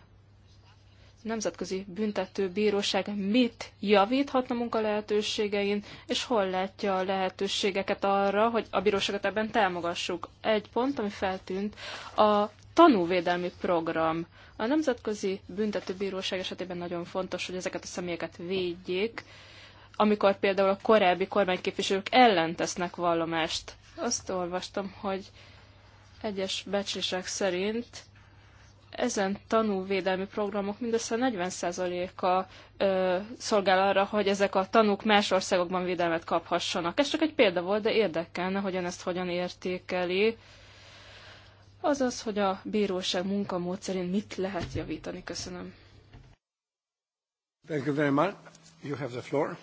Nemzetközi Büntető Bíróság mit javíthatna munka lehetőségein és hol látja a lehetőségeket arra, hogy a bíróságot ebben támogassuk. Egy pont, ami feltűnt, a tanúvédelmi program. A Nemzetközi Büntető Bíróság esetében nagyon fontos, hogy ezeket a személyeket védjék, amikor például a korábbi kormányképviselők ellen tesznek vallomást. Azt olvastam, hogy egyes becslések szerint ezen tanúvédelmi programok mindössze 40%-a szolgál arra, hogy ezek a tanúk más országokban védelmet kaphassanak. Ez csak egy példa volt, de érdekelne, hogyan ezt hogyan értékeli. Azaz, hogy a bíróság munkamód szerint mit lehet javítani. Köszönöm. Thank you very much. You have the floor.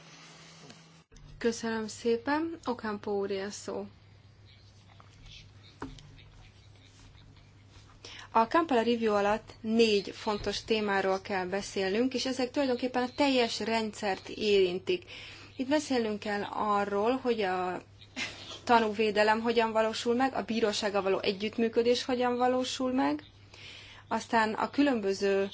Köszönöm szépen. Okámpó úr szó. A Kampala Review alatt négy fontos témáról kell beszélnünk, és ezek tulajdonképpen a teljes rendszert érintik. Itt beszélnünk kell arról, hogy a tanúvédelem hogyan valósul meg, a bírósága való együttműködés hogyan valósul meg, aztán a különböző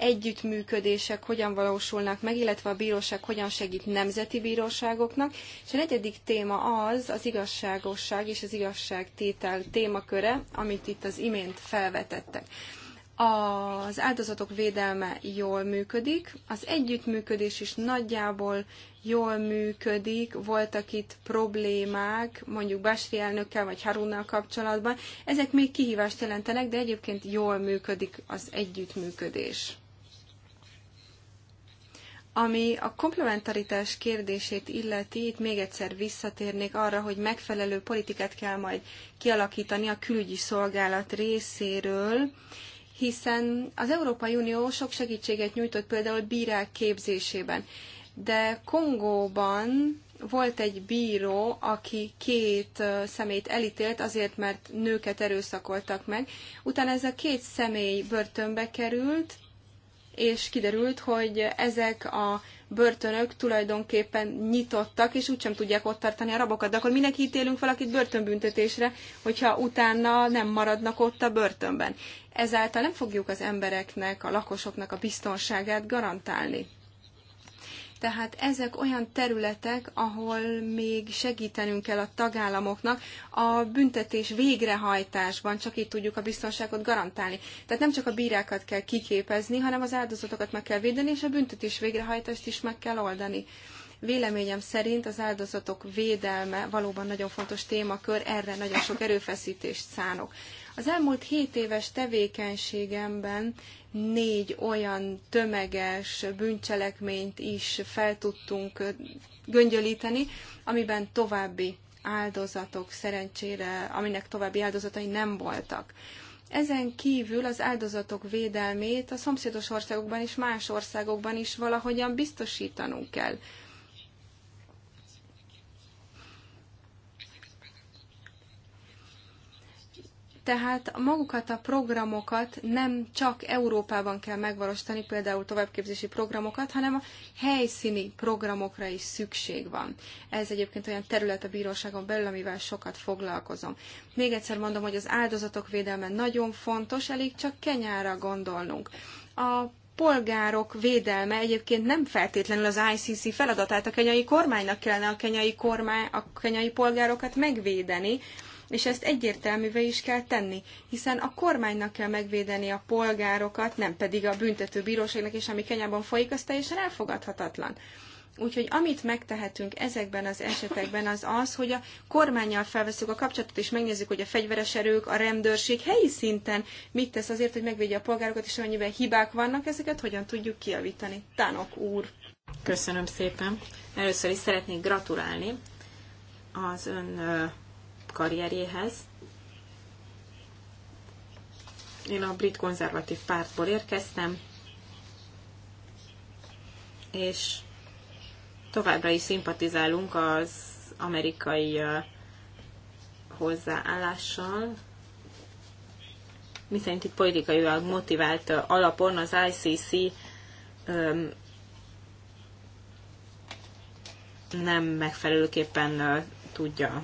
együttműködések hogyan valósulnak meg, illetve a bíróság hogyan segít nemzeti bíróságoknak. És a negyedik téma az az igazságosság és az igazságtétel témaköre, amit itt az imént felvetettek. Az áldozatok védelme jól működik, az együttműködés is nagyjából jól működik, voltak itt problémák, mondjuk Basri elnökkel vagy Harunnal kapcsolatban. Ezek még kihívást jelentenek, de egyébként jól működik az együttműködés. Ami a komplementaritás kérdését illeti, itt még egyszer visszatérnék arra, hogy megfelelő politikát kell majd kialakítani a külügyi szolgálat részéről, hiszen az Európai Unió sok segítséget nyújtott például bírák képzésében. De Kongóban volt egy bíró, aki két személyt elítélt azért, mert nőket erőszakoltak meg. Utána ez a két személy börtönbe került, és kiderült, hogy ezek a börtönök tulajdonképpen nyitottak, és úgysem tudják ott tartani a rabokat. De akkor minek ítélünk valakit börtönbüntetésre, hogyha utána nem maradnak ott a börtönben? Ezáltal nem fogjuk az embereknek, a lakosoknak a biztonságát garantálni. Tehát ezek olyan területek, ahol még segítenünk kell a tagállamoknak a büntetés végrehajtásban, csak így tudjuk a biztonságot garantálni. Tehát nem csak a bírákat kell kiképezni, hanem az áldozatokat meg kell védeni, és a büntetés végrehajtást is meg kell oldani. Véleményem szerint az áldozatok védelme valóban nagyon fontos témakör, erre nagyon sok erőfeszítést szánok. Az elmúlt 7 éves tevékenységemben négy olyan tömeges bűncselekményt is fel tudtunk göngyölíteni, amiben további áldozatok szerencsére, aminek további áldozatai nem voltak. Ezen kívül az áldozatok védelmét a szomszédos országokban és más országokban is valahogyan biztosítanunk kell. Tehát magukat a programokat nem csak Európában kell megvalósítani, például továbbképzési programokat, hanem a helyszíni programokra is szükség van. Ez egyébként olyan terület a bíróságon belül, amivel sokat foglalkozom. Még egyszer mondom, hogy az áldozatok védelme nagyon fontos, elég csak kenyára gondolnunk. A polgárok védelme egyébként nem feltétlenül az ICC feladatát a kenyai kormánynak kellene a kenyai, kormány, a kenyai polgárokat megvédeni, és ezt egyértelművé is kell tenni, hiszen a kormánynak kell megvédeni a polgárokat, nem pedig a büntető bíróságnak, és ami Kenyában folyik, az teljesen elfogadhatatlan. Úgyhogy amit megtehetünk ezekben az esetekben az az, hogy a kormányjal felveszünk a kapcsolatot, és megnézzük, hogy a fegyveres erők, a rendőrség helyi szinten mit tesz azért, hogy megvédje a polgárokat, és amennyiben hibák vannak, ezeket hogyan tudjuk kiavítani. Tánok úr! Köszönöm szépen! Először is szeretnék gratulálni az ön karrierjéhez. Én a brit konzervatív pártból érkeztem, és továbbra is szimpatizálunk az amerikai hozzáállással, miszerint itt politikailag motivált alapon az ICC öm, nem megfelelőképpen tudja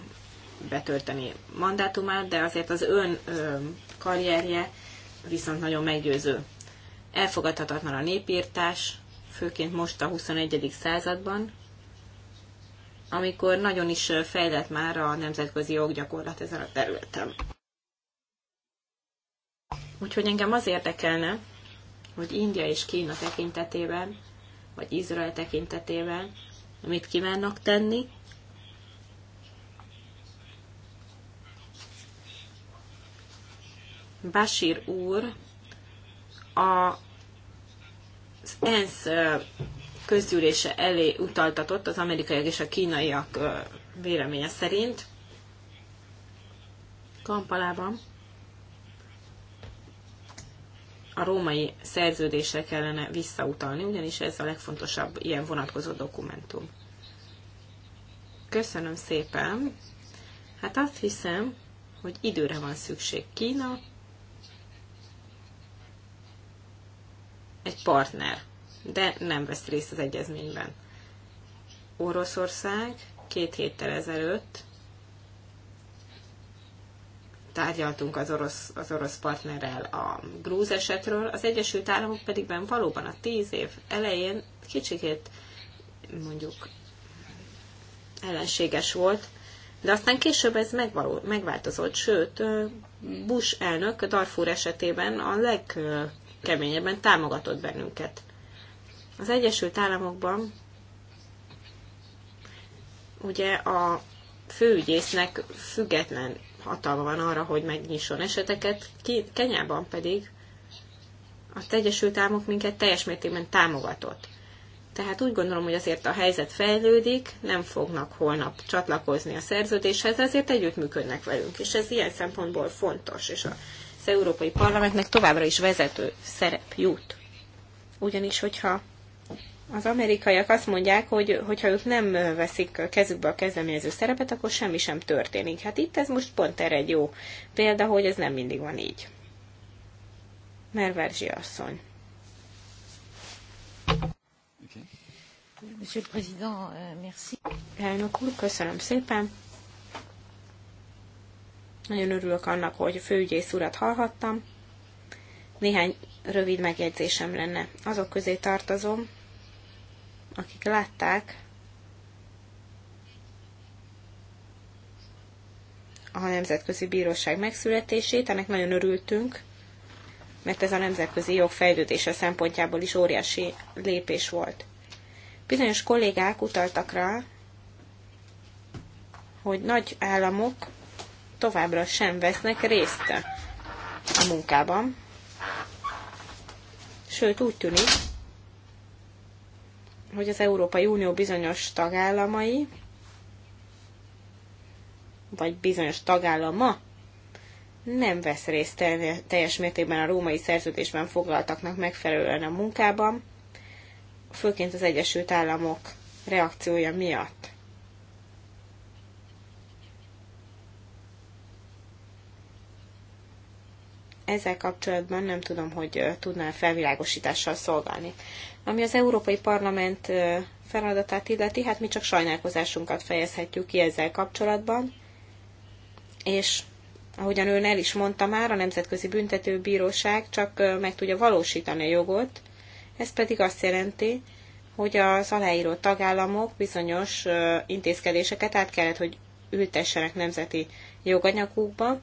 betölteni mandátumát, de azért az ön karrierje viszont nagyon meggyőző. Elfogadhatatlan a népírtás, főként most a 21. században, amikor nagyon is fejlett már a nemzetközi joggyakorlat ezen a területen. Úgyhogy engem az érdekelne, hogy India és Kína tekintetében, vagy Izrael tekintetében amit kívánnak tenni, Basir úr a, az ENSZ közgyűlése elé utaltatott az amerikaiak és a kínaiak véleménye szerint Kampalában a római szerződésre kellene visszautalni, ugyanis ez a legfontosabb ilyen vonatkozó dokumentum. Köszönöm szépen! Hát azt hiszem, hogy időre van szükség Kína egy partner, de nem vesz részt az egyezményben. Oroszország két héttel ezelőtt tárgyaltunk az orosz, az orosz partnerrel a grúz esetről, az Egyesült Államok pedig ben valóban a tíz év elején kicsikét mondjuk ellenséges volt, de aztán később ez megvaló, megváltozott, sőt, Bush elnök Darfur esetében a leg keményebben támogatott bennünket. Az Egyesült Államokban ugye a főügyésznek független hatalma van arra, hogy megnyisson eseteket, Kenyában pedig az Egyesült Államok minket teljes mértékben támogatott. Tehát úgy gondolom, hogy azért a helyzet fejlődik, nem fognak holnap csatlakozni a szerződéshez, ezért együttműködnek velünk, és ez ilyen szempontból fontos, és a az Európai Parlamentnek továbbra is vezető szerep jut. Ugyanis, hogyha az amerikaiak azt mondják, hogy hogyha ők nem veszik kezükbe a kezdeményező szerepet, akkor semmi sem történik. Hát itt ez most pont erre egy jó példa, hogy ez nem mindig van így. Merverzsi asszony. Monsieur le Président, euh, merci. Elnök úr, köszönöm szépen. Nagyon örülök annak, hogy a főügyész urat hallhattam. Néhány rövid megjegyzésem lenne. Azok közé tartozom, akik látták, a Nemzetközi Bíróság megszületését, ennek nagyon örültünk, mert ez a nemzetközi jog fejlődése szempontjából is óriási lépés volt. Bizonyos kollégák utaltak rá, hogy nagy államok továbbra sem vesznek részt a munkában. Sőt, úgy tűnik, hogy az Európai Unió bizonyos tagállamai, vagy bizonyos tagállama nem vesz részt teljes mértékben a római szerződésben foglaltaknak megfelelően a munkában, főként az Egyesült Államok reakciója miatt. ezzel kapcsolatban nem tudom, hogy tudná felvilágosítással szolgálni. Ami az Európai Parlament feladatát illeti, hát mi csak sajnálkozásunkat fejezhetjük ki ezzel kapcsolatban, és ahogyan ön el is mondta már, a Nemzetközi Büntetőbíróság csak meg tudja valósítani a jogot, ez pedig azt jelenti, hogy az aláíró tagállamok bizonyos intézkedéseket át kellett, hogy ültessenek nemzeti joganyagukba,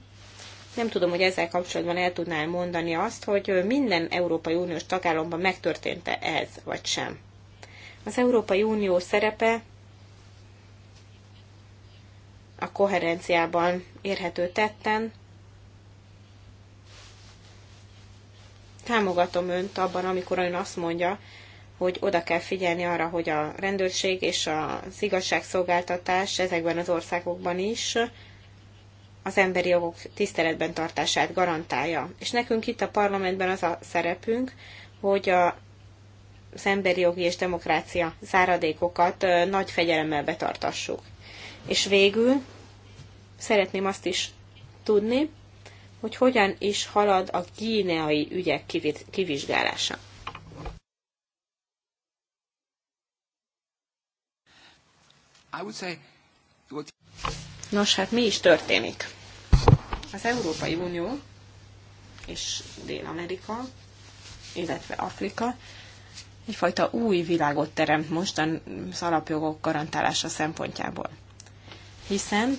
nem tudom, hogy ezzel kapcsolatban el tudnál mondani azt, hogy minden Európai Uniós tagállamban megtörtént-e ez, vagy sem. Az Európai Unió szerepe a koherenciában érhető tetten. Támogatom önt abban, amikor ön azt mondja, hogy oda kell figyelni arra, hogy a rendőrség és az igazságszolgáltatás ezekben az országokban is az emberi jogok tiszteletben tartását garantálja. És nekünk itt a parlamentben az a szerepünk, hogy a, az emberi jogi és demokrácia záradékokat nagy fegyelemmel betartassuk. És végül szeretném azt is tudni, hogy hogyan is halad a gíneai ügyek kivizsgálása. I would say, what... Nos, hát mi is történik? Az Európai Unió és Dél-Amerika, illetve Afrika egyfajta új világot teremt most az alapjogok garantálása szempontjából. Hiszen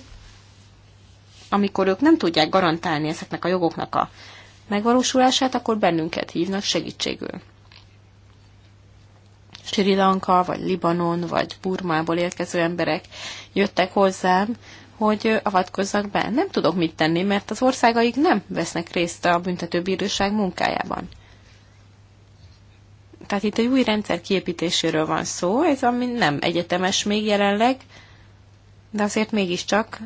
amikor ők nem tudják garantálni ezeknek a jogoknak a megvalósulását, akkor bennünket hívnak segítségül. Sri Lanka, vagy Libanon, vagy Burmából érkező emberek jöttek hozzám, hogy avatkozzak be. Nem tudok mit tenni, mert az országaik nem vesznek részt a büntetőbíróság munkájában. Tehát itt egy új rendszer kiépítéséről van szó, ez ami nem egyetemes még jelenleg, de azért mégiscsak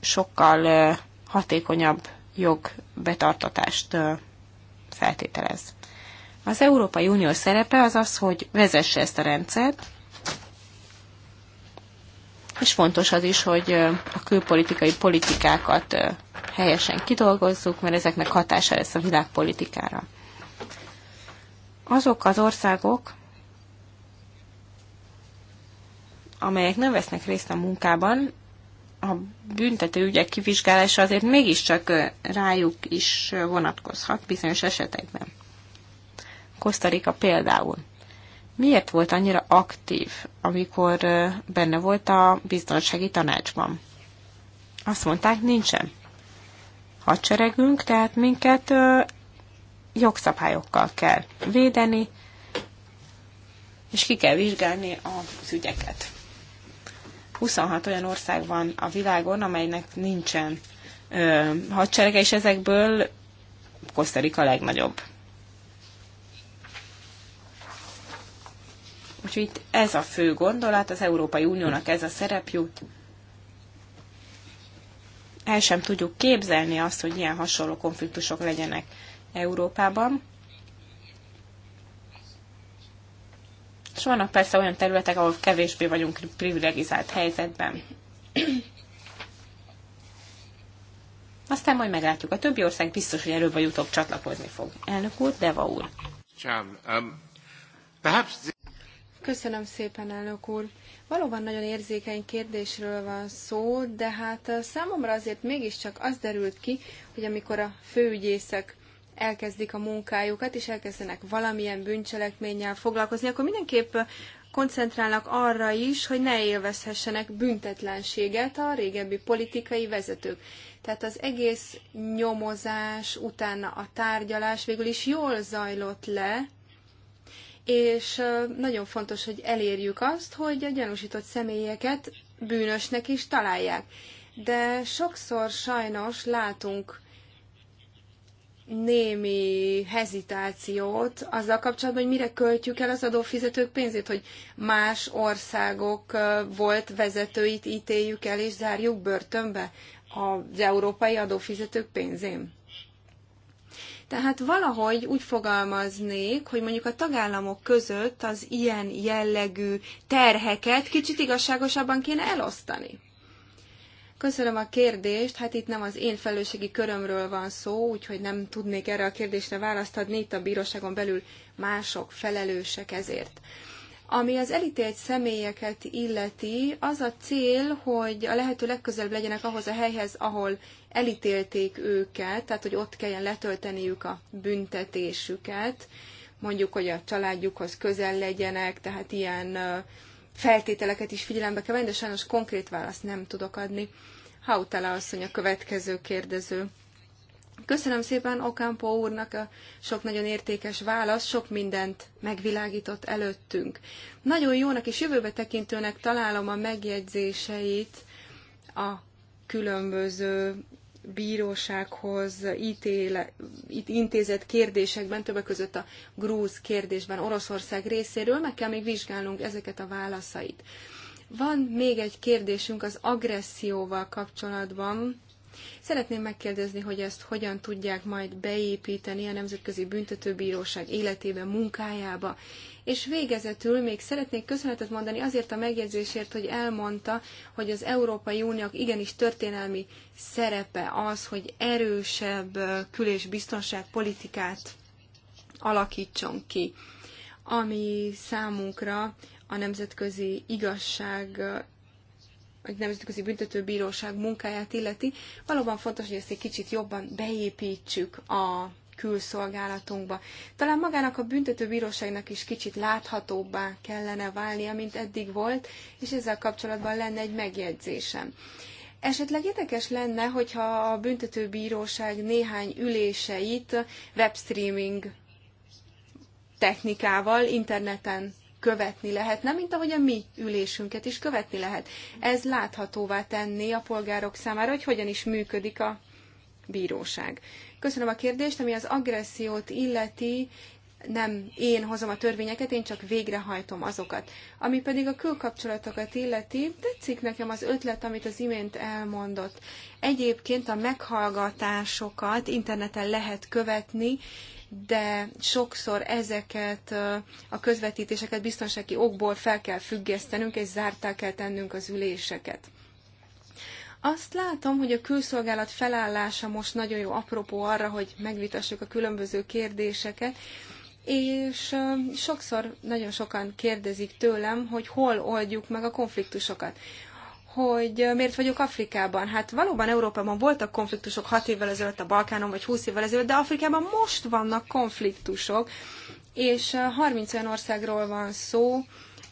sokkal hatékonyabb jogbetartatást feltételez. Az Európai Unió szerepe az az, hogy vezesse ezt a rendszert, és fontos az is, hogy a külpolitikai politikákat helyesen kidolgozzuk, mert ezeknek hatása lesz a világpolitikára. Azok az országok, amelyek nem vesznek részt a munkában, a büntető ügyek kivizsgálása azért mégiscsak rájuk is vonatkozhat bizonyos esetekben. Kosztarika például miért volt annyira aktív, amikor benne volt a biztonsági tanácsban? Azt mondták, nincsen hadseregünk, tehát minket jogszabályokkal kell védeni, és ki kell vizsgálni az ügyeket. 26 olyan ország van a világon, amelynek nincsen ö, hadserege, és ezekből Kosztarik a legnagyobb. Úgyhogy itt ez a fő gondolat, az Európai Uniónak ez a szerep jut. El sem tudjuk képzelni azt, hogy ilyen hasonló konfliktusok legyenek Európában. És vannak persze olyan területek, ahol kevésbé vagyunk privilegizált helyzetben. Aztán majd meglátjuk. A többi ország biztos, hogy előbb vagy utóbb csatlakozni fog. Elnök úr, Deva úr. Um, perhaps... Köszönöm szépen, elnök úr. Valóban nagyon érzékeny kérdésről van szó, de hát eh, számomra azért mégiscsak az derült ki, hogy amikor a főügyészek elkezdik a munkájukat, és elkezdenek valamilyen bűncselekménnyel foglalkozni, akkor mindenképp eh, koncentrálnak arra is, hogy ne élvezhessenek büntetlenséget a régebbi politikai vezetők. Tehát az egész nyomozás, utána a tárgyalás végül is jól zajlott le, és nagyon fontos, hogy elérjük azt, hogy a gyanúsított személyeket bűnösnek is találják. De sokszor sajnos látunk némi hezitációt azzal kapcsolatban, hogy mire költjük el az adófizetők pénzét, hogy más országok volt vezetőit ítéljük el és zárjuk börtönbe az európai adófizetők pénzén. Tehát valahogy úgy fogalmaznék, hogy mondjuk a tagállamok között az ilyen jellegű terheket kicsit igazságosabban kéne elosztani. Köszönöm a kérdést, hát itt nem az én felelősségi körömről van szó, úgyhogy nem tudnék erre a kérdésre választ adni, itt a bíróságon belül mások felelősek ezért. Ami az elítélt személyeket illeti, az a cél, hogy a lehető legközelebb legyenek ahhoz a helyhez, ahol elítélték őket, tehát hogy ott kelljen letölteniük a büntetésüket, mondjuk, hogy a családjukhoz közel legyenek, tehát ilyen feltételeket is figyelembe kell venni, de sajnos konkrét választ nem tudok adni. Hautala asszony a következő kérdező. Köszönöm szépen Okampo úrnak a sok nagyon értékes válasz, sok mindent megvilágított előttünk. Nagyon jónak és jövőbe tekintőnek találom a megjegyzéseit a különböző bírósághoz ítéle, intézett kérdésekben, többek között a grúz kérdésben Oroszország részéről, meg kell még vizsgálnunk ezeket a válaszait. Van még egy kérdésünk az agresszióval kapcsolatban, Szeretném megkérdezni, hogy ezt hogyan tudják majd beépíteni a Nemzetközi Büntetőbíróság életébe, munkájába. És végezetül még szeretnék köszönetet mondani azért a megjegyzésért, hogy elmondta, hogy az Európai Uniók igenis történelmi szerepe az, hogy erősebb kül- és biztonságpolitikát alakítson ki, ami számunkra a nemzetközi igazság egy nemzetközi büntetőbíróság munkáját illeti, valóban fontos, hogy ezt egy kicsit jobban beépítsük a külszolgálatunkba. Talán magának a büntetőbíróságnak is kicsit láthatóbbá kellene válnia, mint eddig volt, és ezzel kapcsolatban lenne egy megjegyzésem. Esetleg érdekes lenne, hogyha a büntetőbíróság néhány üléseit webstreaming technikával interneten követni lehetne, mint ahogy a mi ülésünket is követni lehet. Ez láthatóvá tenni a polgárok számára, hogy hogyan is működik a bíróság. Köszönöm a kérdést, ami az agressziót illeti, nem én hozom a törvényeket, én csak végrehajtom azokat. Ami pedig a külkapcsolatokat illeti, tetszik nekem az ötlet, amit az imént elmondott. Egyébként a meghallgatásokat interneten lehet követni, de sokszor ezeket a közvetítéseket biztonsági okból fel kell függesztenünk, és zártá kell tennünk az üléseket. Azt látom, hogy a külszolgálat felállása most nagyon jó apropó arra, hogy megvitassuk a különböző kérdéseket, és sokszor nagyon sokan kérdezik tőlem, hogy hol oldjuk meg a konfliktusokat hogy eh, miért vagyok Afrikában. Hát valóban Európában voltak konfliktusok 6 évvel ezelőtt a Balkánon, vagy 20 évvel ezelőtt, de Afrikában most vannak konfliktusok, és 30 eh, olyan országról van szó,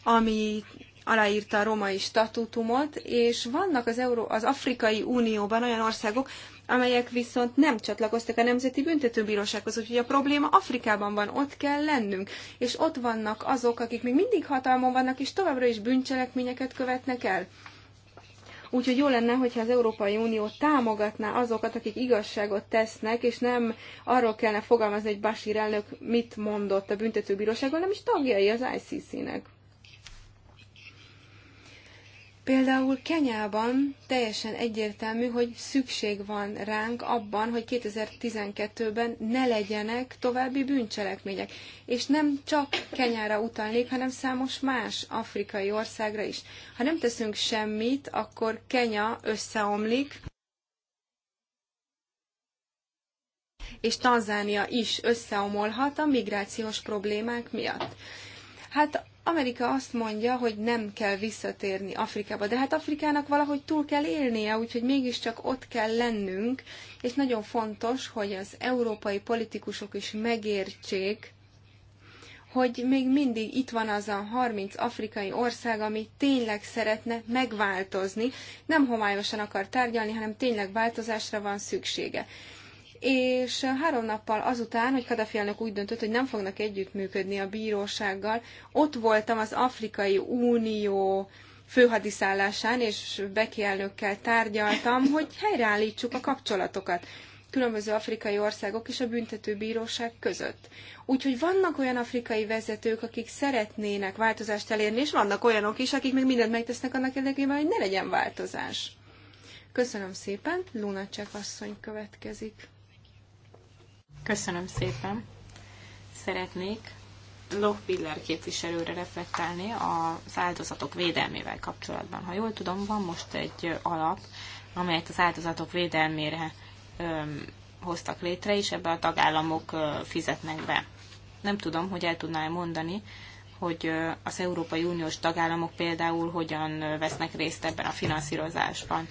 ami aláírta a romai statútumot, és vannak az, Euró- az Afrikai Unióban olyan országok, amelyek viszont nem csatlakoztak a Nemzeti Büntetőbírósághoz, úgyhogy a probléma Afrikában van, ott kell lennünk, és ott vannak azok, akik még mindig hatalmon vannak, és továbbra is bűncselekményeket követnek el. Úgyhogy jó lenne, hogyha az Európai Unió támogatná azokat, akik igazságot tesznek, és nem arról kellene fogalmazni, hogy Bashir elnök mit mondott a büntetőbíróságon, nem is tagjai az ICC-nek. Például Kenyában teljesen egyértelmű, hogy szükség van ránk abban, hogy 2012-ben ne legyenek további bűncselekmények. És nem csak Kenyára utalnék, hanem számos más afrikai országra is. Ha nem teszünk semmit, akkor Kenya összeomlik, és Tanzánia is összeomolhat a migrációs problémák miatt. Hát Amerika azt mondja, hogy nem kell visszatérni Afrikába, de hát Afrikának valahogy túl kell élnie, úgyhogy mégiscsak ott kell lennünk, és nagyon fontos, hogy az európai politikusok is megértsék, hogy még mindig itt van az a 30 afrikai ország, ami tényleg szeretne megváltozni, nem homályosan akar tárgyalni, hanem tényleg változásra van szüksége és három nappal azután, hogy Kadafi elnök úgy döntött, hogy nem fognak együttműködni a bírósággal, ott voltam az Afrikai Unió főhadiszállásán, és Beki elnökkel tárgyaltam, hogy helyreállítsuk a kapcsolatokat különböző afrikai országok és a büntetőbíróság között. Úgyhogy vannak olyan afrikai vezetők, akik szeretnének változást elérni, és vannak olyanok is, akik még mindent megtesznek annak érdekében, hogy ne legyen változás. Köszönöm szépen, Lunacek asszony következik. Köszönöm szépen. Szeretnék Lochbiller képviselőre reflektálni az áldozatok védelmével kapcsolatban. Ha jól tudom, van most egy alap, amelyet az áldozatok védelmére öm, hoztak létre, és ebbe a tagállamok ö, fizetnek be. Nem tudom, hogy el tudná -e mondani, hogy ö, az Európai Uniós tagállamok például hogyan vesznek részt ebben a finanszírozásban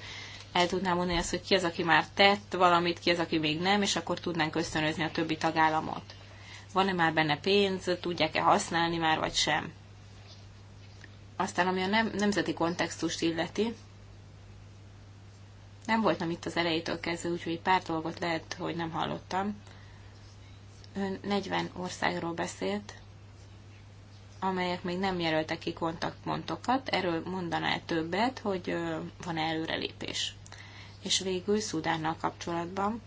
el tudná mondani azt, hogy ki az, aki már tett valamit, ki az, aki még nem, és akkor tudnánk ösztönözni a többi tagállamot. Van-e már benne pénz, tudják-e használni már, vagy sem? Aztán, ami a nem, nemzeti kontextust illeti, nem voltam itt az elejétől kezdve, úgyhogy pár dolgot lehet, hogy nem hallottam. Ön 40 országról beszélt, amelyek még nem jelöltek ki kontaktpontokat. Erről mondaná többet, hogy van-e előrelépés? és végül Szudánnal kapcsolatban